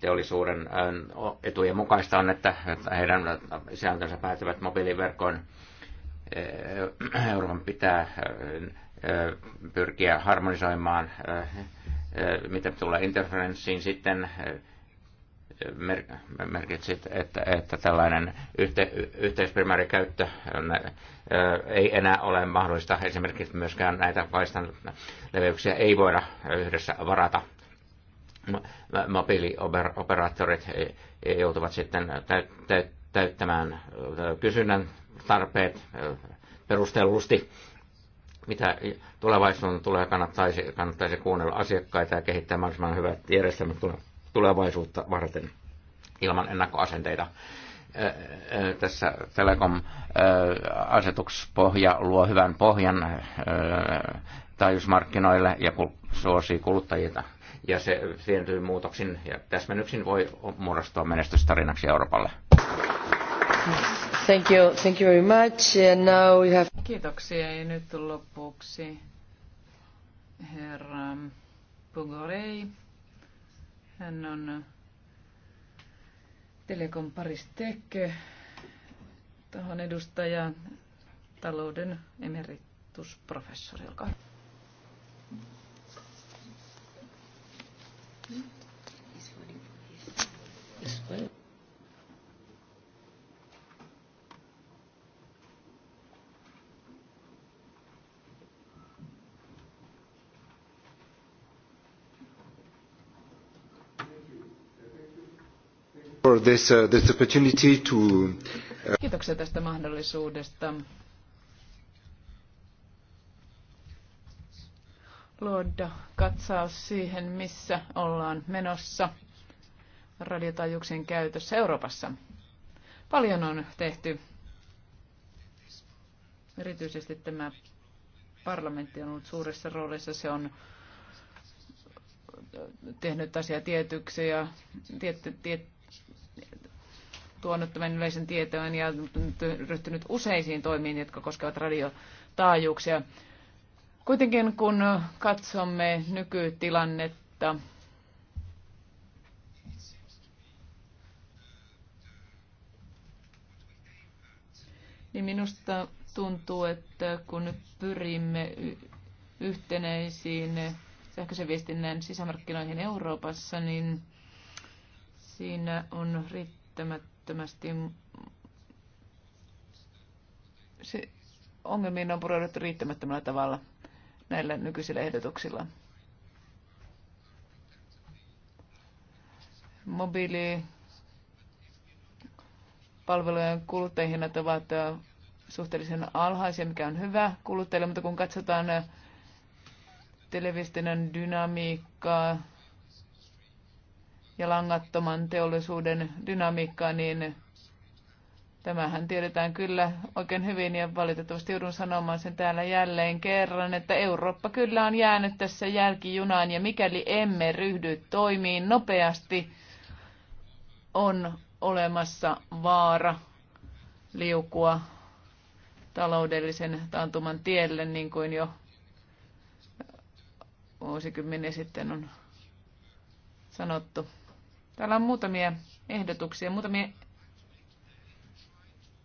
E: teollisuuden etujen mukaista on, että heidän sisääntönsä päätyvät mobiiliverkkoon Euroopan pitää pyrkiä harmonisoimaan, mitä tulee interferenssiin sitten merkitsit, että, että tällainen yhte, yhteisprimäärikäyttö ei enää ole mahdollista. Esimerkiksi myöskään näitä vaistan leveyksiä ei voida yhdessä varata. Mobiilioperaattorit e, e, joutuvat sitten täyttämään kysynnän tarpeet perustellusti, mitä tulevaisuuden tulee, kannattaisi, kannattaisi kuunnella asiakkaita ja kehittää mahdollisimman hyvät järjestelmät tulevaisuutta varten ilman ennakkoasenteita tässä Telekom-asetuspohja luo hyvän pohjan taajuusmarkkinoille ja suosii kuluttajia. Ja se siirtyy muutoksin ja täsmennyksin voi muodostua menestystarinaksi Euroopalle.
A: Yes. Thank you, thank you very much. And now we have...
B: Kiitoksia ja nyt lopuksi herra Pugorei. Hän on Telekom Paris Tech, tahon edustaja, talouden emeritusprofessori. Olkaa
D: hyvä. this, uh, this opportunity to... Uh...
B: Kiitoksia tästä mahdollisuudesta. luoda katsaus siihen, missä ollaan menossa radiotajuuksien käytössä Euroopassa. Paljon on tehty. Erityisesti tämä parlamentti on ollut suuressa roolissa. Se on tehnyt asiaa tietyksi ja tietty, tietty tuonut tämän yleisen tietoon ja ryhtynyt useisiin toimiin, jotka koskevat radiotaajuuksia. Kuitenkin kun katsomme nykytilannetta, niin minusta tuntuu, että kun nyt pyrimme yhtenäisiin sähköisen viestinnän sisämarkkinoihin Euroopassa, niin Siinä on riittämättömästi se ongelmiin on pureuduttu riittämättömällä tavalla näillä nykyisillä ehdotuksilla. Mobiilipalvelujen kuluttajahinnat ovat äh, suhteellisen alhaisia, mikä on hyvä kuluttajille, mutta kun katsotaan äh, televisiön dynamiikkaa, ja langattoman teollisuuden dynamiikkaa, niin tämähän tiedetään kyllä oikein hyvin ja valitettavasti joudun sanomaan sen täällä jälleen kerran, että Eurooppa kyllä on jäänyt tässä jälkijunaan ja mikäli emme ryhdy toimiin nopeasti, on olemassa vaara liukua taloudellisen taantuman tielle, niin kuin jo vuosikymmeniä sitten on sanottu. Täällä on muutamia ehdotuksia, muutamia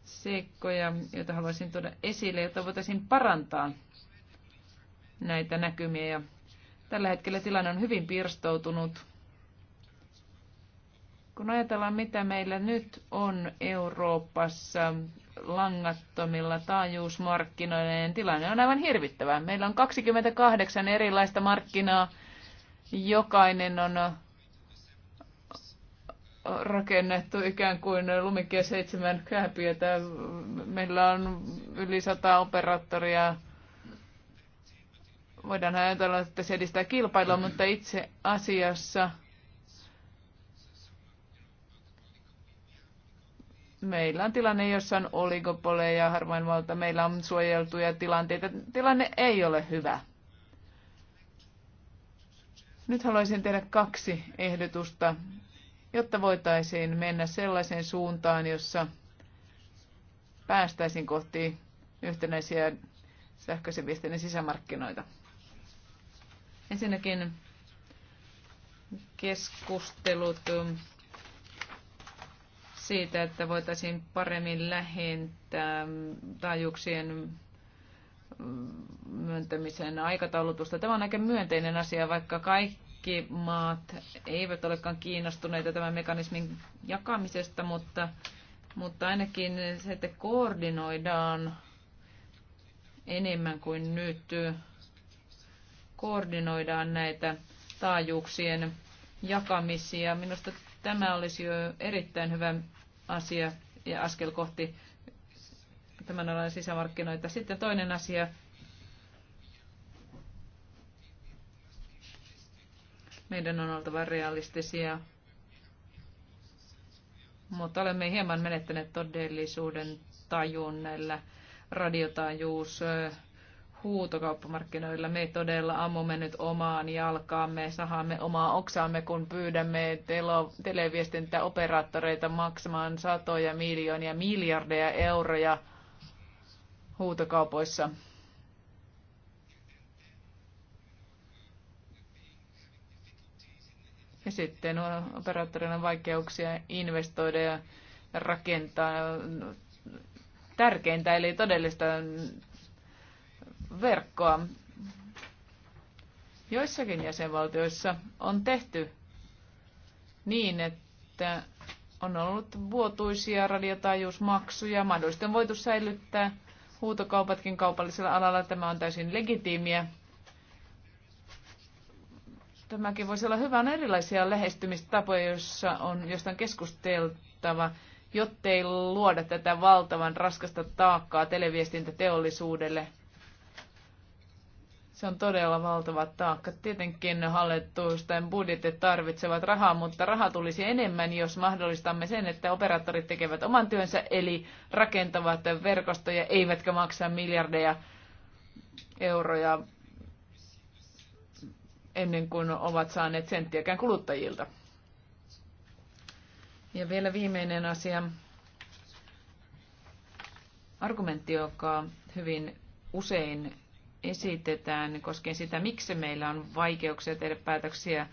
B: seikkoja, joita haluaisin tuoda esille, jotta voitaisiin parantaa näitä näkymiä. Ja tällä hetkellä tilanne on hyvin pirstoutunut. Kun ajatellaan, mitä meillä nyt on Euroopassa langattomilla taajuusmarkkinoilla, niin tilanne on aivan hirvittävää. Meillä on 28 erilaista markkinaa. Jokainen on rakennettu ikään kuin lumikia seitsemän kääpiötä. Meillä on yli sata operaattoria. Voidaan ajatella, että se edistää kilpailua, mutta itse asiassa meillä on tilanne, jossa on oligopoleja harvoin valta. Meillä on suojeltuja tilanteita. Tilanne ei ole hyvä. Nyt haluaisin tehdä kaksi ehdotusta jotta voitaisiin mennä sellaiseen suuntaan, jossa päästäisiin kohti yhtenäisiä sähköisen viestinnän sisämarkkinoita. Ensinnäkin keskustelut siitä, että voitaisiin paremmin lähentää taajuuksien myöntämisen aikataulutusta. Tämä on aika myönteinen asia, vaikka kaikki kaikki maat eivät olekaan kiinnostuneita tämän mekanismin jakamisesta, mutta, mutta ainakin se, että koordinoidaan enemmän kuin nyt, koordinoidaan näitä taajuuksien jakamisia. Minusta tämä olisi jo erittäin hyvä asia ja askel kohti tämän alan sisämarkkinoita. Sitten toinen asia, Meidän on oltava realistisia, mutta olemme hieman menettäneet todellisuuden tajun näillä radiotajuus huutokauppamarkkinoilla. Me todella ammumme nyt omaan jalkaamme, sahaamme omaa oksaamme, kun pyydämme telo, televiestintäoperaattoreita maksamaan satoja miljoonia, miljardeja euroja huutokaupoissa. Ja sitten on operaattorilla vaikeuksia investoida ja rakentaa tärkeintä, eli todellista verkkoa. Joissakin jäsenvaltioissa on tehty niin, että on ollut vuotuisia radiotaajuusmaksuja. Mahdollisesti on voitu säilyttää huutokaupatkin kaupallisella alalla. Tämä on täysin legitiimiä. Tämäkin voisi olla hyvä. On erilaisia lähestymistapoja, joissa on jostain keskusteltava, jottei luoda tätä valtavan raskasta taakkaa televiestintäteollisuudelle. Se on todella valtava taakka. Tietenkin hallitusten budjetit tarvitsevat rahaa, mutta raha tulisi enemmän, jos mahdollistamme sen, että operaattorit tekevät oman työnsä, eli rakentavat verkostoja, eivätkä maksa miljardeja euroja ennen kuin ovat saaneet senttiäkään kuluttajilta. Ja vielä viimeinen asia. Argumentti, joka hyvin usein esitetään koskien sitä, miksi meillä on vaikeuksia tehdä päätöksiä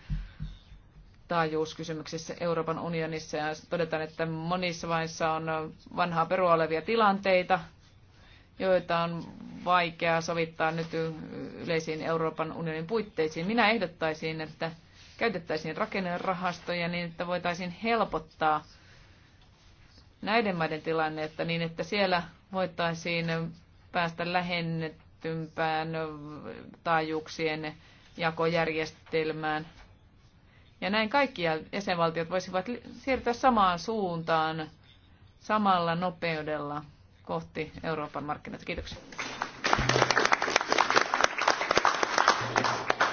B: taajuuskysymyksissä Euroopan unionissa. Ja todetaan, että monissa maissa on vanhaa perua olevia tilanteita, joita on vaikea sovittaa nyt yleisiin Euroopan unionin puitteisiin. Minä ehdottaisin, että käytettäisiin rakennerahastoja niin, että voitaisiin helpottaa näiden maiden tilannetta niin, että siellä voitaisiin päästä lähennettympään taajuuksien jakojärjestelmään. Ja näin kaikki jäsenvaltiot voisivat siirtyä samaan suuntaan samalla nopeudella kohti Euroopan markkinoita. Kiitoksia.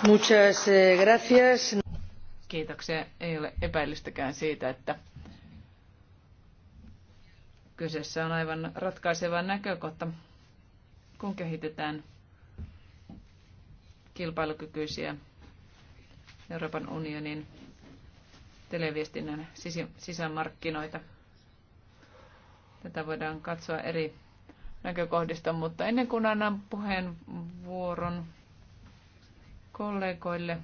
A: Muchas eh, gracias. Kiitoksia. Ei
B: ole epäilystäkään siitä, että kyseessä on aivan ratkaiseva näkökohta, kun kehitetään kilpailukykyisiä Euroopan unionin televiestinnän sisämarkkinoita. Tätä voidaan katsoa eri näkökohdista, mutta ennen kuin annan puheenvuoron kollegoille,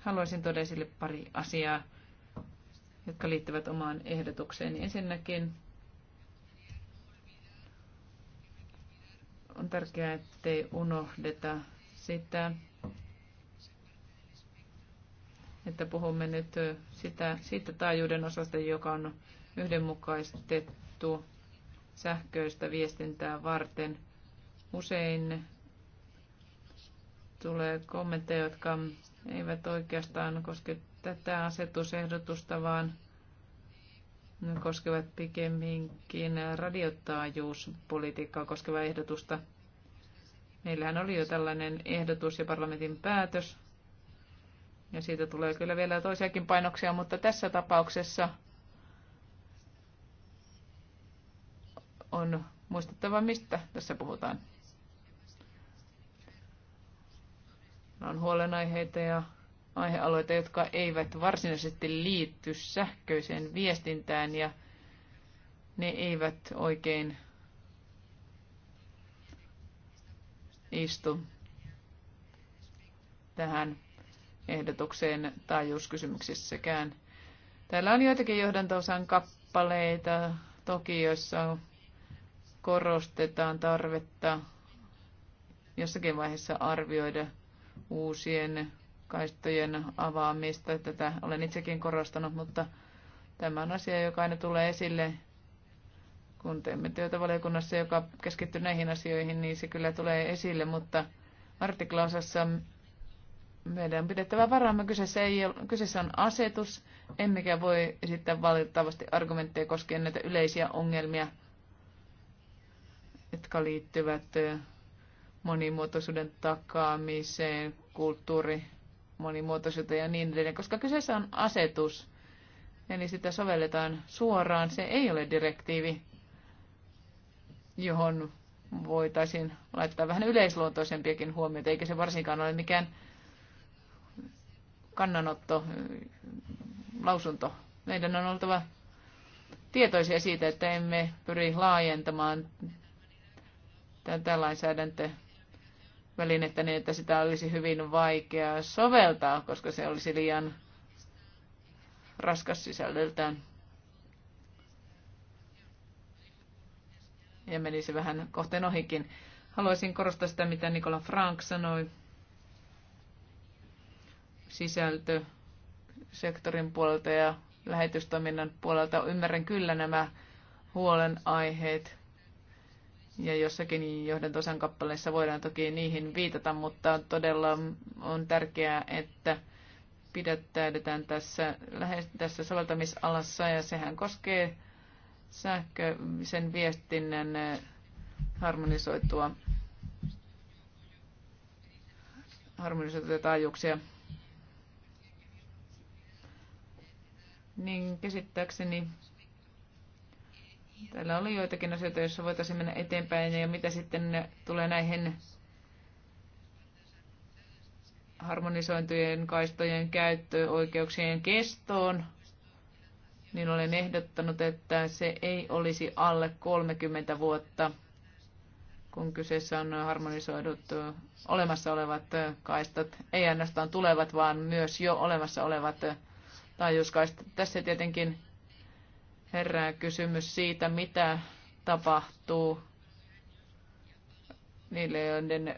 B: haluaisin todeta sille pari asiaa, jotka liittyvät omaan ehdotukseeni. Ensinnäkin on tärkeää, ettei unohdeta sitä, että puhumme nyt sitä, siitä taajuuden osasta, joka on yhdenmukaistettu sähköistä viestintää varten. Usein tulee kommentteja, jotka eivät oikeastaan koske tätä asetusehdotusta, vaan ne koskevat pikemminkin radiotaajuuspolitiikkaa koskevaa ehdotusta. Meillähän oli jo tällainen ehdotus ja parlamentin päätös, ja siitä tulee kyllä vielä toisiakin painoksia, mutta tässä tapauksessa – on muistettava, mistä tässä puhutaan. On huolenaiheita ja aihealueita, jotka eivät varsinaisesti liitty sähköiseen viestintään ja ne eivät oikein istu tähän ehdotukseen taajuuskysymyksissäkään. Täällä on joitakin johdantoosan kappaleita toki, joissa on korostetaan tarvetta jossakin vaiheessa arvioida uusien kaistojen avaamista. Tätä olen itsekin korostanut, mutta tämä on asia, joka aina tulee esille, kun teemme työtä valiokunnassa, joka keskittyy näihin asioihin, niin se kyllä tulee esille, mutta artiklaosassa meidän on pidettävä varaamme. Kyseessä, ei ole, kyseessä on asetus, emmekä voi esittää valitettavasti argumentteja koskien näitä yleisiä ongelmia – jotka liittyvät monimuotoisuuden takaamiseen, kulttuuri monimuotoisuuteen ja niin edelleen, koska kyseessä on asetus, eli sitä sovelletaan suoraan. Se ei ole direktiivi, johon voitaisiin laittaa vähän yleisluontoisempiakin huomioita, eikä se varsinkaan ole mikään kannanotto, lausunto. Meidän on oltava tietoisia siitä, että emme pyri laajentamaan tätä lainsäädäntövälinettä niin, että sitä olisi hyvin vaikea soveltaa, koska se olisi liian raskas sisällöltään. Ja menisi vähän kohteen ohikin. Haluaisin korostaa sitä, mitä Nikola Frank sanoi sisältösektorin puolelta ja lähetystoiminnan puolelta. Ymmärrän kyllä nämä huolenaiheet ja jossakin johdantosan kappaleissa voidaan toki niihin viitata, mutta todella on tärkeää, että pidättäydetään tässä, tässä soveltamisalassa ja sehän koskee sähköisen viestinnän eh, harmonisoitua harmonisoituja taajuuksia. Niin käsittääkseni Täällä oli joitakin asioita, joissa voitaisiin mennä eteenpäin ja mitä sitten tulee näihin harmonisointujen kaistojen käyttöoikeuksien kestoon, niin olen ehdottanut, että se ei olisi alle 30 vuotta, kun kyseessä on harmonisoidut olemassa olevat kaistat, ei ainoastaan tulevat, vaan myös jo olemassa olevat taajuuskaistat. Tässä tietenkin herää kysymys siitä, mitä tapahtuu niille, joiden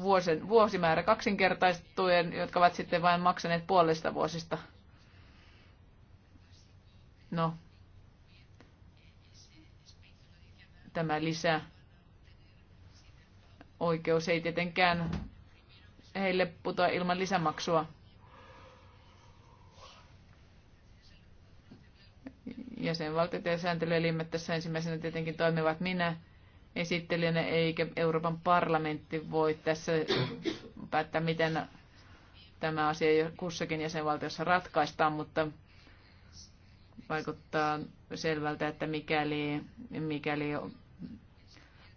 B: vuosien, vuosimäärä kaksinkertaistujen, jotka ovat sitten vain maksaneet puolesta vuosista. No, tämä lisä oikeus ei tietenkään heille putoa ilman lisämaksua. jäsenvaltiot ja sääntelyelimet tässä ensimmäisenä tietenkin toimivat minä esittelijänä, eikä Euroopan parlamentti voi tässä päättää, miten tämä asia kussakin jäsenvaltiossa ratkaistaan, mutta vaikuttaa selvältä, että mikäli, mikäli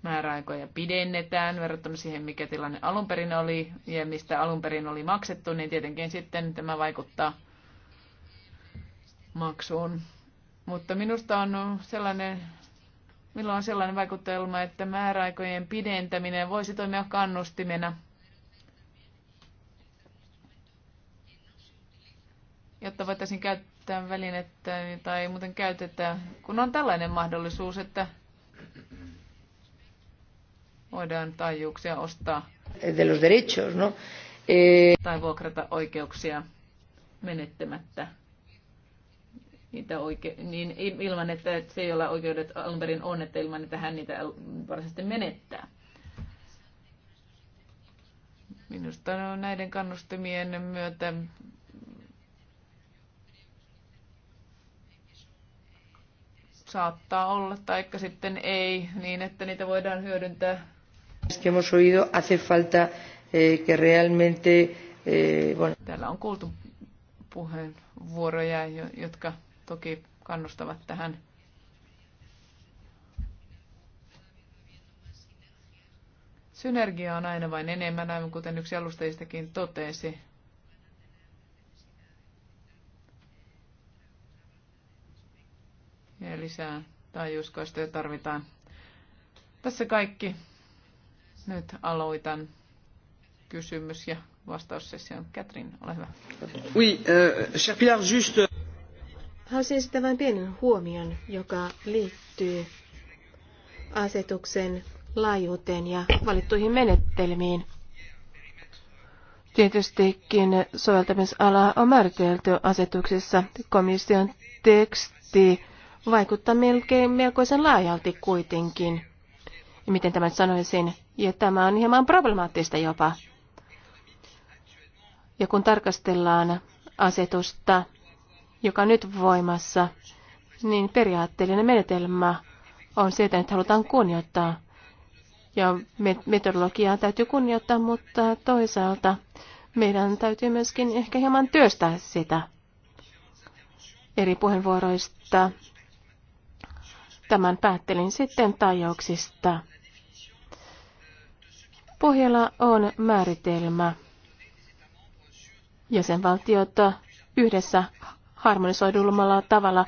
B: määräaikoja pidennetään verrattuna siihen, mikä tilanne alun perin oli ja mistä alun perin oli maksettu, niin tietenkin sitten tämä vaikuttaa maksuun. Mutta minusta on sellainen, milloin on sellainen vaikutelma, että määräaikojen pidentäminen voisi toimia kannustimena. jotta voitaisiin käyttää välinettä tai ei muuten käytetä, kun on tällainen mahdollisuus, että voidaan taajuuksia ostaa. De los derechos, no? eh... Tai vuokrata oikeuksia menettämättä niitä oike- niin ilman, että se, ole oikeudet alun perin on, että ilman, että hän niitä varsinaisesti menettää. Minusta no, näiden kannustimien myötä saattaa olla, tai sitten ei, niin että niitä voidaan hyödyntää.
A: Que hemos oído, hace falta eh, que realmente... Eh, Täällä on kuultu
B: puheenvuoroja, jotka toki kannustavat tähän. Synergia on aina vain enemmän, aivan kuten yksi alustajistakin totesi. Ja lisää taajuuskoistoja tarvitaan. Tässä kaikki. Nyt aloitan kysymys- ja vastaussession. Katrin, ole hyvä. Oui,
A: euh, cher Pilar, juste...
C: Haluaisin esittää vain pienen huomion, joka liittyy asetuksen laajuuteen ja valittuihin menettelmiin. Tietystikin soveltamisala on määritelty asetuksessa. Komission teksti vaikuttaa melkein, melkoisen laajalti kuitenkin. Ja miten tämän sanoisin? Ja tämä on hieman problemaattista jopa. Ja kun tarkastellaan asetusta joka on nyt voimassa, niin periaatteellinen menetelmä on se, että nyt halutaan kunnioittaa. Ja metodologiaa täytyy kunnioittaa, mutta toisaalta meidän täytyy myöskin ehkä hieman työstää sitä eri puheenvuoroista. Tämän päättelin sitten tajauksista. Pohjalla on määritelmä. Jäsenvaltiot yhdessä harmonisoidulmalla tavalla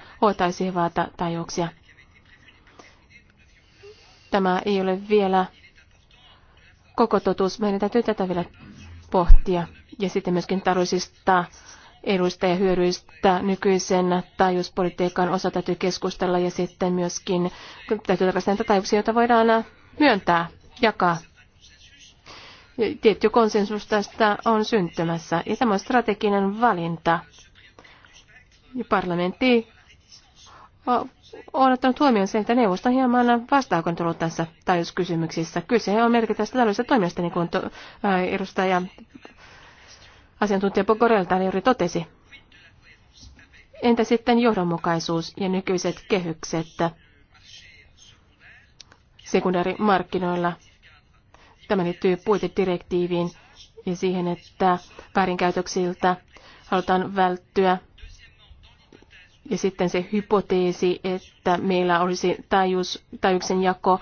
C: vaata tajuuksia. Tämä ei ole vielä koko totuus. Meidän täytyy tätä vielä pohtia. Ja sitten myöskin taloudellisista eduista ja hyödyistä nykyisen taajuuspolitiikan osa täytyy keskustella ja sitten myöskin täytyy tarkastella näitä taajuuksia, joita voidaan myöntää, jakaa. Tietty konsensus tästä on syntymässä ja tämä on strateginen valinta. Parlamentti on ottanut huomioon sen, että neuvosto on hieman vastaakontrollut tässä taajuuskysymyksissä. Kyse on merkittävästä taloudellisesta toimijasta, niin kuin to, ää, edustaja asiantuntija Pogorelta niin juuri totesi. Entä sitten johdonmukaisuus ja nykyiset kehykset sekundaarimarkkinoilla? Tämä liittyy puitedirektiiviin ja siihen, että väärinkäytöksiltä halutaan välttyä ja sitten se hypoteesi, että meillä olisi taajuus, taajuuksien jako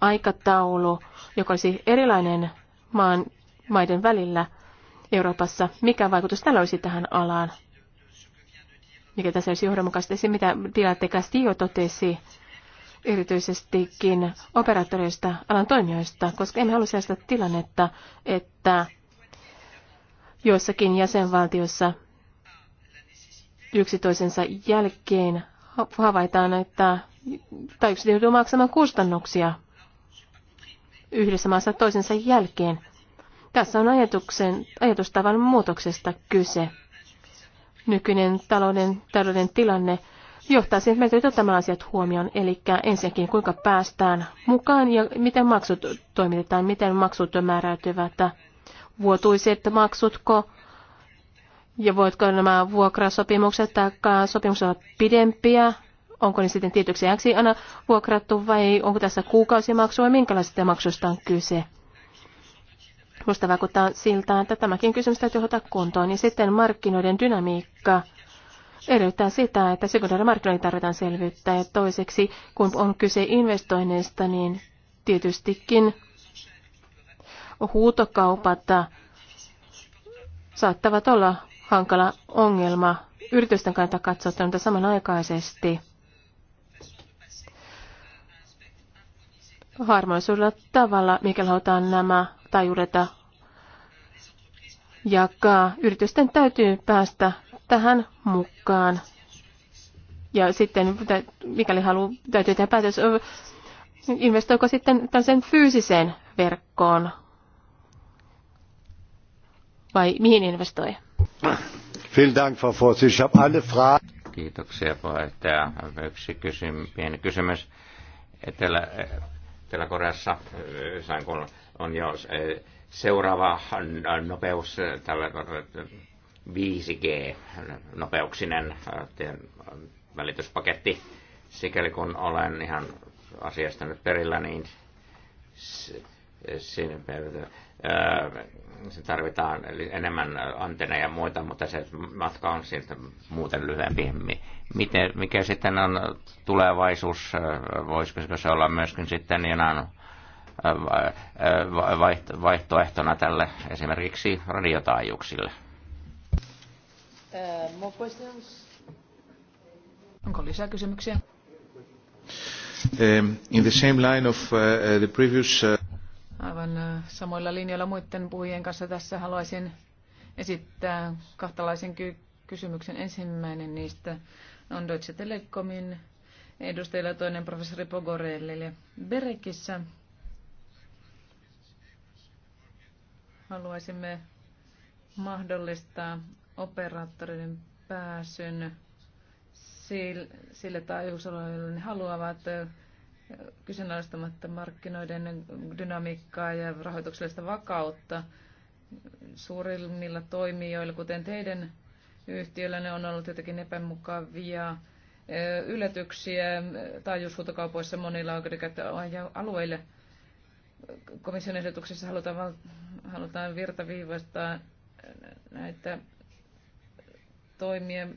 C: aikataulu, joka olisi erilainen maan, maiden välillä Euroopassa. Mikä vaikutus tällä olisi tähän alaan? Mikä tässä olisi johdonmukaisesti? Se, mitä Dilate Castillo totesi, erityisestikin operaattoreista, alan toimijoista, koska emme halua sellaista tilannetta, että joissakin jäsenvaltiossa yksi toisensa jälkeen havaitaan, että tai yksi joutuu maksamaan kustannuksia yhdessä maassa toisensa jälkeen. Tässä on ajatuksen, ajatustavan muutoksesta kyse. Nykyinen talouden, talouden tilanne johtaa siihen, että me täytyy ottamaan asiat huomioon, eli ensinnäkin kuinka päästään mukaan ja miten maksut toimitetaan, miten maksut määräytyvät, vuotuiset maksutko, ja voitko nämä vuokrasopimukset tai sopimukset olla pidempiä? Onko ne sitten tietyksi ajaksi aina vuokrattu vai onko tässä kuukausimaksu vai minkälaisista maksusta on kyse? Minusta vaikuttaa siltä, että tämäkin kysymys täytyy ottaa kuntoon. Ja sitten markkinoiden dynamiikka edellyttää sitä, että sekundaarimarkkinoihin tarvitaan selvyyttä. Ja toiseksi, kun on kyse investoinneista, niin tietystikin huutokaupat saattavat olla hankala ongelma yritysten kannalta katsottuna, mutta samanaikaisesti harmoisuudella tavalla, mikä halutaan nämä taajuudeta jakaa. Yritysten täytyy päästä tähän mukaan. Ja sitten, mikäli haluaa, täytyy tehdä päätös, investoiko sitten sen fyysiseen verkkoon vai mihin investoi?
D: Frau Vorsitzende. Ich habe alle Fragen.
E: Kiitoksia puheenjohtaja. Yksi kysymys, pieni kysymys. Etelä, Etelä-Koreassa äh, on jo äh, seuraava nopeus äh, tällä 5G-nopeuksinen välityspaketti. Sikäli kun olen ihan asiasta nyt perillä, niin siinä se tarvitaan enemmän antenneja ja muita, mutta se matka on siltä muuten lyhyempi. Miten, mikä sitten on tulevaisuus, voisiko se olla myöskin sitten jonain vaihtoehtona tälle esimerkiksi radiotaajuuksille?
A: Uh,
B: Onko lisää kysymyksiä?
E: Um, in the same line
D: of uh, uh, the previous
B: aivan äh, samoilla linjoilla muiden puhujien kanssa tässä haluaisin esittää kahtalaisen ky- kysymyksen. Ensimmäinen niistä on Deutsche Telekomin edustajilla toinen professori Pogorellille
C: Berekissä.
B: Haluaisimme mahdollistaa operaattorin pääsyn sille taajuusalueelle, ne haluavat äh, kyseenalaistamatta markkinoiden dynamiikkaa ja rahoituksellista vakautta. Suurimmilla toimijoilla, kuten teidän yhtiöllä, ne on ollut jotenkin epämukavia yllätyksiä taajuushuutokaupoissa monilla alueille Komission ehdotuksessa halutaan, halutaan virtaviivaistaa näitä toimia.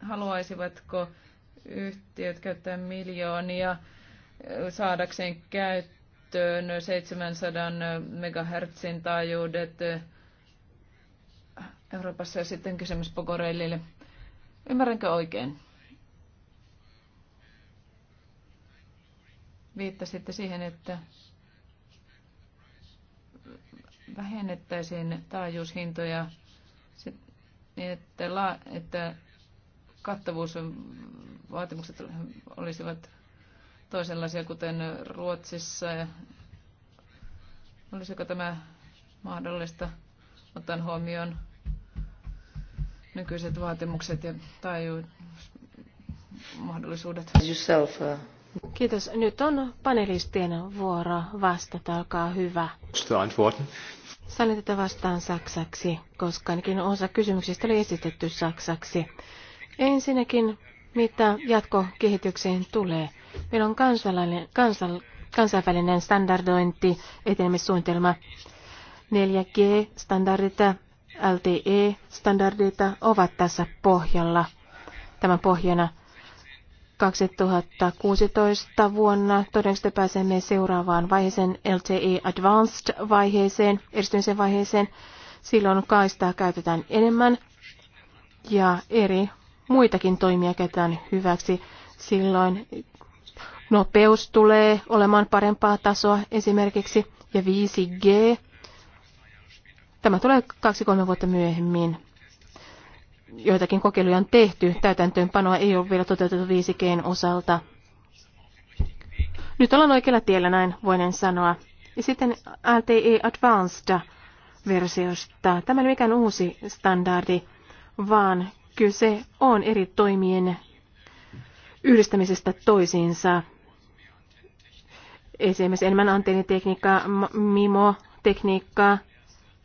B: Haluaisivatko yhtiöt käyttää miljoonia saadakseen käyttöön 700 megahertsin taajuudet Euroopassa ja sitten kysymys Pogorellille. Ymmärränkö oikein? Viittasitte siihen, että vähennettäisiin taajuushintoja niin, että, la, että kattavuusvaatimukset olisivat toisenlaisia, kuten Ruotsissa. Ja olisiko tämä mahdollista ottaen huomioon nykyiset vaatimukset ja taajuusmahdollisuudet?
A: Uh,
C: Kiitos. Nyt on panelistien vuoro vastata. Olkaa hyvä. Sain tätä vastaan saksaksi, koska ainakin osa kysymyksistä oli esitetty saksaksi. Ensinnäkin, mitä jatkokehitykseen tulee. Meillä on kansallinen, kansal, kansainvälinen standardointi, etenemissuunnitelma 4G-standardita, LTE-standardita ovat tässä pohjalla. Tämän pohjana 2016 vuonna todennäköisesti pääsemme seuraavaan vaiheeseen, LTE Advanced-vaiheeseen, erityisen vaiheeseen. Silloin kaistaa käytetään enemmän ja eri muitakin toimia käytetään hyväksi. Silloin nopeus tulee olemaan parempaa tasoa esimerkiksi ja 5G. Tämä tulee kaksi-kolme vuotta myöhemmin. Joitakin kokeiluja on tehty. Täytäntöönpanoa ei ole vielä toteutettu 5Gn osalta. Nyt ollaan oikealla tiellä, näin voinen sanoa. Ja sitten LTE Advanced versiosta. Tämä ei ole mikään uusi standardi, vaan kyse on eri toimien yhdistämisestä toisiinsa. Esimerkiksi enemmän antennitekniikkaa, MIMO-tekniikkaa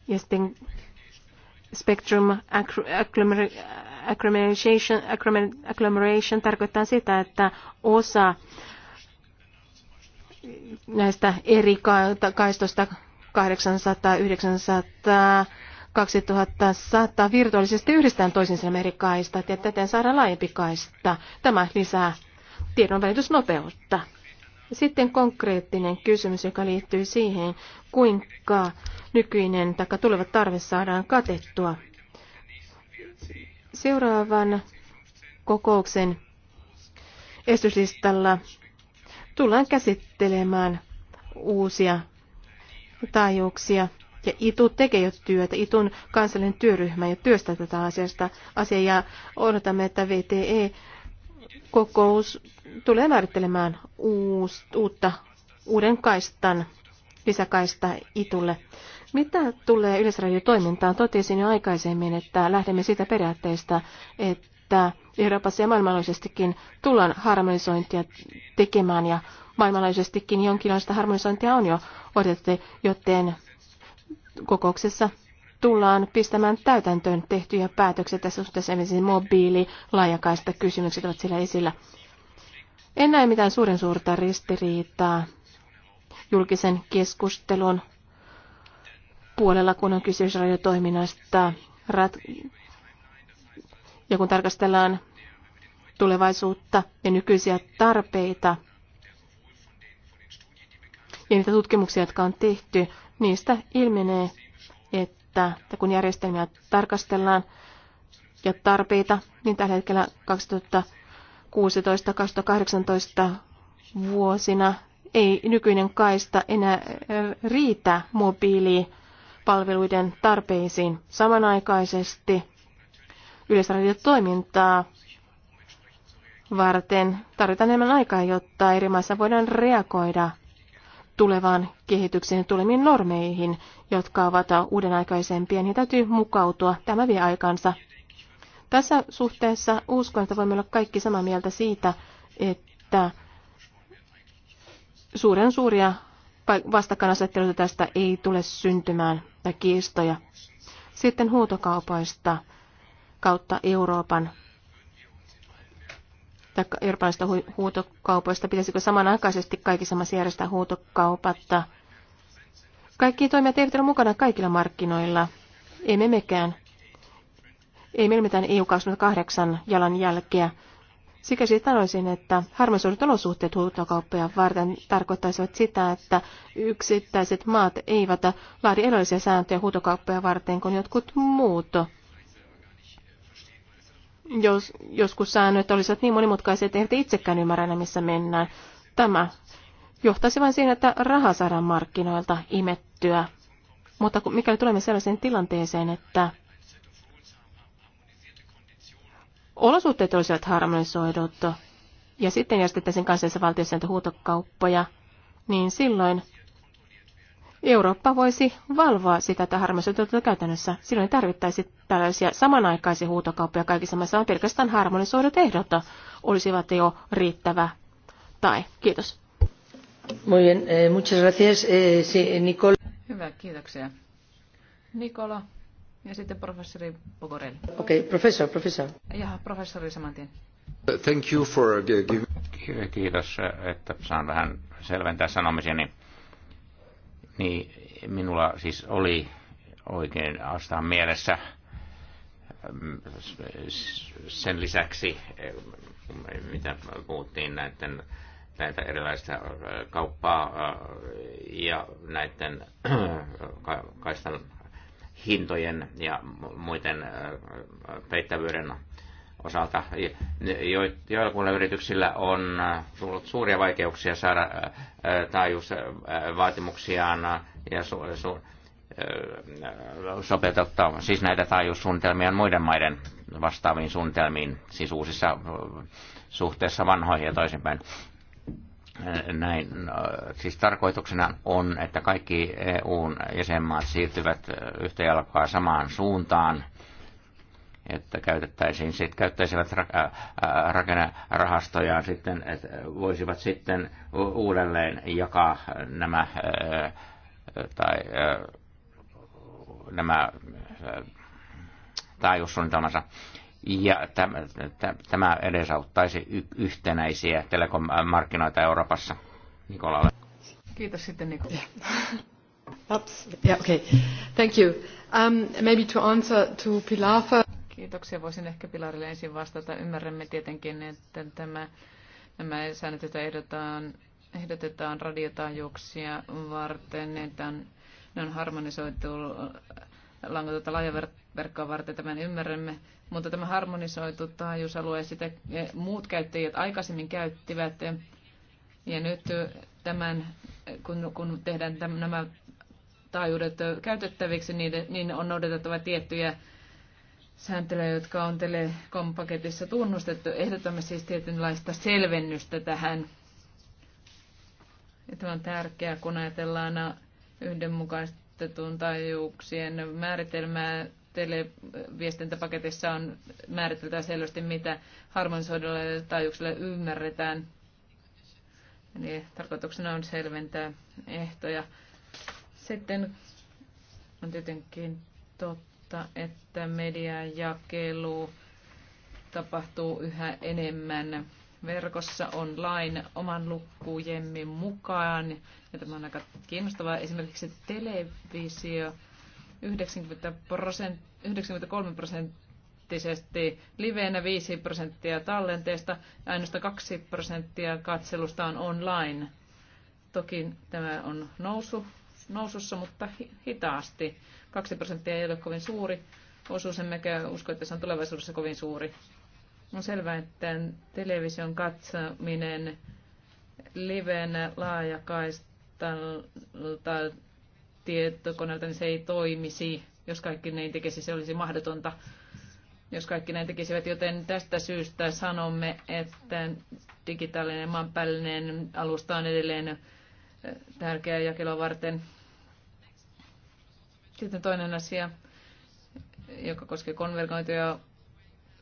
C: ja sitten Spectrum agglomeration, agglomeration tarkoittaa sitä, että osa näistä eri kaistosta 800, 900, 2100 virtuaalisesti yhdistään toisinsa eri kaistat ja täten saada laajempi kaista. Tämä lisää tiedonvälitysnopeutta. Sitten konkreettinen kysymys, joka liittyy siihen, kuinka nykyinen tai tuleva tarve saadaan katettua. Seuraavan kokouksen esityslistalla tullaan käsittelemään uusia taajuuksia ja ITU tekee jo työtä, ITUn kansallinen työryhmä ja työstää tätä asiasta, asiaa ja odotamme, että VTE kokous tulee määrittelemään uus, uutta, uuden kaistan, lisäkaista itulle. Mitä tulee yleisradiotoimintaan, totesin jo aikaisemmin, että lähdemme siitä periaatteesta, että Euroopassa ja maailmanlaajuisestikin tullaan harmonisointia tekemään ja maailmanlaajuisestikin jonkinlaista harmonisointia on jo odotettu, joten kokouksessa tullaan pistämään täytäntöön tehtyjä päätöksiä tässä suhteessa. Esimerkiksi mobiili, laajakaista kysymykset ovat siellä esillä. En näe mitään suuren suurta ristiriitaa julkisen keskustelun puolella, kun on kysymys radiotoiminnasta. Rat- ja kun tarkastellaan tulevaisuutta ja nykyisiä tarpeita ja niitä tutkimuksia, jotka on tehty, Niistä ilmenee, että kun järjestelmiä tarkastellaan ja tarpeita, niin tällä hetkellä 2016-2018 vuosina ei nykyinen kaista enää riitä mobiilipalveluiden tarpeisiin. Samanaikaisesti yleisradiotoimintaa varten tarvitaan enemmän aikaa, jotta eri maissa voidaan reagoida tulevaan kehitykseen tulemiin normeihin, jotka ovat uudenaikaisempia, niin täytyy mukautua. Tämä vie aikansa. Tässä suhteessa uskon, että voimme olla kaikki samaa mieltä siitä, että suuren suuria vastakkainasetteluita tästä ei tule syntymään tai kiistoja. Sitten huutokaupoista kautta Euroopan tai eurooppalaisista hu- huutokaupoista, pitäisikö samanaikaisesti kaikissa maissa järjestää huutokaupatta. Kaikki toimijat eivät ole mukana kaikilla markkinoilla. Emme mekään. Ei meillä mitään EU28 Sikä Sikäli sanoisin, että harmonisoidut olosuhteet huutokauppoja varten tarkoittaisivat sitä, että yksittäiset maat eivät laadi erilaisia sääntöjä huutokauppoja varten kuin jotkut muut. Jos, joskus säännöt olisivat niin monimutkaisia, että eivät itsekään ymmärrä missä mennään. Tämä johtaisi vain siihen, että raha saadaan markkinoilta imettyä. Mutta mikäli tulemme sellaiseen tilanteeseen, että olosuhteet olisivat harmonisoidut ja sitten järjestettäisiin kansallisessa valtiossa huutokauppoja, niin silloin Eurooppa voisi valvoa sitä, että harmonisoitua tuota käytännössä. Silloin tarvittaisi tällaisia samanaikaisia huutokauppia kaikissa maissa, vaan pelkästään harmonisoidut ehdot olisivat jo riittävä tai.
A: Kiitos. Muy bien, eh, muchas gracias. Eh, sí, eh, Nicole. Hyvä, kiitoksia.
B: Nikola ja sitten professori Pogorelli. Okei, okay,
A: professor, professor.
B: Ja professori samantien.
E: Thank you for uh, giving... Kiitos, että saan vähän selventää sanomisiani. Niin niin minulla siis oli oikein astaan mielessä mm, sen lisäksi, eh, mitä puhuttiin näiden näitä erilaista eh, kauppaa eh, ja näiden kaistan hintojen ja muiden peittävyyden osalta. Joillakuilla yrityksillä on tullut äh, suuria vaikeuksia saada äh, äh, taajuusvaatimuksiaan ja su- su- sopeuttaa siis näitä taajuussuunnitelmia muiden maiden vastaaviin suunnitelmiin, siis uusissa suhteessa vanhoihin ja toisinpäin. Näin, siis tarkoituksena on, että kaikki EUn jäsenmaat siirtyvät yhtä jalkaa samaan suuntaan – että käytettäisiin, sit käyttäisivät rakennerahastojaan sitten, että voisivat sitten uudelleen jakaa nämä tai nämä taajuussuunnitelmansa. Ja tämä edesauttaisi yhtenäisiä telekom Euroopassa. Nikolalle.
B: Kiitos sitten Nikola. Yeah. Oops. Yeah, okay.
A: Thank you. Um, maybe to answer to Pilar first.
B: Kiitoksia. Voisin ehkä Pilarille ensin vastata. Ymmärrämme tietenkin, että tämä, nämä säännöt, joita ehdotetaan, ehdotetaan radiotaajuuksia varten, ne on, ne on harmonisoitu äh, langatonta laajaverkkoa varten, tämän ymmärrämme, mutta tämä harmonisoitu taajuusalue, sitä muut käyttäjät aikaisemmin käyttivät, ja nyt tämän, kun, kun tehdään tämän, nämä taajuudet käytettäviksi, niin, niin on noudatettava tiettyjä sääntelyä, jotka on telekompaketissa tunnustettu. Ehdotamme siis tietynlaista selvennystä tähän. Ja tämä on tärkeää, kun ajatellaan yhdenmukaistetun taajuuksien määritelmää. Televiestintäpaketissa on määriteltävä selvästi, mitä harmonisoidulla taajuuksilla ymmärretään. Eli tarkoituksena on selventää ehtoja. Sitten on tietenkin totta huomata, että mediajakelu tapahtuu yhä enemmän verkossa online oman lukkujemme mukaan. Ja tämä on aika kiinnostavaa. Esimerkiksi televisio 90 prosent, 93 prosenttisesti liveenä 5 prosenttia tallenteesta ja ainoastaan 2 prosenttia katselusta on online. Toki tämä on nousu, nousussa, mutta hitaasti. 2 prosenttia ei ole kovin suuri osuus, emmekä usko, että se on tulevaisuudessa kovin suuri. On selvää, että television katsominen liven laajakaistalta tietokoneelta, niin se ei toimisi. Jos kaikki näin tekisi, se olisi mahdotonta. Jos kaikki näin tekisivät, joten tästä syystä sanomme, että digitaalinen maanpäällinen alusta on edelleen tärkeä jakelua varten. Sitten toinen asia, joka koskee konvergointia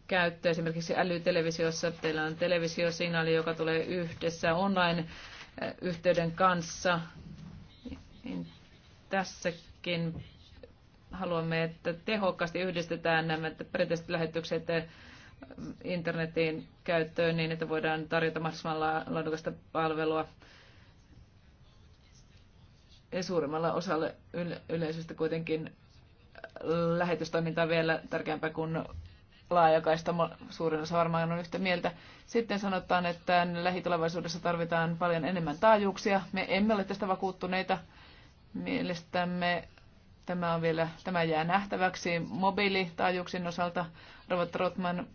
B: käyttöä. Esimerkiksi älytelevisiossa teillä on televisiosignaali, joka tulee yhdessä online-yhteyden kanssa. Niin tässäkin haluamme, että tehokkaasti yhdistetään nämä perinteiset lähetykset internetin käyttöön niin, että voidaan tarjota mahdollisimman laadukasta palvelua suuremmalla osalla yleisöstä kuitenkin lähetystoiminta on vielä tärkeämpää kuin laajakaista. Suurin osa varmaan on yhtä mieltä. Sitten sanotaan, että lähitulevaisuudessa tarvitaan paljon enemmän taajuuksia. Me emme ole tästä vakuuttuneita. Mielestämme tämä, on vielä, tämä jää nähtäväksi mobiilitaajuuksien osalta. Robert Rotman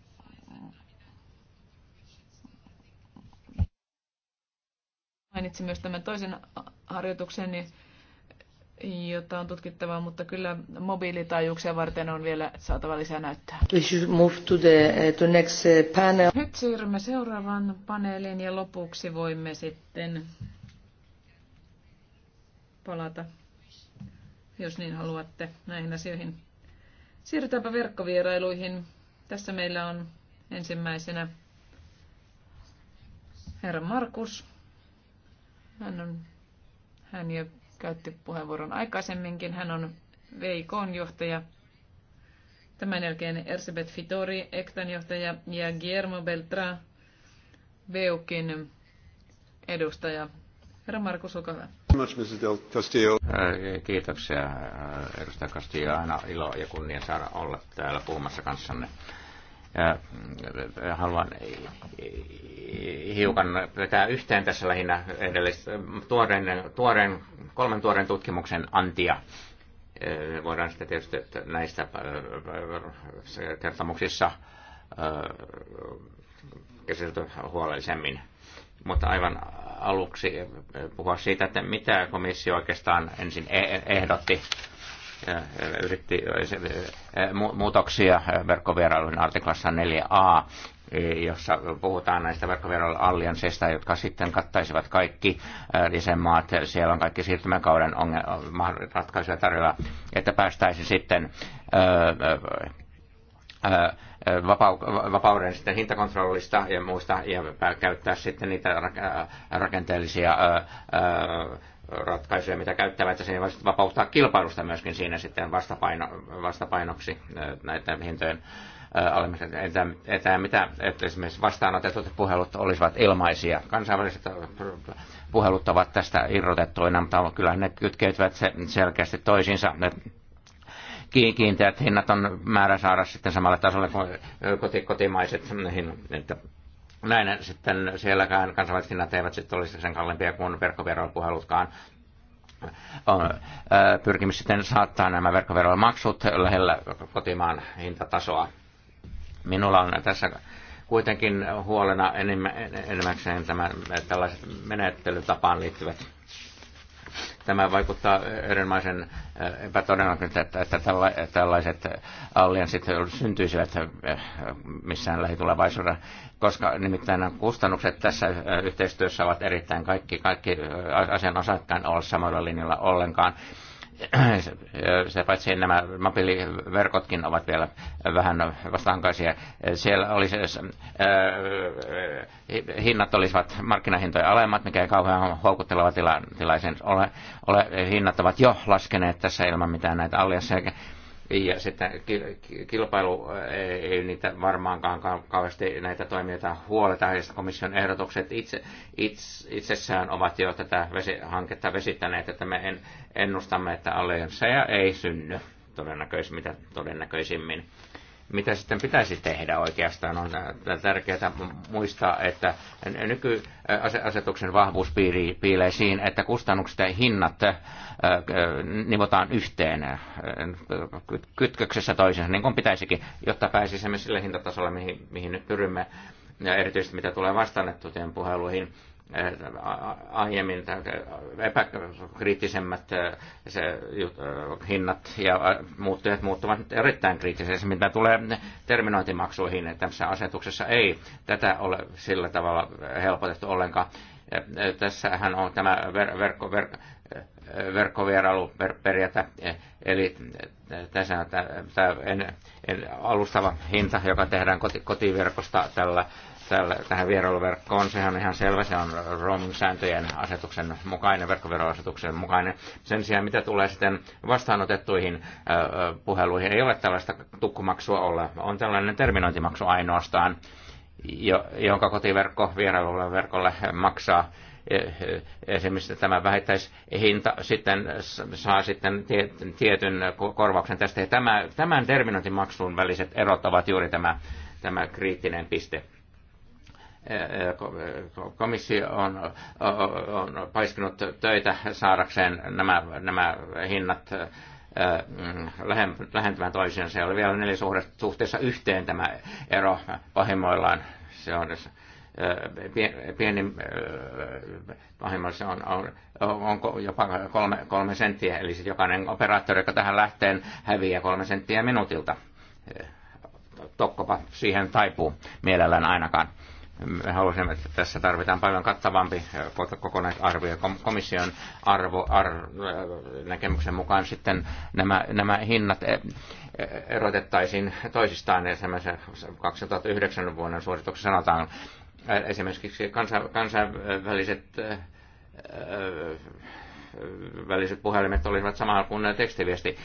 B: mainitsi myös tämän toisen harjoituksen, niin jota on tutkittava, mutta kyllä mobiilitaajuuksia varten on vielä saatava lisää näyttää.
A: We should move to the, eh, to next eh, panel. Nyt
B: siirrymme seuraavaan paneeliin ja lopuksi voimme sitten palata, jos niin haluatte, näihin asioihin. Siirrytäänpä verkkovierailuihin. Tässä meillä on ensimmäisenä herra Markus. Hän on hän ja käytti puheenvuoron aikaisemminkin. Hän on VIKn johtaja. Tämän jälkeen Ersebet Fitori, Ektan johtaja, ja Guillermo Beltra, VEUKin edustaja. Herra Markus, olkaa hyvä.
E: Äh, kiitoksia, äh, edustaja Castillo. Aina ilo ja kunnia saada olla täällä puhumassa kanssanne Äh, haluan hiukan vetää yhteen tässä lähinnä tuoreen, tuoreen, kolmen tuoreen tutkimuksen antia. Äh, voidaan sitten tietysti näistä äh, kertomuksissa käsitelty huolellisemmin. Mutta aivan aluksi puhua siitä, että mitä komissio oikeastaan ensin e- ehdotti yritti muutoksia verkkovierailun artiklassa 4a, jossa puhutaan näistä verkkovierailualliansseista, jotka sitten kattaisivat kaikki lisämaat. Siellä on kaikki siirtymäkauden ratkaisuja tarjolla, että päästäisiin sitten vapauden sitten hintakontrollista ja muista ja käyttää sitten niitä rakenteellisia ratkaisuja, mitä käyttävät, ja siinä vapauttaa kilpailusta myöskin siinä sitten vastapaino, vastapainoksi näiden hintojen alemmiksi. Että, että, mitä, että esimerkiksi vastaanotetut puhelut olisivat ilmaisia. Kansainväliset puhelut ovat tästä irrotettuina, mutta kyllä ne kytkeytyvät selkeästi toisiinsa. Ne kiinteät hinnat on määrä saada sitten samalle tasolle kuin kotimaiset hinnat näin sitten sielläkään kansainväliset hinnat eivät sitten olisi sen kalliimpia kuin verkkoveropuhelutkaan. On äh, pyrkimys sitten saattaa nämä verkkoveromaksut lähellä kotimaan hintatasoa. Minulla on tässä kuitenkin huolena enimmäkseen tämä, tällaiset menettelytapaan liittyvät Tämä vaikuttaa erinomaisen äh, epätodennäköiseltä, että, että tällaiset allianssit syntyisivät äh, missään lähitulevaisuudessa, koska nimittäin nämä kustannukset tässä äh, yhteistyössä ovat erittäin kaikki, kaikki asian osakkaan olla samalla linjalla ollenkaan se paitsi nämä mobiiliverkotkin ovat vielä vähän vastahankaisia. Siellä oli se, äh, hinnat olisivat markkinahintoja alemmat, mikä ei kauhean houkutteleva tila, tilaisen ole, ole. Hinnat ovat jo laskeneet tässä ilman mitään näitä aliassia ja sitten kilpailu eh, ei niitä varmaankaan kauheasti näitä toimijoita huoleta. Ja komission ehdotukset itse, itse, itsessään ovat jo tätä vesi, hanketta vesittäneet, että me en, ennustamme, että alliansseja ei synny todennäköis, mitä todennäköisimmin mitä sitten pitäisi tehdä oikeastaan. On äh, tärkeää muistaa, että nykyasetuksen äh, vahvuus piilee siinä, että kustannukset ja hinnat äh, nivotaan yhteen kytköksessä toisensa, niin kuin pitäisikin, jotta pääsisimme sille hintatasolle, mihin, mihin nyt pyrimme, ja erityisesti mitä tulee vastaanettujen puheluihin Äh, aiemmin epäkriittisemmät äh, se, äh, hinnat ja muuttujat muuttuvat nyt erittäin kriittisesti, mitä tulee terminointimaksuihin. Tässä asetuksessa ei tätä ole sillä tavalla helpotettu ollenkaan. Tässähän on tämä ver- verkko, ver- verkkovierailuperiaate, eli tässä on tämä, alustava hinta, joka tehdään kotiverkosta tällä tällä, tähän vierailuverkkoon. Sehän on ihan selvä, se on roaming-sääntöjen asetuksen mukainen, verkkoveroasetuksen mukainen. Sen sijaan, mitä tulee sitten vastaanotettuihin puheluihin, ei ole tällaista tukkumaksua olla. On tällainen terminointimaksu ainoastaan, jonka kotiverkko vierailuverkolle maksaa e, e, esimerkiksi tämä vähittäishinta sitten saa sitten tietyn korvauksen tästä. Ja tämä, tämän terminointimaksun väliset erot ovat juuri tämä, tämä kriittinen piste komissio on, on paiskinut töitä saadakseen nämä, nämä hinnat lähentämään toisiinsa. Se oli vielä nelisuhteessa suhteessa yhteen tämä ero pahimmoillaan. Se on pieni, pahimmoillaan se on, on, on jopa kolme, kolme senttiä, eli sitten jokainen operaattori, joka tähän lähtee, häviää kolme senttiä minuutilta. Tokkopa siihen taipuu mielellään ainakaan me halusimme, että tässä tarvitaan paljon kattavampi äh, kokonaisarvio. Komission arvo, ar, äh, näkemyksen mukaan sitten nämä, nämä hinnat eh, eh, erotettaisiin toisistaan. Esimerkiksi 2009 vuoden suorituksessa sanotaan äh, esimerkiksi kansa, kansainväliset väliset puhelimet olisivat samalla kuin tekstiviesti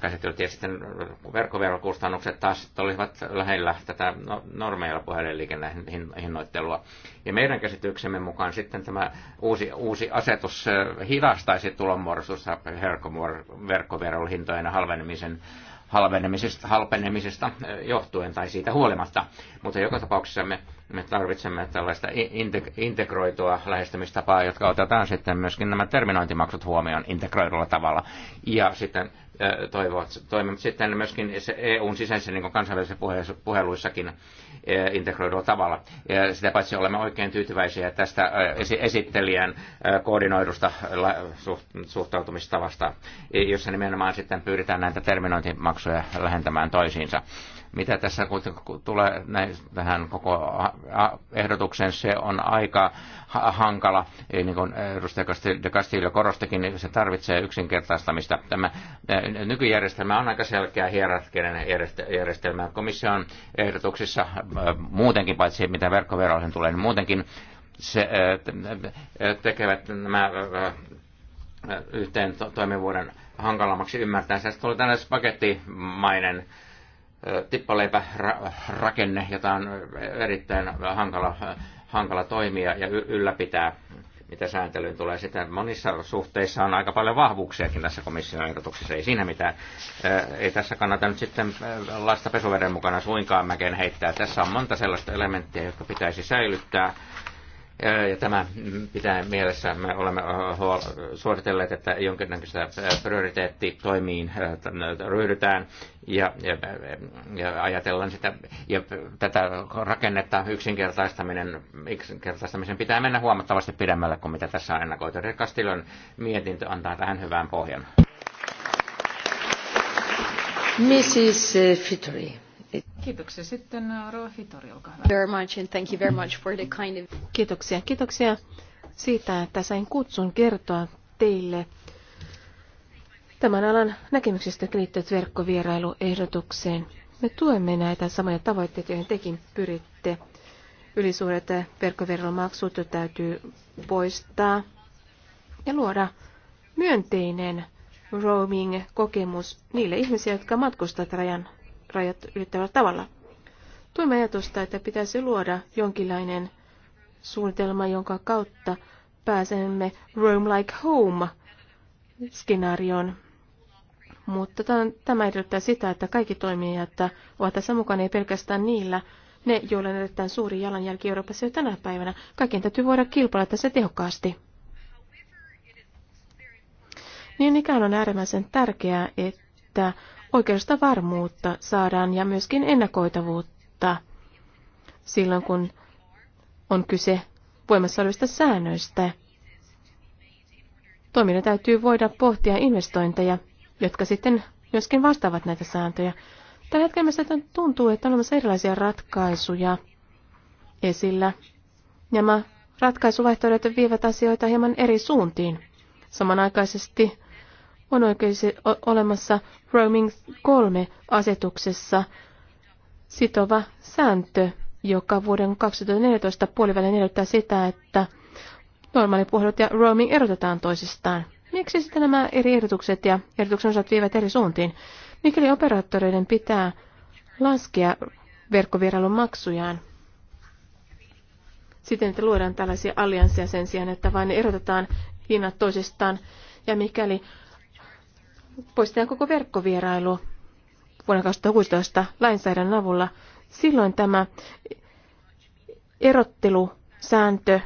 E: käsittelyt ja sitten verkkoverokustannukset taas olisivat lähellä tätä no, normeilla hinnoittelua. Ja meidän käsityksemme mukaan sitten tämä uusi, uusi asetus eh, hidastaisi tulonmuodostusta verkkoverohintojen halvenemisen halvenemisesta, halpenemisesta johtuen tai siitä huolimatta. Mutta joka tapauksessa me, me tarvitsemme tällaista integroitua lähestymistapaa, jotka otetaan sitten myöskin nämä terminointimaksut huomioon integroidulla tavalla. Ja sitten toivovat sitten myöskin EUn e sisäisissä niin kansainvälisissä puheluissakin integroidulla tavalla. Ja sitä paitsi olemme oikein tyytyväisiä tästä esittelijän koordinoidusta suhtautumistavasta, jossa nimenomaan sitten pyritään näitä terminointimaksuja lähentämään toisiinsa. Mitä tässä tulee näin, tähän koko ehdotukseen, se on aika hankala. Niin kuin edustaja de Castillo korostikin, niin se tarvitsee yksinkertaistamista. Tämä nykyjärjestelmä on aika selkeä hierarkkinen järjestelmä. Komission ehdotuksissa muutenkin, paitsi mitä verkkoveroihin tulee, niin muutenkin se, tekevät nämä yhteen toimivuuden hankalammaksi ymmärtää. Se tuli tällainen pakettimainen rakenne, jota on erittäin hankala, hankala toimia ja ylläpitää, mitä sääntelyyn tulee. Sitä monissa suhteissa on aika paljon vahvuuksiakin tässä komission ehdotuksessa, ei siinä mitään. Ei tässä kannata nyt sitten lasta pesuveden mukana suinkaan mäkeen heittää. Tässä on monta sellaista elementtiä, jotka pitäisi säilyttää ja tämä pitää mielessä, me olemme suositelleet, että jonkinnäköistä prioriteettitoimiin ryhdytään ja, ja, ja ajatellaan sitä, ja tätä rakennetta yksinkertaistaminen, yksinkertaistamisen pitää mennä huomattavasti pidemmälle kuin mitä tässä on ennakoitu. Rekastilon mietintö antaa tähän hyvään pohjan.
C: Mrs. Fittori.
B: Kiitoksia. Sitten äh, Rova
C: olkaa hyvä. Very much and thank you very much for the kind of... Kiitoksia. Kiitoksia siitä, että sain kutsun kertoa teille tämän alan näkemyksestä liittyvät verkkovierailuehdotukseen. Me tuemme näitä samoja tavoitteita, joihin tekin pyritte. Ylisuuret verkkovierailumaksut täytyy poistaa ja luoda myönteinen roaming-kokemus niille ihmisille, jotka matkustavat rajan rajat ylittävällä tavalla. Tuimme ajatusta, että pitäisi luoda jonkinlainen suunnitelma, jonka kautta pääsemme Roam Like Home-skenaarioon. Mutta tämä edellyttää sitä, että kaikki toimijat ovat tässä mukana, ei pelkästään niillä, ne, joilla on erittäin suuri jalanjälki Euroopassa jo tänä päivänä. Kaikkien täytyy voida kilpailla tässä tehokkaasti. Niin ikään on äärimmäisen tärkeää, että oikeudesta varmuutta saadaan ja myöskin ennakoitavuutta silloin, kun on kyse voimassa olevista säännöistä. Toiminnan täytyy voida pohtia investointeja, jotka sitten myöskin vastaavat näitä sääntöjä. Tällä hetkellä meistä tuntuu, että on olemassa erilaisia ratkaisuja esillä. Nämä ratkaisuvaihtoehdot vievät asioita hieman eri suuntiin. Samanaikaisesti on oikeus olemassa Roaming 3 asetuksessa sitova sääntö, joka vuoden 2014 puolivälin edellyttää sitä, että normaalipuhelut ja roaming erotetaan toisistaan. Miksi sitten nämä eri erotukset ja erotuksen osat viivät eri suuntiin? Mikäli operaattoreiden pitää laskea verkkovierailun maksujaan siten, että luodaan tällaisia alliansseja sen sijaan, että vain erotetaan hinnat toisistaan, ja mikäli poistetaan koko verkkovierailu vuonna 2016 lainsäädännön avulla. Silloin tämä erottelusääntö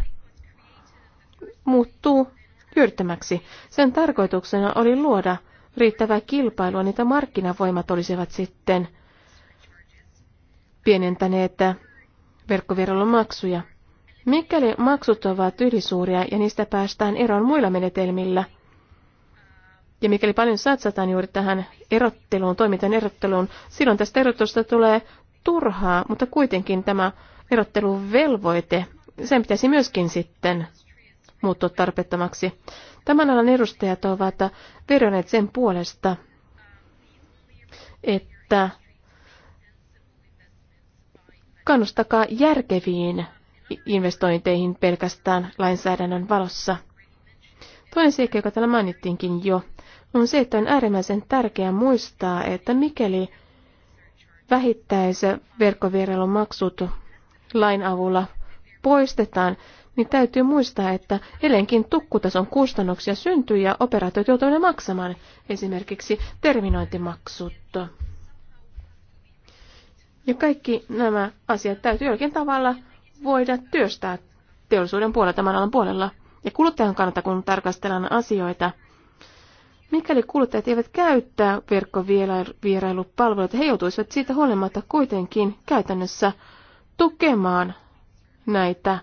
C: muuttuu hyödyttämäksi. Sen tarkoituksena oli luoda riittävää kilpailua, niitä markkinavoimat olisivat sitten pienentäneet verkkovierailun maksuja. Mikäli maksut ovat ylisuuria ja niistä päästään eroon muilla menetelmillä – ja mikäli paljon satsataan juuri tähän erotteluun, toimintaan erotteluun, silloin tästä erottelusta tulee turhaa, mutta kuitenkin tämä erotteluvelvoite, sen pitäisi myöskin sitten muuttua tarpeettomaksi. Tämän alan edustajat ovat vedonneet sen puolesta, että kannustakaa järkeviin investointeihin pelkästään lainsäädännön valossa. Toinen seikka, joka täällä mainittiinkin jo, on se, että on äärimmäisen tärkeää muistaa, että mikäli vähittäisverkkovierailun maksut lain avulla poistetaan, niin täytyy muistaa, että edelleenkin tukkutason kustannuksia syntyy ja operaatiot joutuvat maksamaan esimerkiksi terminointimaksut. Ja kaikki nämä asiat täytyy jollakin tavalla voida työstää teollisuuden puolella, tämän alan puolella. Ja kuluttajan kannalta, kun tarkastellaan asioita, Mikäli kuluttajat eivät käyttää verkkovierailupalveluita, he joutuisivat siitä huolimatta kuitenkin käytännössä tukemaan näitä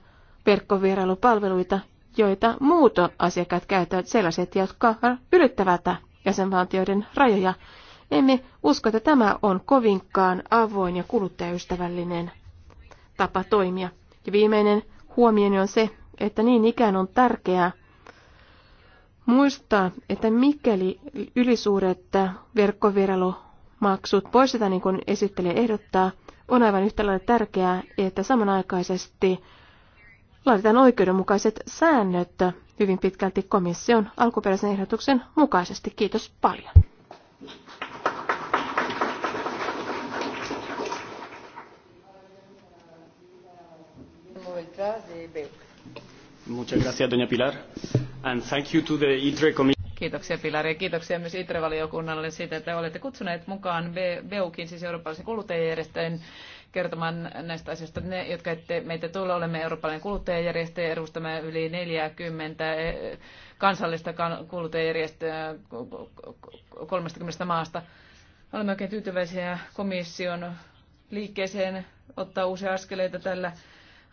C: verkkovierailupalveluita, joita muut asiakkaat käyttävät, sellaiset, jotka ylittävät jäsenvaltioiden rajoja. Emme usko, että tämä on kovinkaan avoin ja kuluttajaystävällinen tapa toimia. Ja viimeinen huomioni on se, että niin ikään on tärkeää, muistaa, että mikäli ylisuuret verkkovirailumaksut poistetaan, niin kuin esittelijä ehdottaa, on aivan yhtä lailla tärkeää, että samanaikaisesti laitetaan oikeudenmukaiset säännöt hyvin pitkälti komission alkuperäisen ehdotuksen mukaisesti. Kiitos paljon. Muchas gracias, doña Pilar.
D: And thank you to the e ITRE
B: Kiitoksia Pilari ja kiitoksia myös ITRE-valiokunnalle siitä, että olette kutsuneet mukaan BEUKin, siis eurooppalaisen kuluttajajärjestöjen kertomaan näistä asioista. Ne, jotka ette meitä tule, olemme eurooppalainen kuluttajajärjestö ja edustamme yli 40 e, kansallista kuluttajajärjestöä 30 maasta. Olemme oikein tyytyväisiä komission liikkeeseen ottaa uusia askeleita tällä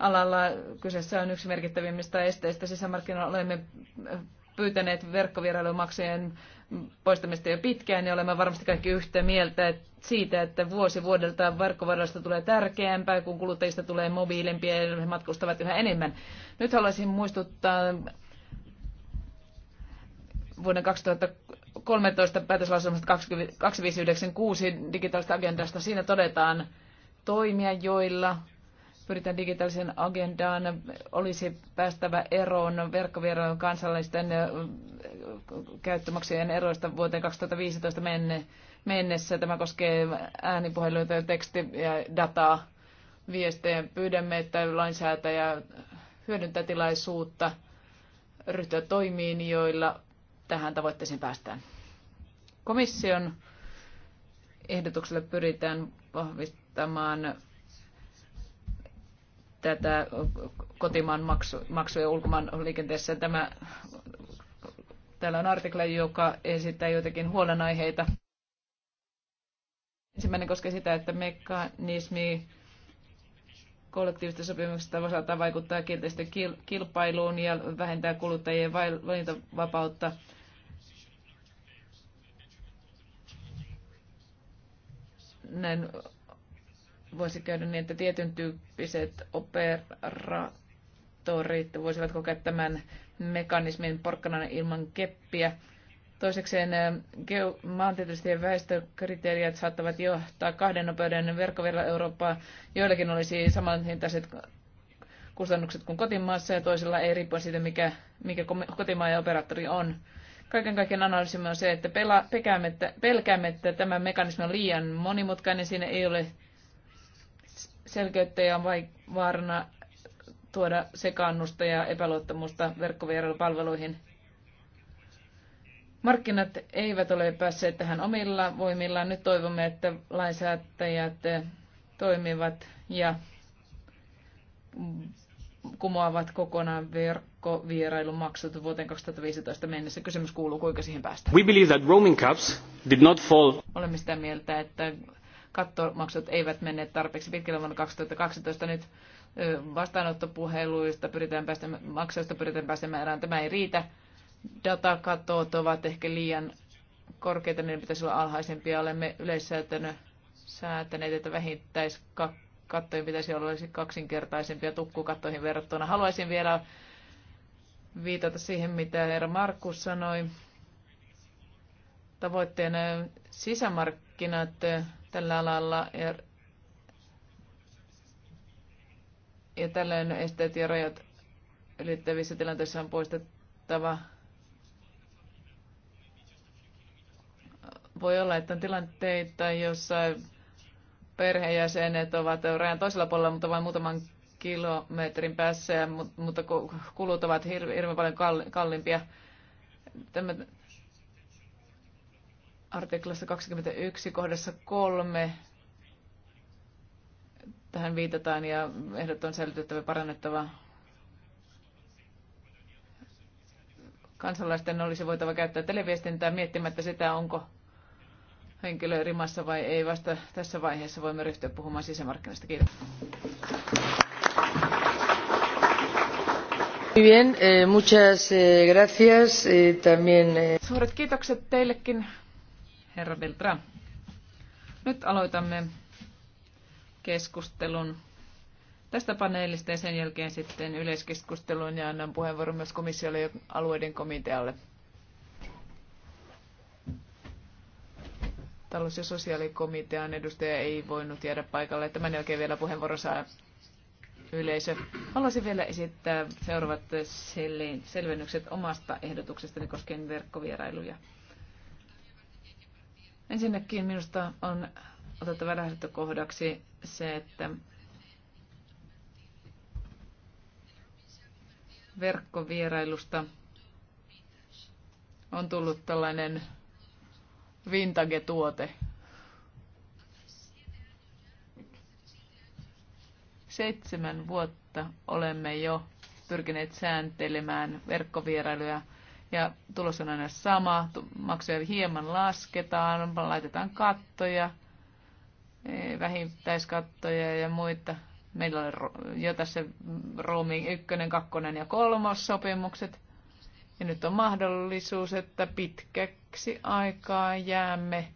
B: alalla. Kyseessä on yksi merkittävimmistä esteistä sisämarkkinoilla. Olemme pyytäneet verkkovierailumaksujen poistamista jo pitkään, niin olemme varmasti kaikki yhtä mieltä siitä, että vuosi vuodelta verkkovierailusta tulee tärkeämpää, kun kuluttajista tulee mobiilimpia ja he matkustavat yhä enemmän. Nyt haluaisin muistuttaa vuoden 2013 päätöslauselmasta 2596 digitaalista agendasta. Siinä todetaan toimia, joilla pyritään digitaalisen agendaan, olisi päästävä eroon verkkovieron kansallisten käyttömaksujen eroista vuoteen 2015 mennessä. Tämä koskee äänipuheluita, tekstiä, dataa, viestejä. Pyydämme, että lainsäätäjä hyödyntää tilaisuutta ryhtyä toimiin, joilla tähän tavoitteeseen päästään. Komission ehdotukselle pyritään vahvistamaan tätä kotimaan maksu, maksuja ulkomaan liikenteessä. Tämä, täällä on artikla, joka esittää jotenkin huolenaiheita. Ensimmäinen koskee sitä, että mekanismi kollektiivista sopimuksesta osaltaan vaikuttaa kielteisesti kilpailuun ja vähentää kuluttajien valintavapautta. Näin voisi käydä niin, että tietyn tyyppiset operaattorit voisivat kokea tämän mekanismin porkkanan ilman keppiä. Toisekseen geo- ja väestökriteerit saattavat johtaa kahden nopeuden verkkovilla Eurooppaa. Joillakin olisi samanhintaiset kustannukset kuin kotimaassa ja toisella ei riippuen siitä, mikä, mikä kotimaan ja operaattori on. Kaiken kaiken analyysimme on se, että pela, että, pelkäämme, että tämä mekanismi on liian monimutkainen, siinä ei ole selkeyttä ja vaarana tuoda sekannusta ja epäluottamusta verkkovierailupalveluihin. Markkinat eivät ole päässeet tähän omilla voimillaan. Nyt toivomme, että lainsäätäjät toimivat ja kumoavat kokonaan verkkovierailun maksut vuoteen 2015 mennessä. Kysymys kuuluu, kuinka siihen päästään.
D: We believe that roaming caps did not fall.
B: Olemme sitä mieltä, että kattomaksut eivät menneet tarpeeksi pitkälle vuonna 2012. Nyt vastaanottopuheluista pyritään päästä, maksuista pyritään pääsemään erään. Tämä ei riitä. Datakatot ovat ehkä liian korkeita, niin pitäisi olla alhaisempia. Olemme yleissäätäneet, säätäneet, että vähittäiskattojen pitäisi olla kaksinkertaisempia tukkukattoihin verrattuna. Haluaisin vielä viitata siihen, mitä herra Markus sanoi. Tavoitteena sisämark- markkinat tällä alalla ja, ja tällöin esteet ja rajat ylittävissä tilanteissa on poistettava. Voi olla, että on tilanteita, joissa perheenjäsenet ovat rajan toisella puolella, mutta vain muutaman kilometrin päässä, mutta kulut ovat hirveän paljon kalliimpia. Tämä artiklassa 21 kohdassa 3 tähän viitataan ja ehdot on selvitettävä parannettava. Kansalaisten olisi voitava käyttää televiestintää miettimättä sitä, onko henkilö rimassa vai ei. Vasta tässä vaiheessa voimme ryhtyä puhumaan sisämarkkinoista. Kiitos.
A: Bien, eh, muchas eh, gracias. Eh, también... Suuret kiitokset teillekin
B: herra Beltra. Nyt aloitamme keskustelun tästä paneelista ja sen jälkeen sitten yleiskeskustelun ja annan puheenvuoron myös komissiolle ja alueiden komitealle. Talous- ja sosiaalikomitean edustaja ei voinut jäädä paikalle. Tämän jälkeen vielä puheenvuoro saa yleisö. Haluaisin vielä esittää seuraavat selvennykset omasta ehdotuksestani koskien verkkovierailuja. Ensinnäkin minusta on otettava lähtökohdaksi se, että verkkovierailusta on tullut tällainen vintage-tuote. Seitsemän vuotta olemme jo pyrkineet sääntelemään verkkovierailuja – ja tulos on aina sama, maksuja hieman lasketaan, laitetaan kattoja, e, vähintäiskattoja ja muita. Meillä on jo tässä roaming ykkönen, kakkonen ja kolmas sopimukset. Ja nyt on mahdollisuus, että pitkäksi aikaa jäämme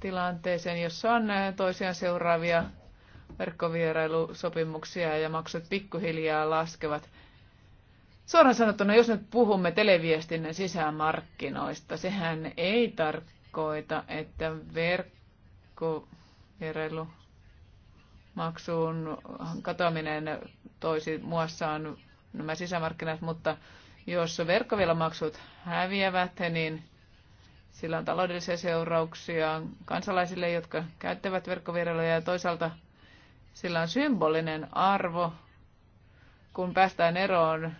B: tilanteeseen, jossa on e, toisiaan seuraavia verkkovierailusopimuksia ja maksut pikkuhiljaa laskevat – Suoraan sanottuna, jos nyt puhumme televiestinnän sisämarkkinoista, sehän ei tarkoita, että verkkovierailu maksuun katoaminen toisi muassaan nämä sisämarkkinat, mutta jos verkkovielamaksut häviävät, niin sillä on taloudellisia seurauksia kansalaisille, jotka käyttävät verkkovierailuja ja toisaalta sillä on symbolinen arvo, kun päästään eroon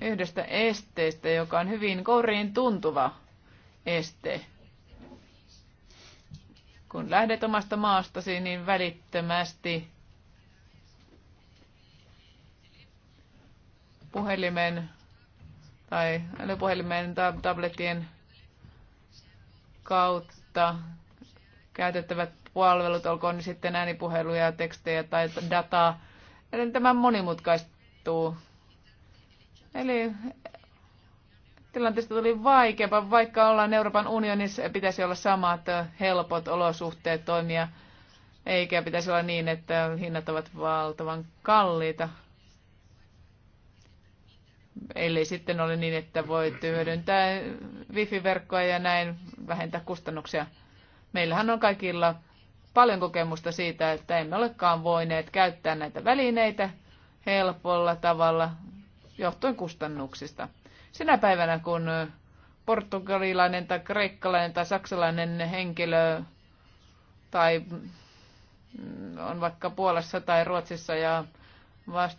B: yhdestä esteestä, joka on hyvin kouriin tuntuva este. Kun lähdet omasta maastasi, niin välittömästi puhelimen tai älypuhelimen tai tablettien kautta käytettävät palvelut, olkoon ne sitten äänipuheluja, tekstejä tai dataa, tämä monimutkaistuu Eli tilanteesta tuli vaikeampa, vaikka ollaan Euroopan unionissa, pitäisi olla samat helpot olosuhteet toimia, eikä pitäisi olla niin, että hinnat ovat valtavan kalliita. Eli sitten oli niin, että voit hyödyntää wifi-verkkoa ja näin vähentää kustannuksia. Meillähän on kaikilla paljon kokemusta siitä, että emme olekaan voineet käyttää näitä välineitä helpolla tavalla johtuen kustannuksista. Sinä päivänä, kun portugalilainen tai kreikkalainen tai saksalainen henkilö tai mm, on vaikka Puolassa tai Ruotsissa ja vast,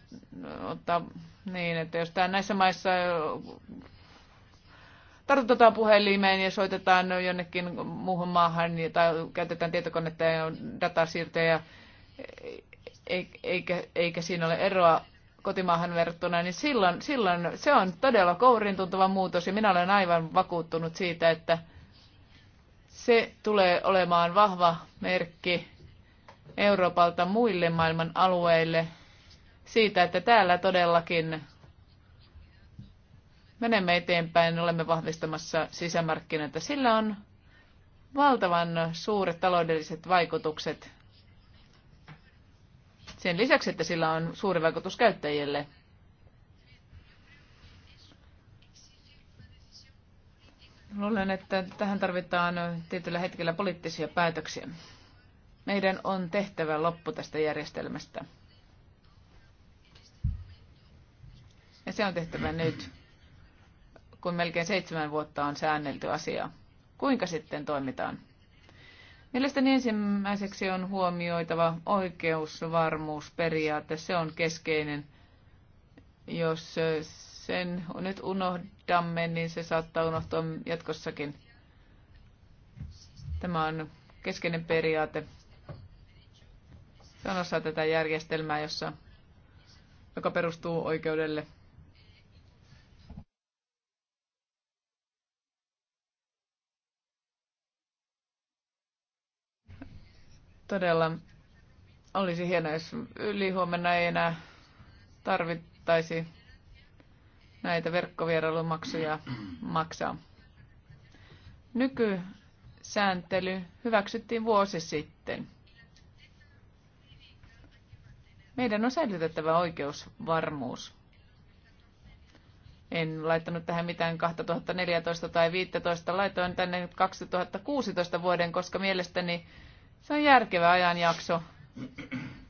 B: ottaa niin, että jos tämä näissä maissa tartutetaan puhelimeen ja soitetaan jonnekin muuhun maahan tai käytetään tietokonetta ja datasiirtoja, eikä, eikä siinä ole eroa kotimaahan verrattuna, niin silloin, silloin se on todella kourin tuntuva muutos ja minä olen aivan vakuuttunut siitä, että se tulee olemaan vahva merkki Euroopalta muille maailman alueille siitä, että täällä todellakin menemme eteenpäin, olemme vahvistamassa sisämarkkinoita. Sillä on valtavan suuret taloudelliset vaikutukset sen lisäksi, että sillä on suuri vaikutus käyttäjille. Luulen, että tähän tarvitaan tietyllä hetkellä poliittisia päätöksiä. Meidän on tehtävä loppu tästä järjestelmästä. Ja se on tehtävä nyt, kun melkein seitsemän vuotta on säännelty asiaa. Kuinka sitten toimitaan? Mielestäni ensimmäiseksi on huomioitava oikeusvarmuusperiaate. Se on keskeinen. Jos sen nyt unohdamme, niin se saattaa unohtua jatkossakin. Tämä on keskeinen periaate. Se on osa tätä järjestelmää, jossa, joka perustuu oikeudelle – Todella olisi hienoa, jos ylihuomenna ei enää tarvittaisi näitä verkkovierailumaksuja maksaa. Nykysääntely hyväksyttiin vuosi sitten. Meidän on säilytettävä oikeusvarmuus. En laittanut tähän mitään 2014 tai 2015, laitoin tänne 2016 vuoden, koska mielestäni se on järkevä ajanjakso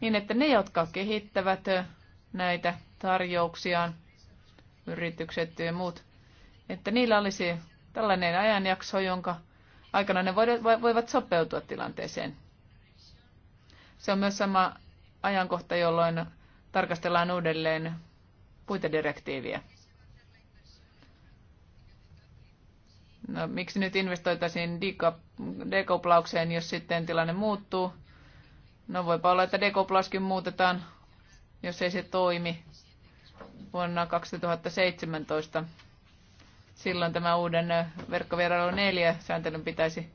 B: niin, että ne, jotka kehittävät näitä tarjouksiaan, yritykset ja muut, että niillä olisi tällainen ajanjakso, jonka aikana ne voivat sopeutua tilanteeseen. Se on myös sama ajankohta, jolloin tarkastellaan uudelleen puitedirektiiviä. No, miksi nyt investoitaisiin dekoplaukseen, jos sitten tilanne muuttuu? No voipa olla, että dekoplauskin muutetaan, jos ei se toimi vuonna 2017. Silloin tämä uuden verkkovierailu 4 sääntelyn pitäisi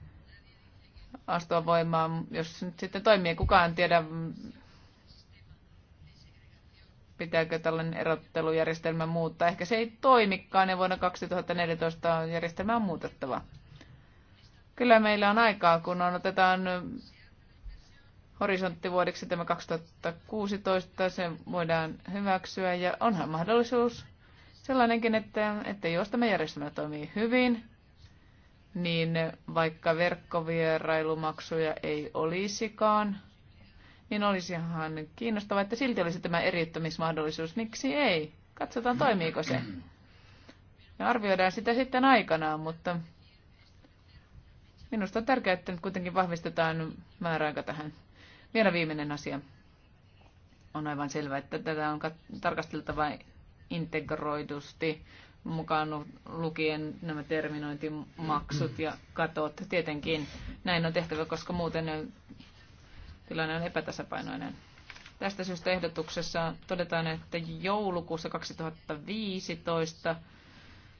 B: astua voimaan, jos nyt sitten toimii. Kukaan tiedä, pitääkö tällainen erottelujärjestelmä muuttaa. Ehkä se ei toimikaan ja vuonna 2014 on järjestelmää muutettava. Kyllä meillä on aikaa, kun on, otetaan horisonttivuodeksi tämä 2016, se voidaan hyväksyä ja onhan mahdollisuus sellainenkin, että, että jos tämä järjestelmä toimii hyvin, niin vaikka verkkovierailumaksuja ei olisikaan, niin ihan kiinnostavaa, että silti olisi tämä eriyttämismahdollisuus. Miksi ei? Katsotaan, toimiiko se. Ja arvioidaan sitä sitten aikanaan, mutta minusta on tärkeää, että nyt kuitenkin vahvistetaan määräaika tähän. Vielä viimeinen asia. On aivan selvää, että tätä on tarkasteltava integroidusti mukaan lukien nämä terminointimaksut ja katot. Tietenkin näin on tehtävä, koska muuten tilanne on epätasapainoinen. Tästä syystä ehdotuksessa todetaan, että joulukuussa 2015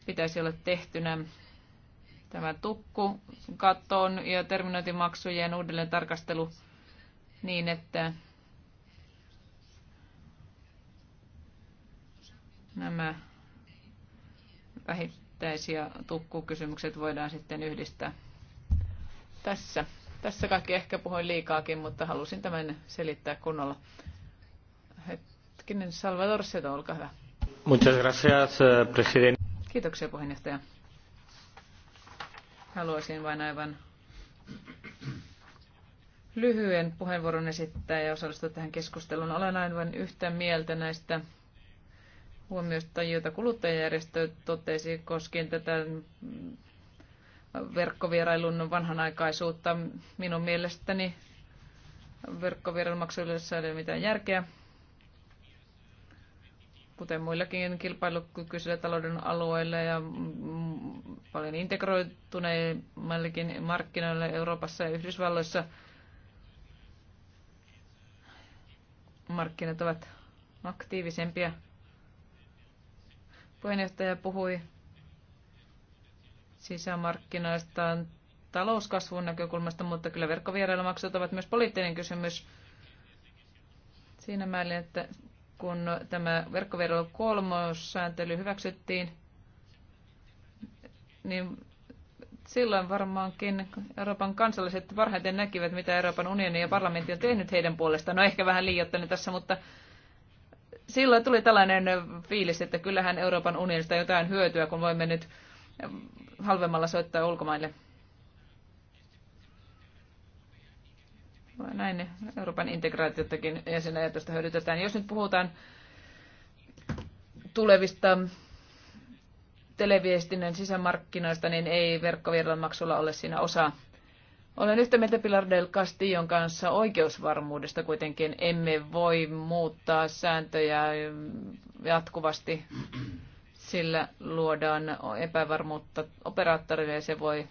B: pitäisi olla tehtynä tämä tukku kattoon ja terminointimaksujen uudelleen tarkastelu niin, että nämä vähittäisiä tukkukysymykset voidaan sitten yhdistää tässä. Tässä kaikki ehkä puhuin liikaakin, mutta halusin tämän selittää kunnolla. Hetkinen, Salvador Seto, olkaa hyvä. Muchas gracias, eh, president. Kiitoksia puheenjohtaja. Haluaisin vain aivan lyhyen puheenvuoron esittää ja osallistua tähän keskusteluun. Olen aivan yhtä mieltä näistä huomioista, joita kuluttajajärjestö totesi koskien tätä verkkovierailun vanhanaikaisuutta. Minun mielestäni verkkovierailumaksuilla ei ole mitään järkeä. Kuten muillakin kilpailukykyisillä talouden alueilla ja paljon integroituneimmallekin markkinoille Euroopassa ja Yhdysvalloissa markkinat ovat aktiivisempia. Puheenjohtaja puhui sisämarkkinoistaan talouskasvun näkökulmasta, mutta kyllä verkkovierailumaksut ovat myös poliittinen kysymys siinä määrin, että kun tämä verkkovierailu kolmoussääntely hyväksyttiin, niin silloin varmaankin Euroopan kansalaiset parhaiten näkivät, mitä Euroopan unioni ja parlamentti on tehnyt heidän puolestaan. No ehkä vähän liioittanut tässä, mutta silloin tuli tällainen fiilis, että kyllähän Euroopan unionista jotain hyötyä, kun voimme nyt halvemmalla soittaa ulkomaille. Näin Euroopan integraatiotakin jäsenajatusta ajatusta hyödytetään. Jos nyt puhutaan tulevista televiestinnän sisämarkkinoista, niin ei verkkovirran maksulla ole siinä osa. Olen yhtä mieltä Pilar del Castillon kanssa oikeusvarmuudesta kuitenkin. Emme voi muuttaa sääntöjä jatkuvasti sillä luodaan epävarmuutta operaattorille ja se voi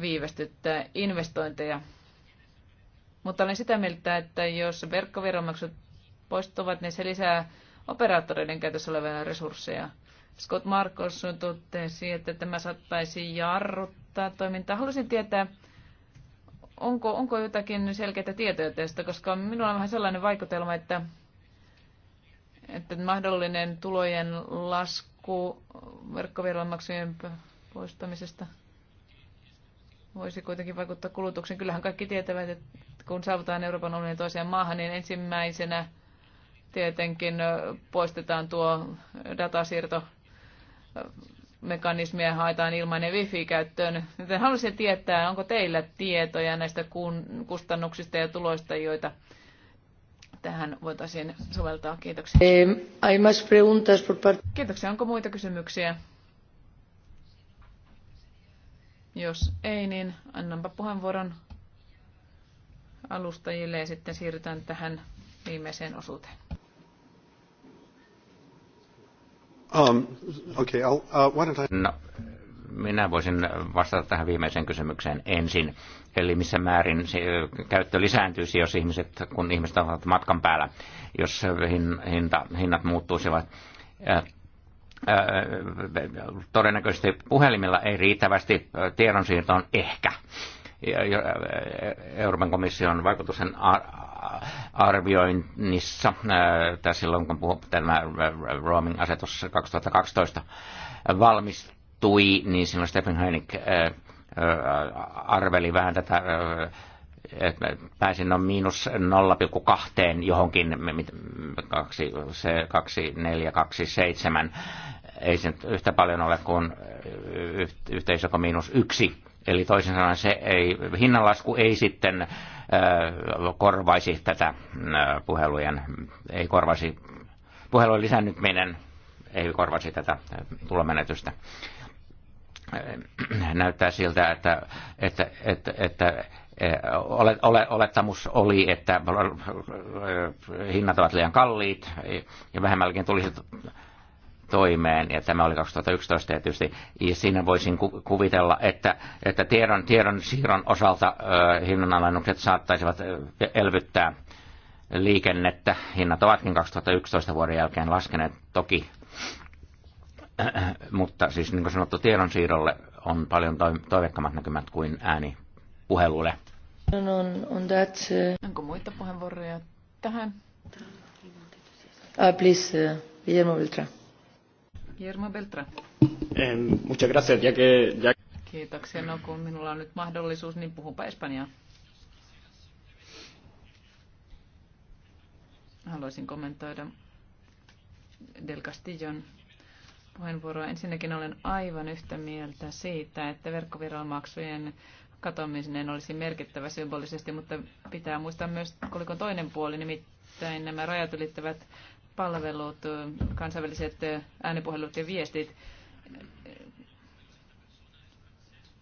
B: viivästyttää investointeja. Mutta olen sitä mieltä, että jos verkkoveromaksut poistuvat, niin se lisää operaattoreiden käytössä olevia resursseja. Scott Marcos totesi, että tämä saattaisi jarruttaa toimintaa. Haluaisin tietää, onko, onko jotakin selkeitä tietoja tästä, koska minulla on vähän sellainen vaikutelma, että että mahdollinen tulojen lasku verkkoviranomaksujen poistamisesta voisi kuitenkin vaikuttaa kulutukseen. Kyllähän kaikki tietävät, että kun saavutaan Euroopan unionin toiseen maahan, niin ensimmäisenä tietenkin poistetaan tuo datasiirto mekanismia haetaan ilmainen wifi käyttöön. Joten haluaisin tietää, onko teillä tietoja näistä kustannuksista ja tuloista, joita tähän voitaisiin soveltaa.
A: Kiitoksia. Eh, hay más preguntas por parte...
B: Kiitoksia. Onko muita kysymyksiä? Jos ei, niin annanpa puheenvuoron alustajille ja sitten siirrytään tähän viimeiseen osuuteen.
E: Um, okay, I'll, uh, why don't I... No, minä voisin vastata tähän viimeiseen kysymykseen ensin. Eli missä määrin se käyttö lisääntyisi, jos ihmiset, kun ihmiset ovat matkan päällä, jos hinta, hinnat muuttuisivat todennäköisesti puhelimilla ei riittävästi tiedonsiirtoon ehkä. Euroopan komission vaikutusten arvioinnissa, tässä silloin kun puhuu tämä roaming-asetus 2012 valmistui, tapahtui, niin silloin Stephen äh, äh, arveli vähän tätä, äh, että pääsin noin miinus 0,2 johonkin, 2427. Ei se nyt yhtä paljon ole kuin äh, yhteisö kuin miinus yksi. Eli toisin sanoen se ei, hinnanlasku ei sitten korvaisi tätä puhelujen, ei korvaisi, puhelu lisännyt meidän, ei korvaisi tätä tulomenetystä. menetystä. Äh, näyttää siltä, että, että, että, että äh, olettamus oli, että äh, hinnat ovat liian kalliit ja vähemmälläkin tulisi toimeen, ja tämä oli 2011 tietysti, ja siinä voisin ku- kuvitella, että, että tiedon, tiedon siirron osalta ö, hinnanalennukset saattaisivat elvyttää liikennettä. Hinnat ovatkin 2011 vuoden jälkeen laskeneet toki mutta siis niin kuin sanottu, tiedonsiirrolle on paljon toiveikkamat näkymät kuin ääni puhelulle.
B: On,
A: no, no, on that, uh...
B: Onko muita puheenvuoroja tähän?
A: Ah, please, uh, Guillermo Beltra. Guillermo
B: Beltrán.
D: muchas gracias, ya que, ya...
B: Kiitoksia. No kun minulla on nyt mahdollisuus, niin puhunpa Espanjaa. Haluaisin kommentoida Del Castillon puheenvuoroa. Ensinnäkin olen aivan yhtä mieltä siitä, että verkkoviranomaksujen katoamisen olisi merkittävä symbolisesti, mutta pitää muistaa myös oliko toinen puoli, nimittäin nämä rajat ylittävät palvelut, kansainväliset äänipuhelut ja viestit.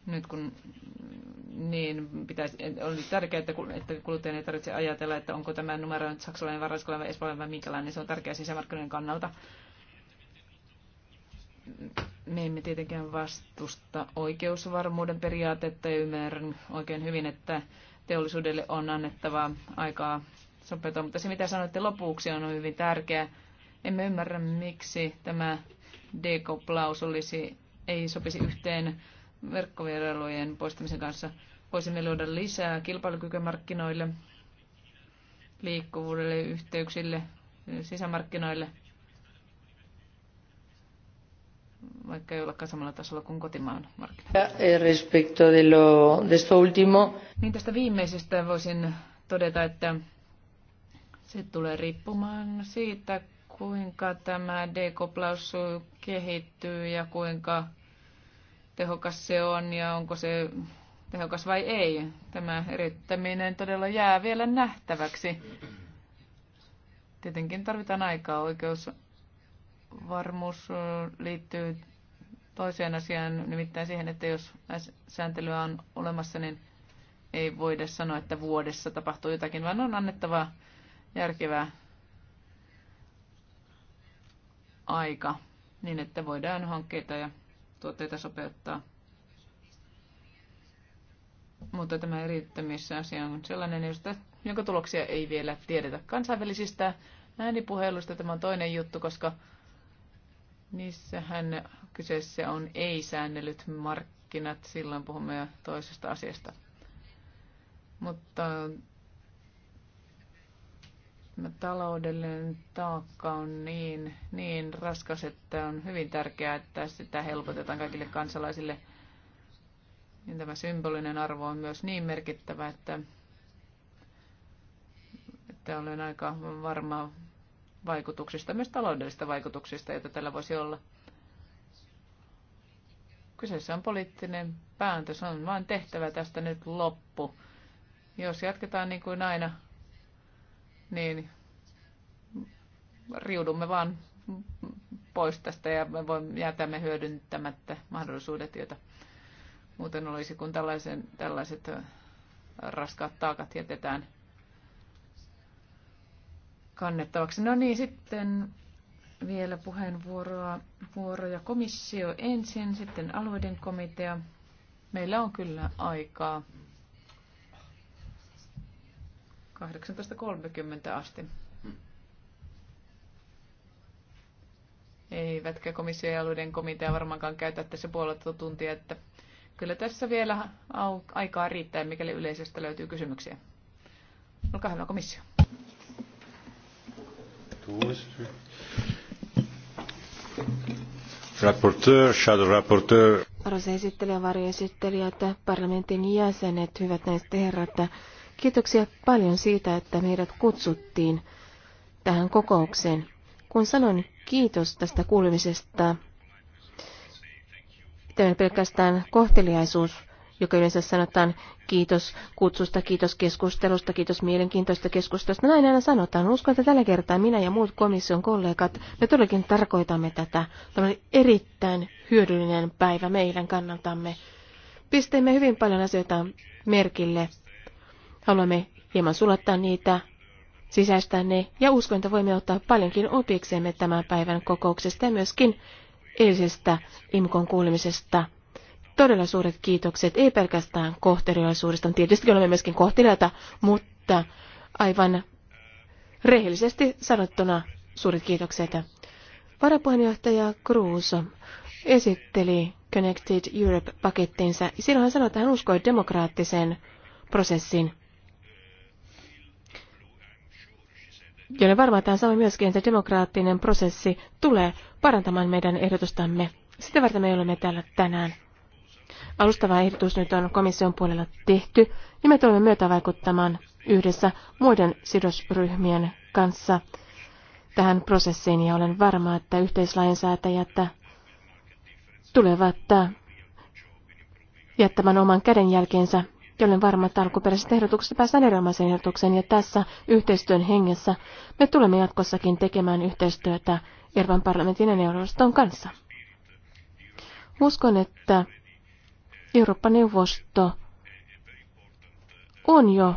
B: Nyt kun niin pitäisi, oli tärkeää, että, että kuluttajan ei tarvitse ajatella, että onko tämä numero nyt saksalainen, varaskolava, espanjalainen vai minkälainen. Se on tärkeää sisämarkkinoiden kannalta me emme tietenkään vastusta oikeusvarmuuden periaatetta ja ymmärrän oikein hyvin, että teollisuudelle on annettava aikaa sopeutua. Mutta se, mitä sanoitte lopuksi, on hyvin tärkeä. Emme ymmärrä, miksi tämä dekoplaus olisi, ei sopisi yhteen verkkovierailujen poistamisen kanssa. Voisimme luoda lisää kilpailukykymarkkinoille, liikkuvuudelle, yhteyksille, sisämarkkinoille – vaikka ei olekaan samalla tasolla kuin kotimaan
A: markkinoilla. Eh, respecto de lo, de esto último. Niin tästä viimeisestä
B: voisin todeta, että se tulee riippumaan siitä, kuinka tämä dekoplaus kehittyy ja kuinka tehokas se on ja onko se tehokas vai ei. Tämä erittäminen todella jää vielä nähtäväksi. Tietenkin tarvitaan aikaa oikeus varmuus liittyy toiseen asiaan, nimittäin siihen, että jos sääntelyä on olemassa, niin ei voida sanoa, että vuodessa tapahtuu jotakin, vaan on annettava järkevää aika niin, että voidaan hankkeita ja tuotteita sopeuttaa. Mutta tämä eriyttämisasia on sellainen, josta, jonka tuloksia ei vielä tiedetä kansainvälisistä äänipuheluista. Tämä on toinen juttu, koska Niissähän kyseessä on ei-säännellyt markkinat, silloin puhumme jo toisesta asiasta. Mutta no, taloudellinen taakka on niin, niin raskas, että on hyvin tärkeää, että sitä helpotetaan kaikille kansalaisille. Ja niin tämä symbolinen arvo on myös niin merkittävä, että, että olen aika varma vaikutuksista, myös taloudellisista vaikutuksista, joita tällä voisi olla. Kyseessä on poliittinen päätös, on vain tehtävä tästä nyt loppu. Jos jatketaan niin kuin aina, niin riudumme vaan pois tästä ja me voimme jätämme hyödyntämättä mahdollisuudet, joita muuten olisi, kun tällaisen, tällaiset raskaat taakat jätetään kannettavaksi. No niin, sitten vielä puheenvuoroa, vuoroja komissio ensin, sitten alueiden komitea. Meillä on kyllä aikaa 18.30 asti. Eivätkä komissio ja alueiden komitea varmaankaan käytä tässä puolelta tuntia, että kyllä tässä vielä aikaa riittää, mikäli yleisöstä löytyy kysymyksiä. Olkaa hyvä komissio.
D: Rapporteur, shadow rapporteur.
C: Arvoisa esittelijä, varjoesittelijät, parlamentin jäsenet, hyvät näistä herrat, kiitoksia paljon siitä, että meidät kutsuttiin tähän kokoukseen. Kun sanon kiitos tästä kuulemisesta, tämä pelkästään kohteliaisuus joka yleensä sanotaan kiitos kutsusta, kiitos keskustelusta, kiitos mielenkiintoista keskustelusta. Näin aina sanotaan. Uskon, että tällä kertaa minä ja muut komission kollegat, me todellakin tarkoitamme tätä. Tämä oli erittäin hyödyllinen päivä meidän kannaltamme. Pisteemme hyvin paljon asioita merkille. Haluamme hieman sulattaa niitä, sisäistää ne, ja uskon, että voimme ottaa paljonkin opikseemme tämän päivän kokouksesta ja myöskin eilisestä IMKon kuulemisesta – todella suuret kiitokset, ei pelkästään kohteliaisuudesta. Tietysti olemme myöskin kohteliaita, mutta aivan rehellisesti sanottuna suuret kiitokset. Varapuheenjohtaja Cruz esitteli Connected Europe-pakettinsa. Silloin hän sanoi, että hän uskoi demokraattiseen prosessiin. Jolle varmaan tämä sama myöskin, että demokraattinen prosessi tulee parantamaan meidän ehdotustamme. Sitä varten me olemme täällä tänään. Alustava ehdotus nyt on komission puolella tehty, ja me tulemme myötävaikuttamaan yhdessä muiden sidosryhmien kanssa tähän prosessiin, ja olen varma, että yhteislainsäätäjät tulevat jättämään oman kädenjälkeensä ja olen varma, että alkuperäisestä ehdotuksesta päästään erilaisen ehdotukseen ja tässä yhteistyön hengessä me tulemme jatkossakin tekemään yhteistyötä Euroopan parlamentin ja neuvoston kanssa. Uskon, että Eurooppa-neuvosto on jo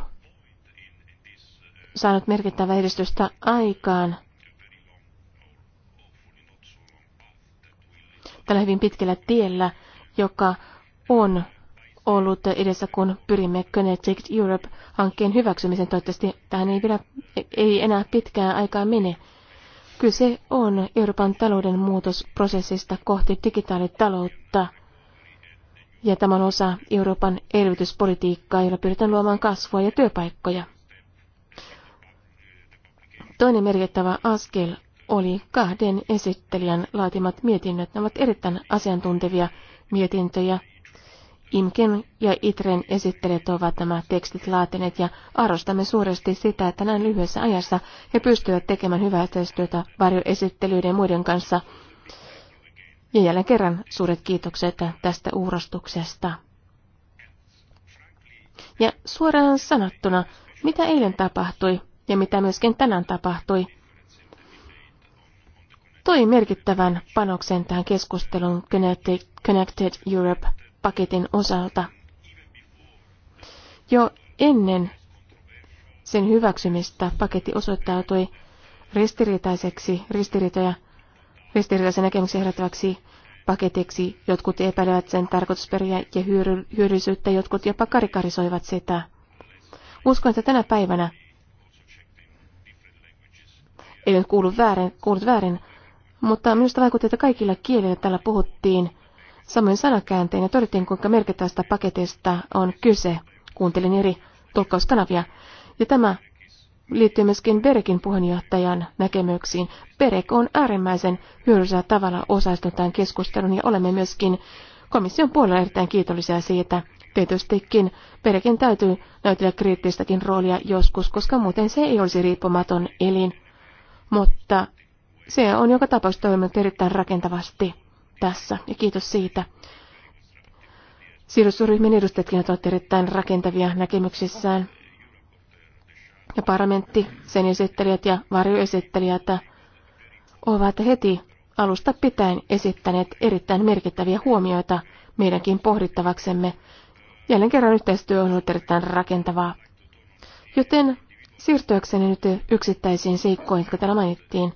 C: saanut merkittävää edistystä aikaan. Tällä hyvin pitkällä tiellä, joka on ollut edessä, kun pyrimme Connected Europe-hankkeen hyväksymisen. Toivottavasti tähän ei, vielä ei enää pitkään aikaa mene. Kyse on Euroopan talouden muutosprosessista kohti digitaalitaloutta – ja tämä on osa Euroopan elvytyspolitiikkaa, jolla pyritään luomaan kasvua ja työpaikkoja. Toinen merkittävä askel oli kahden esittelijän laatimat mietinnöt. Nämä ovat erittäin asiantuntevia mietintöjä. IMKEN ja ITREN esittelijät ovat nämä tekstit laatineet ja arvostamme suuresti sitä, että näin lyhyessä ajassa he pystyvät tekemään hyvää yhteistyötä varjoesittelyiden ja muiden kanssa – ja jälleen kerran suuret kiitokset tästä uurastuksesta. Ja suoraan sanottuna, mitä eilen tapahtui ja mitä myöskin tänään tapahtui, toi merkittävän panoksen tähän keskusteluun Connected Europe-paketin osalta. Jo ennen sen hyväksymistä paketti osoittautui ristiriitaiseksi, ristiriitoja ristiriitaisen näkemyksen herättäväksi paketiksi. Jotkut epäilevät sen tarkoitusperiä ja hyödyllisyyttä, jotkut jopa karikarisoivat sitä. Uskon, että tänä päivänä ei ole kuullut väärin, kuulut väärin, mutta minusta vaikutti, että kaikilla kielillä täällä puhuttiin samoin sanakääntein ja todettiin, kuinka merkittävästä paketista on kyse. Kuuntelin eri tulkkauskanavia. Ja tämä liittyy myöskin Berekin puheenjohtajan näkemyksiin. Berek on äärimmäisen hyödyllisellä tavalla osallistunut tämän keskustelun ja olemme myöskin komission puolella erittäin kiitollisia siitä. Tietystikin Berekin täytyy näytellä kriittistäkin roolia joskus, koska muuten se ei olisi riippumaton elin. Mutta se on joka tapauksessa toiminut erittäin rakentavasti tässä ja kiitos siitä. Siirrysryhmien edustajatkin ovat erittäin rakentavia näkemyksissään ja parlamentti, sen esittelijät ja varjoesittelijät ovat heti alusta pitäen esittäneet erittäin merkittäviä huomioita meidänkin pohdittavaksemme. Jälleen kerran yhteistyö on ollut erittäin rakentavaa. Joten siirtyäkseni nyt yksittäisiin seikkoihin, jotka täällä mainittiin,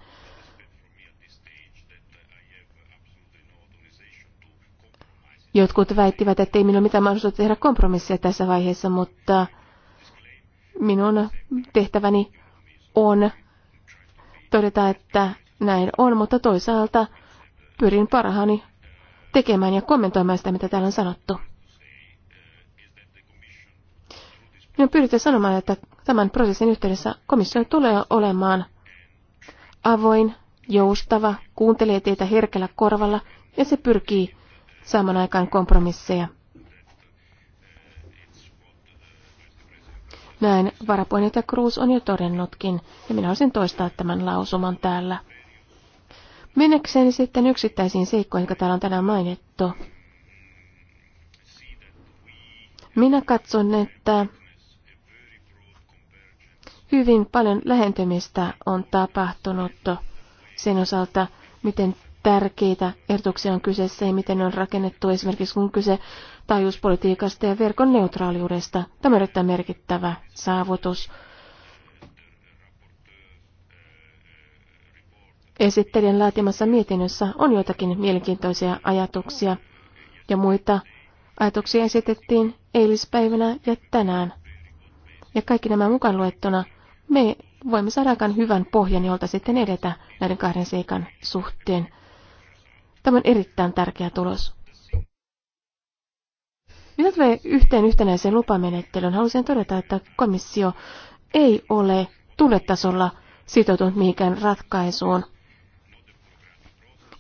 C: Jotkut väittivät, että ei minulla mitään mahdollisuutta tehdä kompromissia tässä vaiheessa, mutta Minun tehtäväni on todeta, että näin on, mutta toisaalta pyrin parhaani tekemään ja kommentoimaan sitä, mitä täällä on sanottu. Minun pyritään sanomaan, että tämän prosessin yhteydessä komissio tulee olemaan avoin, joustava, kuuntelee teitä herkällä korvalla ja se pyrkii saamaan aikaan kompromisseja Näin varapuheenjohtaja Cruz on jo todennutkin, ja minä olisin toistaa tämän lausuman täällä. Mennäkseni sitten yksittäisiin seikkoihin, jotka täällä on tänään mainittu. Minä katson, että hyvin paljon lähentymistä on tapahtunut sen osalta, miten tärkeitä ehdotuksia on kyseessä ja miten ne on rakennettu esimerkiksi kun kyse taajuuspolitiikasta ja verkon neutraaliudesta. Tämä on erittäin merkittävä saavutus. Esittelijän laatimassa mietinnössä on joitakin mielenkiintoisia ajatuksia ja muita ajatuksia esitettiin eilispäivänä ja tänään. Ja kaikki nämä mukaan luettuna me voimme saada aikaan hyvän pohjan, jolta sitten edetä näiden kahden seikan suhteen. Tämä on erittäin tärkeä tulos. Mitä tulee yhteen yhtenäiseen lupamenettelyyn, haluaisin todeta, että komissio ei ole tunnetasolla sitoutunut mihinkään ratkaisuun.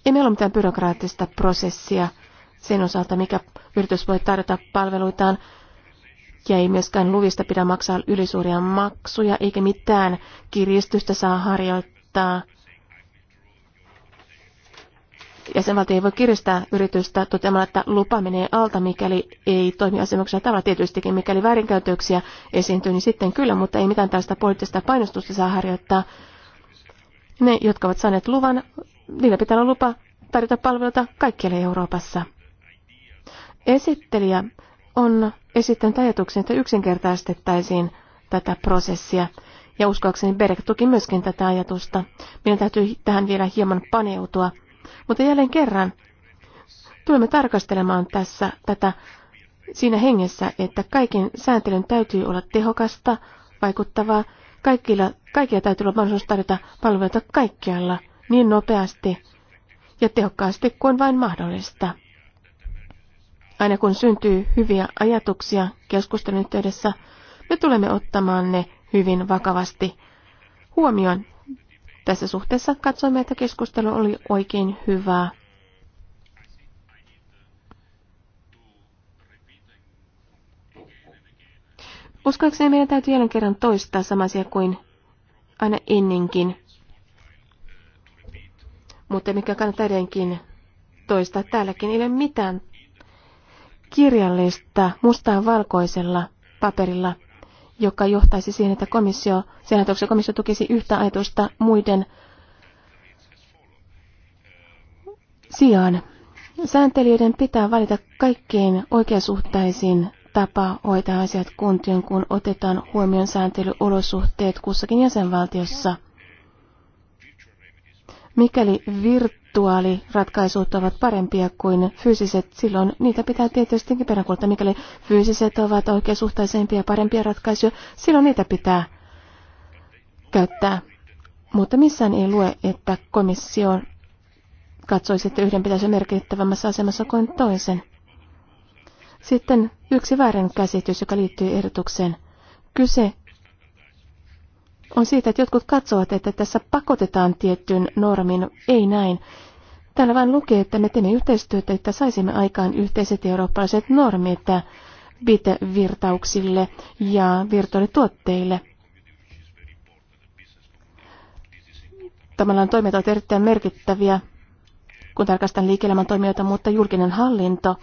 C: Ei meillä ole mitään byrokraattista prosessia sen osalta, mikä yritys voi tarjota palveluitaan, ja ei myöskään luvista pidä maksaa ylisuuria maksuja, eikä mitään kiristystä saa harjoittaa jäsenvaltio ei voi kiristää yritystä toteamalla, että lupa menee alta, mikäli ei toimi asemuksella tavalla tietystikin. Mikäli väärinkäytöksiä esiintyy, niin sitten kyllä, mutta ei mitään tällaista poliittista painostusta saa harjoittaa. Ne, jotka ovat saaneet luvan, niillä pitää olla lupa tarjota palveluita kaikkialle Euroopassa. Esittelijä on esittänyt ajatuksen, että yksinkertaistettaisiin tätä prosessia. Ja uskoakseni Berg tuki myöskin tätä ajatusta. Minun täytyy tähän vielä hieman paneutua mutta jälleen kerran tulemme tarkastelemaan tässä tätä siinä hengessä, että kaiken sääntelyn täytyy olla tehokasta, vaikuttavaa. Kaikilla, kaikilla täytyy olla mahdollisuus tarjota palveluita kaikkialla niin nopeasti ja tehokkaasti kuin vain mahdollista. Aina kun syntyy hyviä ajatuksia keskustelun yhteydessä, me tulemme ottamaan ne hyvin vakavasti huomioon tässä suhteessa katsoimme, että keskustelu oli oikein hyvää. Uskoakseni meidän täytyy jälleen kerran toistaa samaisia kuin aina ennenkin. Mutta mikä kannattaa edelleenkin toistaa täälläkin, ei ole mitään kirjallista mustaa valkoisella paperilla joka johtaisi siihen, että komissio, sen ajatuksessa komissio tukisi yhtä ajatusta muiden sijaan. Sääntelijöiden pitää valita kaikkein oikeasuhtaisin tapa hoitaa asiat kuntiin, kun otetaan huomioon sääntelyolosuhteet kussakin jäsenvaltiossa. Mikäli virtuaaliratkaisut ovat parempia kuin fyysiset, silloin niitä pitää tietystikin peräkulta. Mikäli fyysiset ovat oikeasuhtaisempia ja parempia ratkaisuja, silloin niitä pitää käyttää. Mutta missään ei lue, että komissio katsoisi, että yhden pitäisi merkittävämmässä asemassa kuin toisen. Sitten yksi käsitys, joka liittyy ehdotukseen. Kyse on siitä, että jotkut katsovat, että tässä pakotetaan tiettyyn normin. Ei näin. Täällä vain lukee, että me teemme yhteistyötä, että saisimme aikaan yhteiset eurooppalaiset normit virtauksille ja virtuaalituotteille. Tavallaan toimet ovat erittäin merkittäviä, kun tarkastan liike toimijoita, mutta julkinen hallinto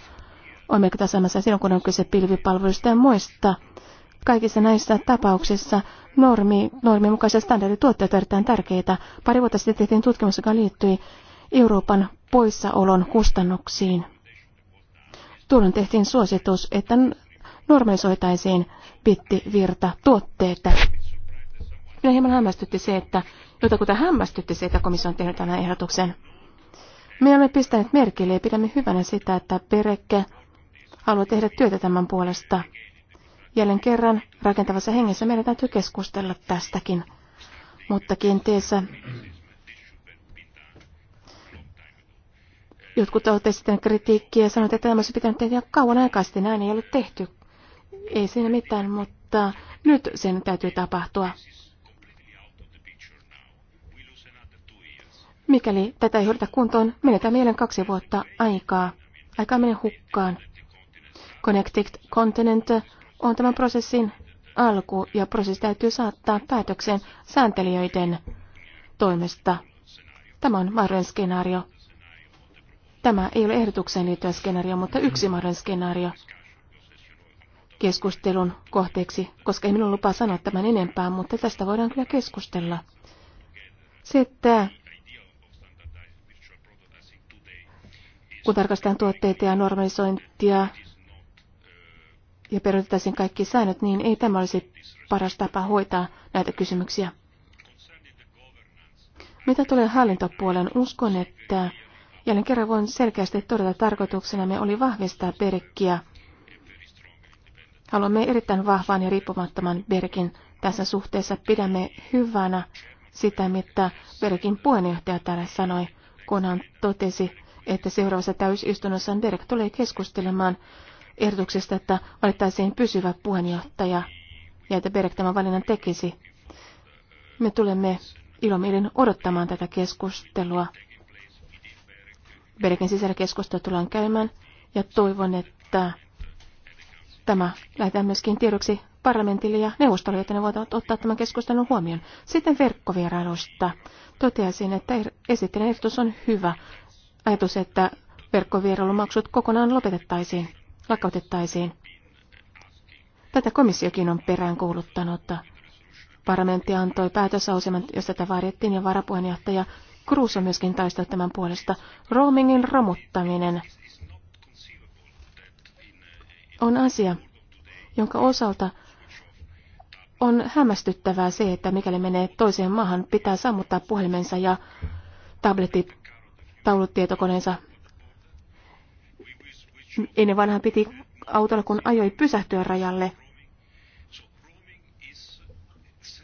C: on merkittävässä silloin, kun on kyse pilvipalveluista ja muista Kaikissa näissä tapauksissa normi, normin mukaiset standardituotteet erittäin tärkeitä. Pari vuotta sitten tehtiin tutkimus, joka liittyi Euroopan poissaolon kustannuksiin. Tuolloin tehtiin suositus, että normalisoitaisiin pittivirta tuotteita. Minä hieman hämmästytti se, että jotakuta hämmästytti se, että komissio on tehnyt tämän ehdotuksen. Me olemme pistäneet merkille ja pidämme hyvänä sitä, että Perekke haluaa tehdä työtä tämän puolesta. Jälleen kerran rakentavassa hengessä meidän täytyy keskustella tästäkin, mutta kenties äh, jotkut olette sitten kritiikkiä ja sanoivat, että tämä olisi pitänyt tehdä kauan aikaa sitten, näin ei ole tehty. Ei siinä mitään, mutta nyt sen täytyy tapahtua. Mikäli tätä ei hoideta kuntoon, menetään mielen kaksi vuotta aikaa. Aikaa menee hukkaan. Connected Continent on tämän prosessin alku ja prosessi täytyy saattaa päätökseen sääntelijöiden toimesta. Tämä on mahdollinen skenaario. Tämä ei ole ehdotukseen liittyvä skenaario, mutta yksi mahdollinen skenaario keskustelun kohteeksi, koska ei minulla lupaa sanoa tämän enempää, mutta tästä voidaan kyllä keskustella. Se, että kun tarkastetaan tuotteita ja normalisointia ja peruutettaisiin kaikki säännöt, niin ei tämä olisi paras tapa hoitaa näitä kysymyksiä. Mitä tulee hallintopuolen, uskon, että jälleen kerran voin selkeästi todeta tarkoituksena me oli vahvistaa Berkkiä. Haluamme erittäin vahvan ja riippumattoman Berkin. Tässä suhteessa pidämme hyvänä sitä, mitä Berkin puheenjohtaja täällä sanoi, kun hän totesi, että seuraavassa täysistunnossa Berk tulee keskustelemaan ehdotuksesta, että valittaisiin pysyvä puheenjohtaja ja että Berek tämän valinnan tekisi. Me tulemme ilomielin odottamaan tätä keskustelua. Berekin sisällä keskustelua tullaan käymään ja toivon, että tämä lähetään myöskin tiedoksi parlamentille ja neuvostolle, että ne voivat ottaa tämän keskustelun huomioon. Sitten verkkovierailusta. Toteaisin, että er- esittelen ehdotus on hyvä. Ajatus, että verkkovierailumaksut kokonaan lopetettaisiin. Lakautettaisiin. Tätä komissiokin on peräänkuuluttanut. Parlamentti antoi päätösauseman, jos tätä varjettiin, ja varapuheenjohtaja Cruz on myöskin taistellut tämän puolesta. Roamingin romuttaminen on asia, jonka osalta on hämmästyttävää se, että mikäli menee toiseen maahan, pitää sammuttaa puhelimensa ja tabletit, taulutietokoneensa Ennen vanha piti autolla, kun ajoi pysähtyä rajalle.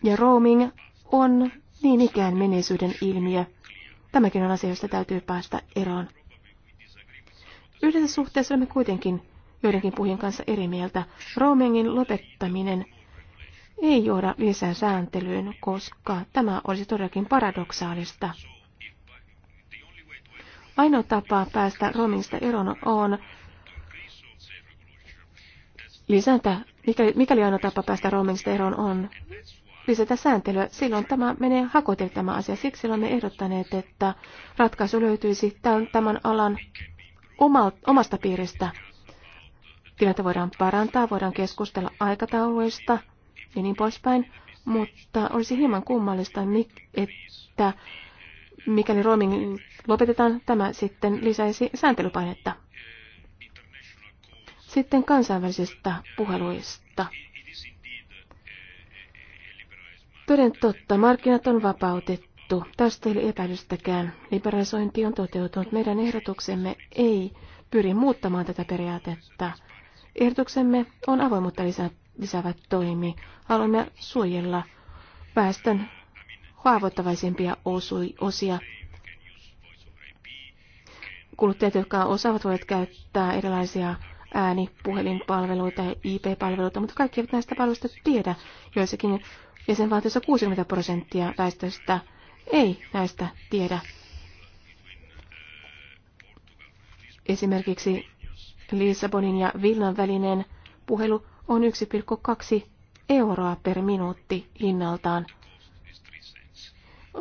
C: Ja roaming on niin ikään menneisyyden ilmiö. Tämäkin on asia, josta täytyy päästä eroon. Yhdessä suhteessa olemme kuitenkin joidenkin puhujien kanssa eri mieltä. Roamingin lopettaminen ei johda lisää sääntelyyn, koska tämä olisi todellakin paradoksaalista. Ainoa tapa päästä roamingista eroon on lisätä, mikäli, mikäli aina tapa päästä roamingista eroon on lisätä sääntelyä, silloin tämä menee hakoteille tämä asia. Siksi olemme ehdottaneet, että ratkaisu löytyisi tämän alan omasta piiristä. Tilannetta voidaan parantaa, voidaan keskustella aikatauluista ja niin poispäin, mutta olisi hieman kummallista, että mikäli roaming lopetetaan, tämä sitten lisäisi sääntelypainetta. Sitten kansainvälisistä puheluista. Toden totta, markkinat on vapautettu. Tästä ei ole epäilystäkään. Liberalisointi on toteutunut. Meidän ehdotuksemme ei pyri muuttamaan tätä periaatetta. Ehdotuksemme on avoimuutta lisä, lisäävä toimi. Haluamme suojella väestön haavoittavaisimpia osia. Kuluttajat, jotka osaavat, voivat käyttää erilaisia äänipuhelinpalveluita ja IP-palveluita, mutta kaikki eivät näistä palveluista tiedä. Joissakin jäsenvaltioissa 60 prosenttia väestöstä ei näistä tiedä. Esimerkiksi Lissabonin ja Villan välinen puhelu on 1,2 euroa per minuutti hinnaltaan.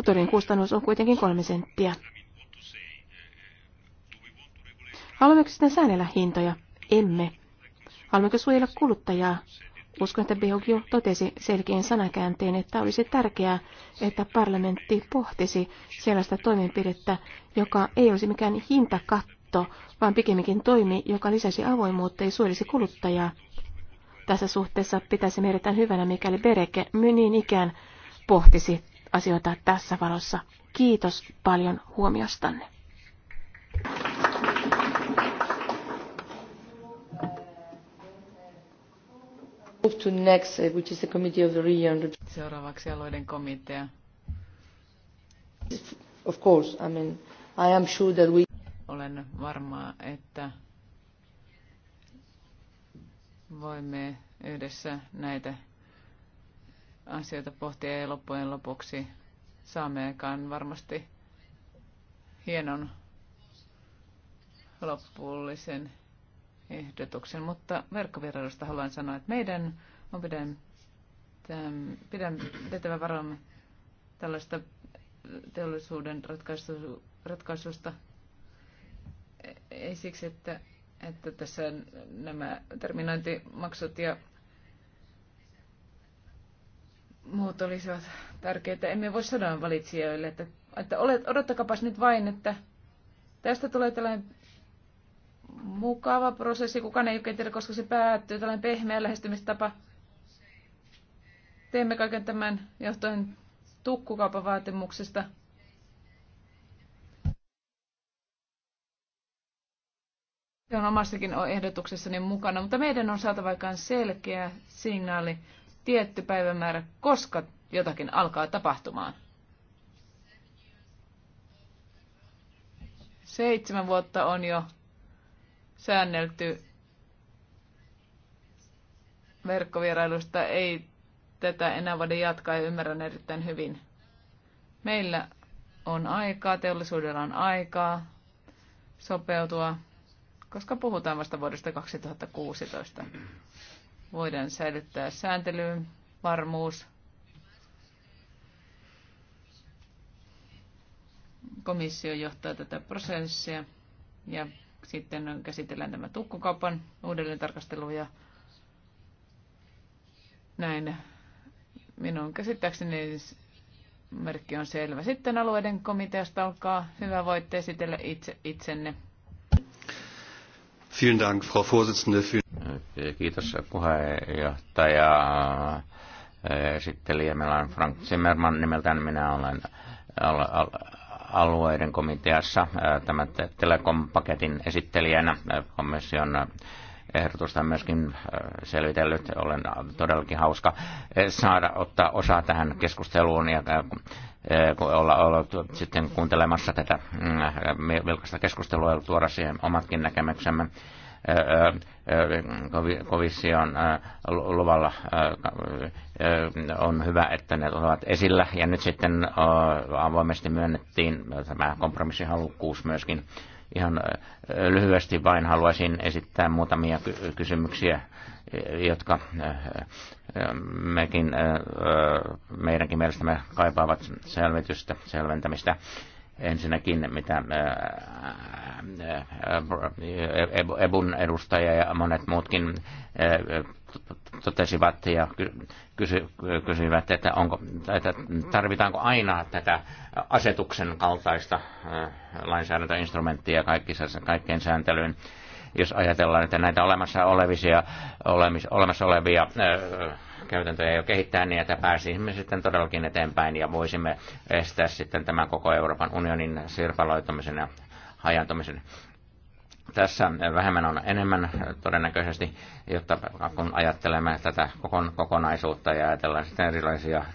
C: Todin kustannus on kuitenkin kolme senttiä. Haluammeko sitten säännellä hintoja? emme. Haluammeko suojella kuluttajaa? Uskon, että Beogio totesi selkeän sanakäänteen, että olisi tärkeää, että parlamentti pohtisi sellaista toimenpidettä, joka ei olisi mikään hintakatto, vaan pikemminkin toimi, joka lisäisi avoimuutta ja suojelisi kuluttajaa. Tässä suhteessa pitäisi erittäin hyvänä, mikäli Bereke niin ikään pohtisi asioita tässä valossa. Kiitos paljon
A: huomiostanne. Seuraavaksi alueiden komitea. Of course, I mean, I am sure that we...
B: Olen varma, että voimme yhdessä näitä asioita pohtia ja loppujen lopuksi saamme aikaan varmasti hienon loppullisen ehdotuksen, mutta verkkovierailusta haluan sanoa, että meidän on pidän, tämän, pidän pidettävä varomme tällaista teollisuuden ratkaisu, ratkaisusta. Ei siksi, että, että tässä nämä terminointimaksut ja muut olisivat tärkeitä. Emme voi sanoa valitsijoille, että, että olet, odottakaapas nyt vain, että tästä tulee tällainen mukava prosessi. Kukaan ei oikein tiedä, koska se päättyy. Tällainen pehmeä lähestymistapa. Teemme kaiken tämän johtuen tukkukaupan vaatimuksista.
E: Se on omassakin
B: ehdotuksessani mukana, mutta meidän on saatava aikaan selkeä signaali, tietty päivämäärä, koska jotakin alkaa tapahtumaan. Seitsemän vuotta on jo säännelty verkkovierailusta ei tätä enää voida jatkaa ja ymmärrän erittäin hyvin. Meillä on aikaa, teollisuudella on aikaa sopeutua, koska puhutaan vasta vuodesta 2016. Voidaan säilyttää sääntelyyn varmuus. Komissio johtaa tätä prosessia ja sitten käsitellään tämä tukkukaupan uudelleen tarkastelu ja näin minun käsittääkseni merkki on selvä. Sitten alueiden komiteasta alkaa hyvä, voitte esitellä itse, itsenne.
E: Vielen Dank, Frau Vorsitzende. Äh, kiitos puheenjohtaja. Äh, esittelijä meillä on Frank Zimmerman nimeltään. Minä olen alueiden komiteassa tämän telekompaketin esittelijänä komission ehdotusta myöskin selvitellyt. Olen todellakin hauska saada ottaa osaa tähän keskusteluun ja olla ollut sitten kuuntelemassa tätä mm, vilkasta keskustelua ja tuoda siihen omatkin näkemyksemme komission luvalla on hyvä, että ne ovat esillä. Ja nyt sitten avoimesti myönnettiin tämä kompromissihalukkuus myöskin. Ihan lyhyesti vain haluaisin esittää muutamia kysymyksiä, jotka mekin, meidänkin mielestämme kaipaavat selvitystä, selventämistä ensinnäkin, mitä äh, äh, äh, EBUn edustaja ja monet muutkin totesivat ja kysyivät, että, onko, että tarvitaanko aina tätä asetuksen kaltaista lainsäädäntöinstrumenttia kaikkeen sääntelyyn. Jos ajatellaan, että näitä olemassa, olevisia, olemassa olevia käytäntöjä jo kehittää niin, että pääsisimme sitten todellakin eteenpäin ja voisimme estää sitten tämän koko Euroopan unionin sirpaloitumisen ja hajantumisen tässä vähemmän on enemmän todennäköisesti, jotta kun ajattelemme tätä kokonaisuutta ja ajatellaan sitten erilaisia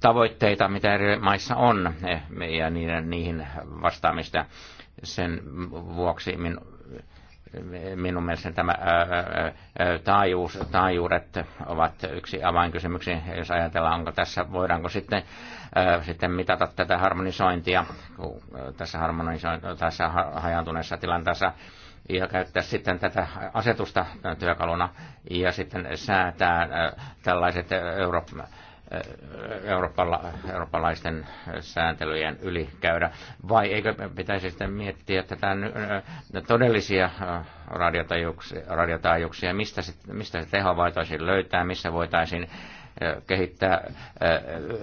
E: tavoitteita, mitä eri maissa on eh, ja niiden, niihin vastaamista. Sen vuoksi minun mielestäni tämä taajuus, taajuudet ovat yksi avainkysymyksiä, jos ajatellaan, onko tässä, voidaanko sitten, sitten mitata tätä harmonisointia tässä, tässä hajantuneessa tilanteessa ja käyttää sitten tätä asetusta työkaluna ja sitten säätää tällaiset Euroopan Euroopalla, eurooppalaisten sääntelyjen yli käydä, vai eikö pitäisi sitten miettiä tätä todellisia radiotaajuuksia, radiotaajuuksia mistä, se, mistä se teho voitaisiin löytää, missä voitaisiin kehittää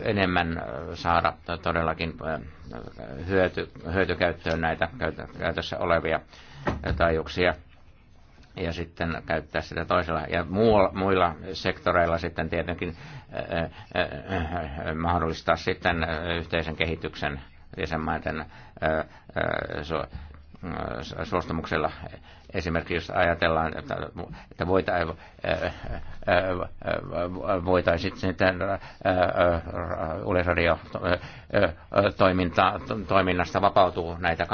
E: enemmän, saada todellakin hyöty, hyötykäyttöön näitä käytössä olevia taajuuksia ja sitten käyttää sitä toisella. Ja muilla, muilla sektoreilla sitten tietenkin äh, äh, äh mahdollistaa sitten äh, yhteisen kehityksen jäsenmaiden ää, äh, ää, Äh, suostumuksella. Esimerkiksi jos ajatellaan, että, että äh, äh, voitaisiin sitten toiminnasta vapautua näitä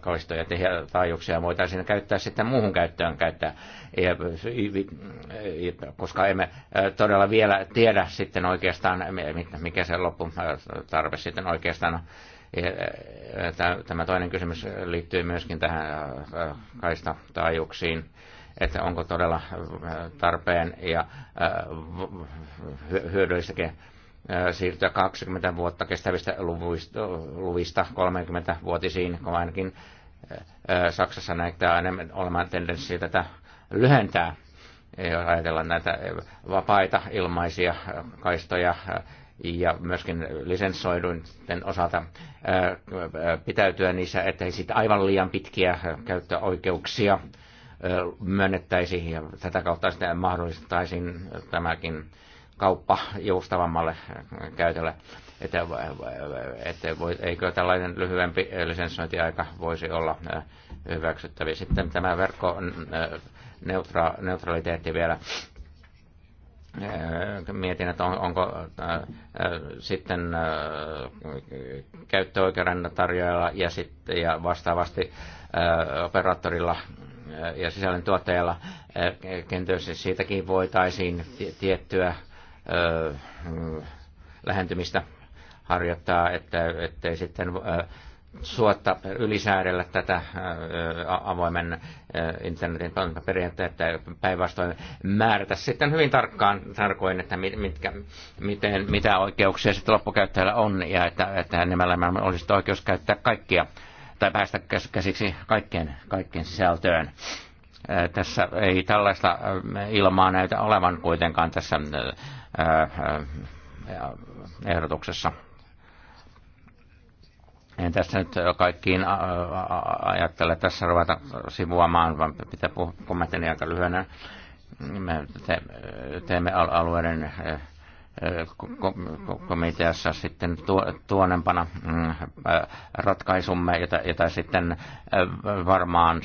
E: kaistoja ja taajuuksia, voitaisiin käyttää sitten muuhun käyttöön käyttää, koska emme todella vielä tiedä sitten oikeastaan, mikä se lopputarve sitten oikeastaan on Tämä toinen kysymys liittyy myöskin tähän kaistataajuuksiin, että onko todella tarpeen ja hyödyllistäkin siirtyä 20 vuotta kestävistä luvuista, luvista 30-vuotisiin, kun ainakin Saksassa näyttää enemmän olemaan tendenssi tätä lyhentää, jos ajatellaan näitä vapaita ilmaisia kaistoja ja myöskin lisenssoiduiden osalta äh, äh, pitäytyä niissä, ei sitten aivan liian pitkiä käyttöoikeuksia äh, myönnettäisi ja tätä kautta sitten mahdollistaisiin tämäkin kauppa joustavammalle käytölle. Että, että voi, eikö tällainen lyhyempi lisensointiaika voisi olla hyväksyttävä. Sitten tämä verkkoneutraliteetti vielä Äh, mietin, että on, onko äh, äh, sitten äh, käyttöoikeuden tarjoajalla ja, sit, ja vastaavasti äh, operaattorilla äh, ja sisällön äh, kenties siitäkin voitaisiin tiettyä äh, lähentymistä harjoittaa, että, ettei sitten äh, suotta ylisäädellä tätä äh, avoimen äh, internetin toimintaperiaatteita päinvastoin määrätä sitten hyvin tarkkaan tarkoin, että mitkä, miten, mitä oikeuksia sitten loppukäyttäjällä on ja että, että nimellä olisi oikeus käyttää kaikkia tai päästä käsiksi kaikkien kaikkien sisältöön. Äh, tässä ei tällaista ilmaa näytä olevan kuitenkaan tässä ehdotuksessa. En tässä nyt kaikkiin ajattele tässä ruveta sivuamaan, vaan pitää puhua kommenttini aika lyhyenä. Me te, teemme alueiden komiteassa sitten tuonempana mm, ratkaisumme, jota, jota sitten varmaan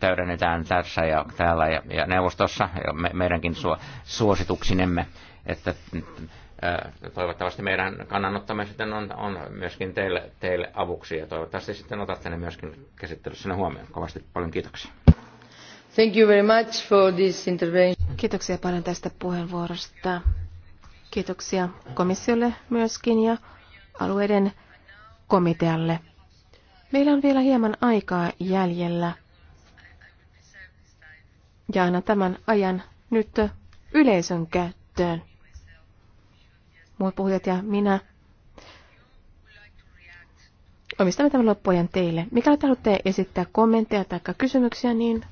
E: täydennetään tässä ja täällä ja, ja neuvostossa ja me, meidänkin suosituksinemme, että toivottavasti meidän kannanottamme sitten on, on myöskin teille, teille avuksi ja toivottavasti sitten otatte ne myöskin käsittelyssä huomioon. Kovasti paljon kiitoksia.
A: Thank you very much for this intervention. Kiitoksia paljon tästä puheenvuorosta. Kiitoksia
C: komissiolle myöskin ja alueiden komitealle. Meillä on vielä hieman aikaa jäljellä. Ja aina tämän ajan nyt yleisön käyttöön muut puhujat ja minä omistamme tämän loppujen teille. Mikäli te haluatte esittää kommentteja tai kysymyksiä, niin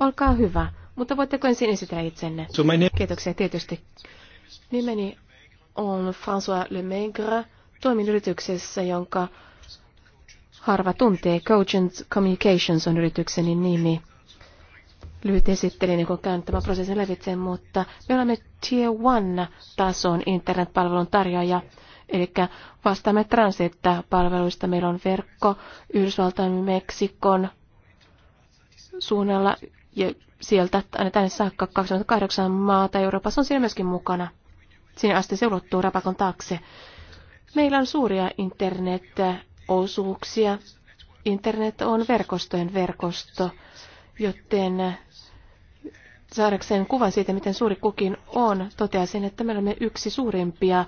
C: olkaa hyvä. Mutta voitteko ensin esitellä itsenne? So Kiitoksia tietysti. Nimeni on François Maigre. Toimin yrityksessä, jonka harva tuntee. Cogent Communications on yritykseni nimi lyhyt esittely, niin kun käyn tämän prosessin lävitse, mutta me olemme tier 1-tason internetpalvelun tarjoaja, eli vastaamme transit-palveluista. Meillä on verkko Yhdysvaltain, Meksikon suunnalla ja sieltä aina tänne saakka 28 maata Euroopassa on siinä myöskin mukana. Siinä asti se ulottuu rapakon taakse. Meillä on suuria internet-osuuksia. Internet on verkostojen verkosto, joten saadakseen kuvan siitä, miten suuri kukin on, toteaisin, että me olemme yksi suurimpia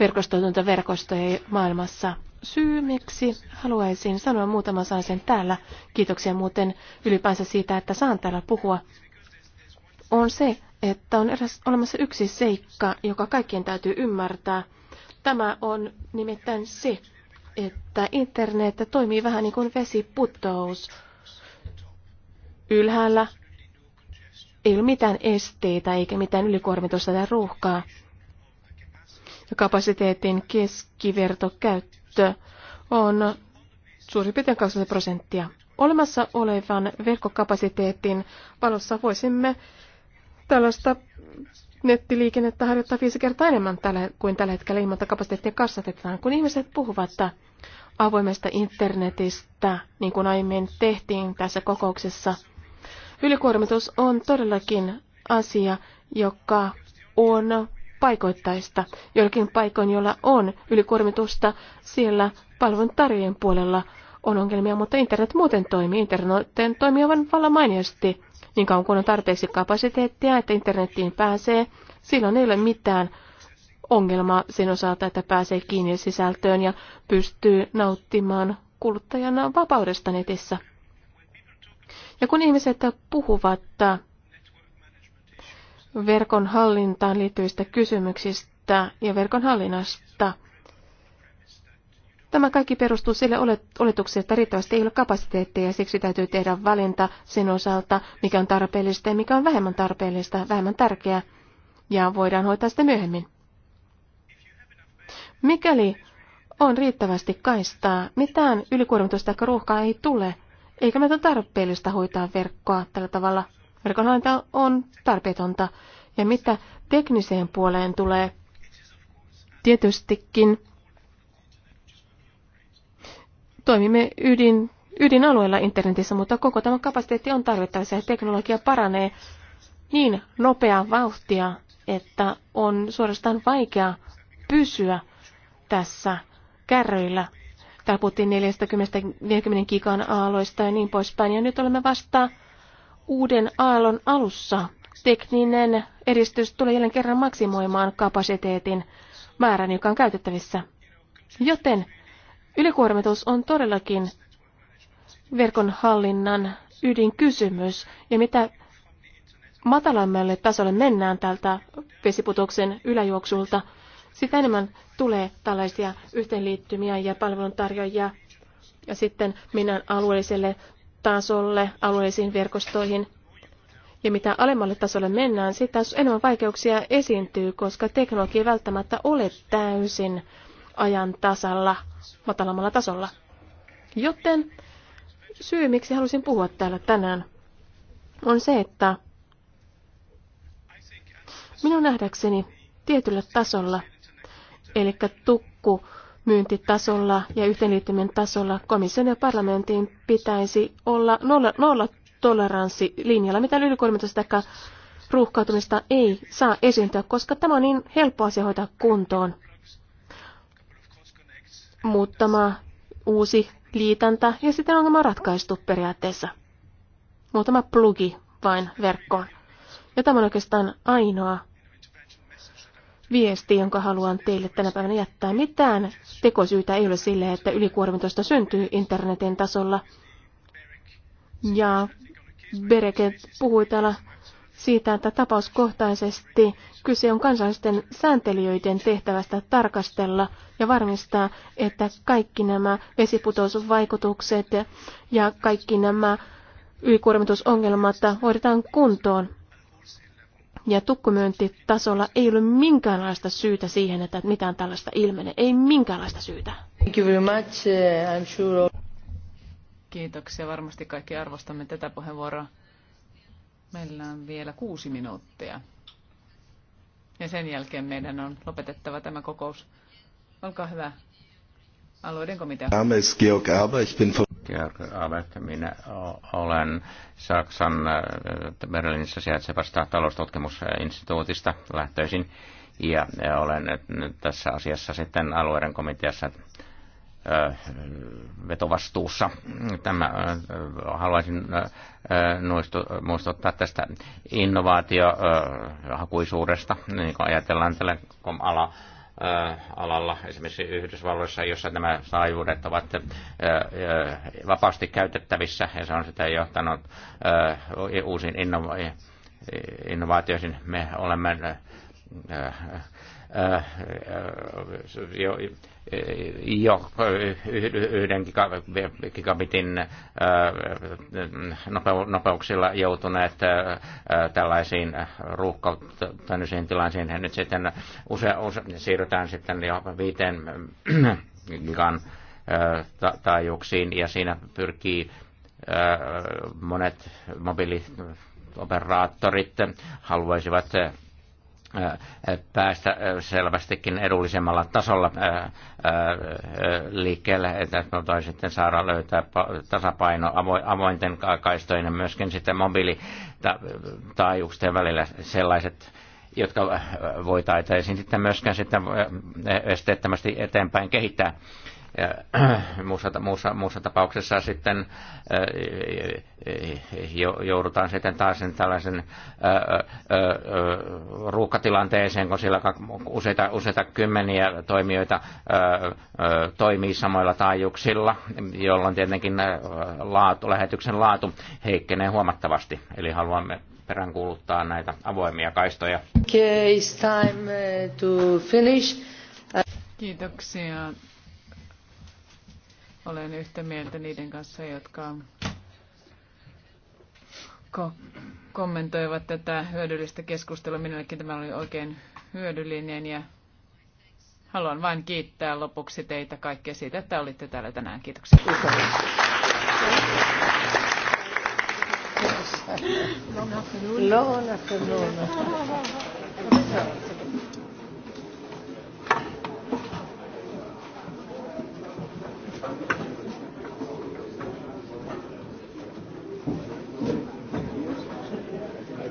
C: verkostoitunta verkostoja maailmassa. Syy, miksi haluaisin sanoa muutaman sanan sen täällä, kiitoksia muuten ylipäänsä siitä, että saan täällä puhua, on se, että on eräs olemassa yksi seikka, joka kaikkien täytyy ymmärtää. Tämä on nimittäin se, että internet toimii vähän niin kuin vesiputous. Ylhäällä ei ole mitään esteitä eikä mitään ylikuormitusta tai ruuhkaa. Kapasiteetin keskivertokäyttö on suurin piirtein 20 prosenttia. Olemassa olevan verkkokapasiteetin valossa voisimme tällaista nettiliikennettä harjoittaa viisi kertaa enemmän tällä, kuin tällä hetkellä ilman, että kapasiteettia kasvatetaan. Kun ihmiset puhuvat avoimesta internetistä, niin kuin aiemmin tehtiin tässä kokouksessa, Ylikuormitus on todellakin asia, joka on paikoittaista. Joillakin paikoin, joilla on ylikuormitusta, siellä palvelun tarjoajien puolella on ongelmia, mutta internet muuten toimii. Internet toimii aivan vallan mainiosti. Niin kauan kun on tarpeeksi kapasiteettia, että internettiin pääsee, silloin ei ole mitään ongelmaa sen osalta, että pääsee kiinni sisältöön ja pystyy nauttimaan kuluttajana vapaudesta netissä. Ja kun ihmiset puhuvat verkon hallintaan liittyvistä kysymyksistä ja verkon hallinnasta, Tämä kaikki perustuu sille oletukseen, että riittävästi ei ole kapasiteettia ja siksi täytyy tehdä valinta sen osalta, mikä on tarpeellista ja mikä on vähemmän tarpeellista, vähemmän tärkeää ja voidaan hoitaa sitä myöhemmin. Mikäli on riittävästi kaistaa, mitään ylikuormitusta tai ruuhkaa ei tule – eikä meitä ole tarpeellista hoitaa verkkoa tällä tavalla. Verkonhallinta on tarpeetonta. Ja mitä tekniseen puoleen tulee, tietystikin toimimme ydin, ydinalueella internetissä, mutta koko tämä kapasiteetti on tarvittavissa ja teknologia paranee niin nopeaa vauhtia, että on suorastaan vaikea pysyä tässä kärryillä Täällä puhuttiin 40, 40 gigan aalloista ja niin poispäin. Ja nyt olemme vasta uuden aallon alussa. Tekninen edistys tulee jälleen kerran maksimoimaan kapasiteetin määrän, joka on käytettävissä. Joten ylikuormitus on todellakin verkon hallinnan ydinkysymys ja mitä matalammalle tasolle mennään tältä vesiputoksen yläjuoksulta, sitä enemmän tulee tällaisia yhteenliittymiä ja palveluntarjoajia ja sitten mennään alueelliselle tasolle, alueellisiin verkostoihin. Ja mitä alemmalle tasolle mennään, sitä enemmän vaikeuksia esiintyy, koska teknologia ei välttämättä ole täysin ajan tasalla, matalammalla tasolla. Joten syy, miksi halusin puhua täällä tänään, on se, että minun nähdäkseni tietyllä tasolla – eli tukku myyntitasolla ja yhteenliittymien tasolla komission ja parlamentin pitäisi olla nolla, nolla toleranssi linjalla. Mitä yli 13 ruuhkautumista ei saa esiintyä, koska tämä on niin helppo asia hoitaa kuntoon. Muutama uusi liitäntä ja sitten ongelma on ratkaistu periaatteessa. Muutama plugi vain verkkoon. Ja tämä on oikeastaan ainoa viesti, jonka haluan teille tänä päivänä jättää. Mitään tekosyytä ei ole sille, että ylikuormitusta syntyy internetin tasolla. Ja Bereket puhui täällä siitä, että tapauskohtaisesti kyse on kansallisten sääntelijöiden tehtävästä tarkastella ja varmistaa, että kaikki nämä vesiputousvaikutukset ja kaikki nämä ylikuormitusongelmat hoidetaan kuntoon ja tukkumyyntitasolla ei ole minkäänlaista syytä siihen, että mitään tällaista ilmenee. Ei minkäänlaista syytä.
A: Thank you very much. Uh, I'm sure...
B: Kiitoksia. Varmasti kaikki arvostamme tätä puheenvuoroa. Meillä on vielä kuusi minuuttia. Ja sen jälkeen meidän on lopetettava tämä kokous. Olkaa hyvä alueiden komitea.
E: Georg Abert, minä olen Saksan äh, Berliinissä sijaitsevasta taloustutkimusinstituutista lähtöisin ja äh, olen nyt tässä asiassa sitten alueiden komiteassa äh, vetovastuussa. Tämä, haluaisin muistuttaa tästä innovaatiohakuisuudesta, niin kuin ajatellaan tällä alaa alalla, esimerkiksi Yhdysvalloissa, jossa nämä saajuudet ovat vapaasti käytettävissä, ja se on sitä johtanut uusiin innovaatioihin. Me olemme jo yhden gigabitin äh, nopeuksilla joutuneet äh, tällaisiin ruuhkautuneisiin tilaisiin. Nyt sitten use, use, siirrytään sitten jo viiteen äh, gigan taajuuksiin ja siinä pyrkii monet mobiilioperaattorit haluaisivat päästä selvästikin edullisemmalla tasolla liikkeelle, että voi sitten saada löytää tasapaino avointen kaistojen ja myöskin sitten mobiilitaajuuksien välillä sellaiset jotka voitaisiin sitten myöskään sitten esteettömästi eteenpäin kehittää muussa, muussa, muussa tapauksessa sitten äh, joudutaan sitten taas tällaisen äh, äh, ruuhkatilanteeseen, kun siellä useita, useita kymmeniä toimijoita toimii samoilla taajuuksilla, jolloin tietenkin laatu, lähetyksen laatu heikkenee huomattavasti. Eli haluamme peräänkuuluttaa näitä avoimia kaistoja.
A: Okay, it's time uh, to finish.
B: Kiitoksia olen yhtä mieltä niiden kanssa, jotka ko- kommentoivat tätä hyödyllistä keskustelua. Minullekin tämä oli oikein hyödyllinen ja haluan vain kiittää lopuksi teitä kaikkia siitä, että olitte täällä tänään. Kiitoksia. Long afternoon. Long afternoon.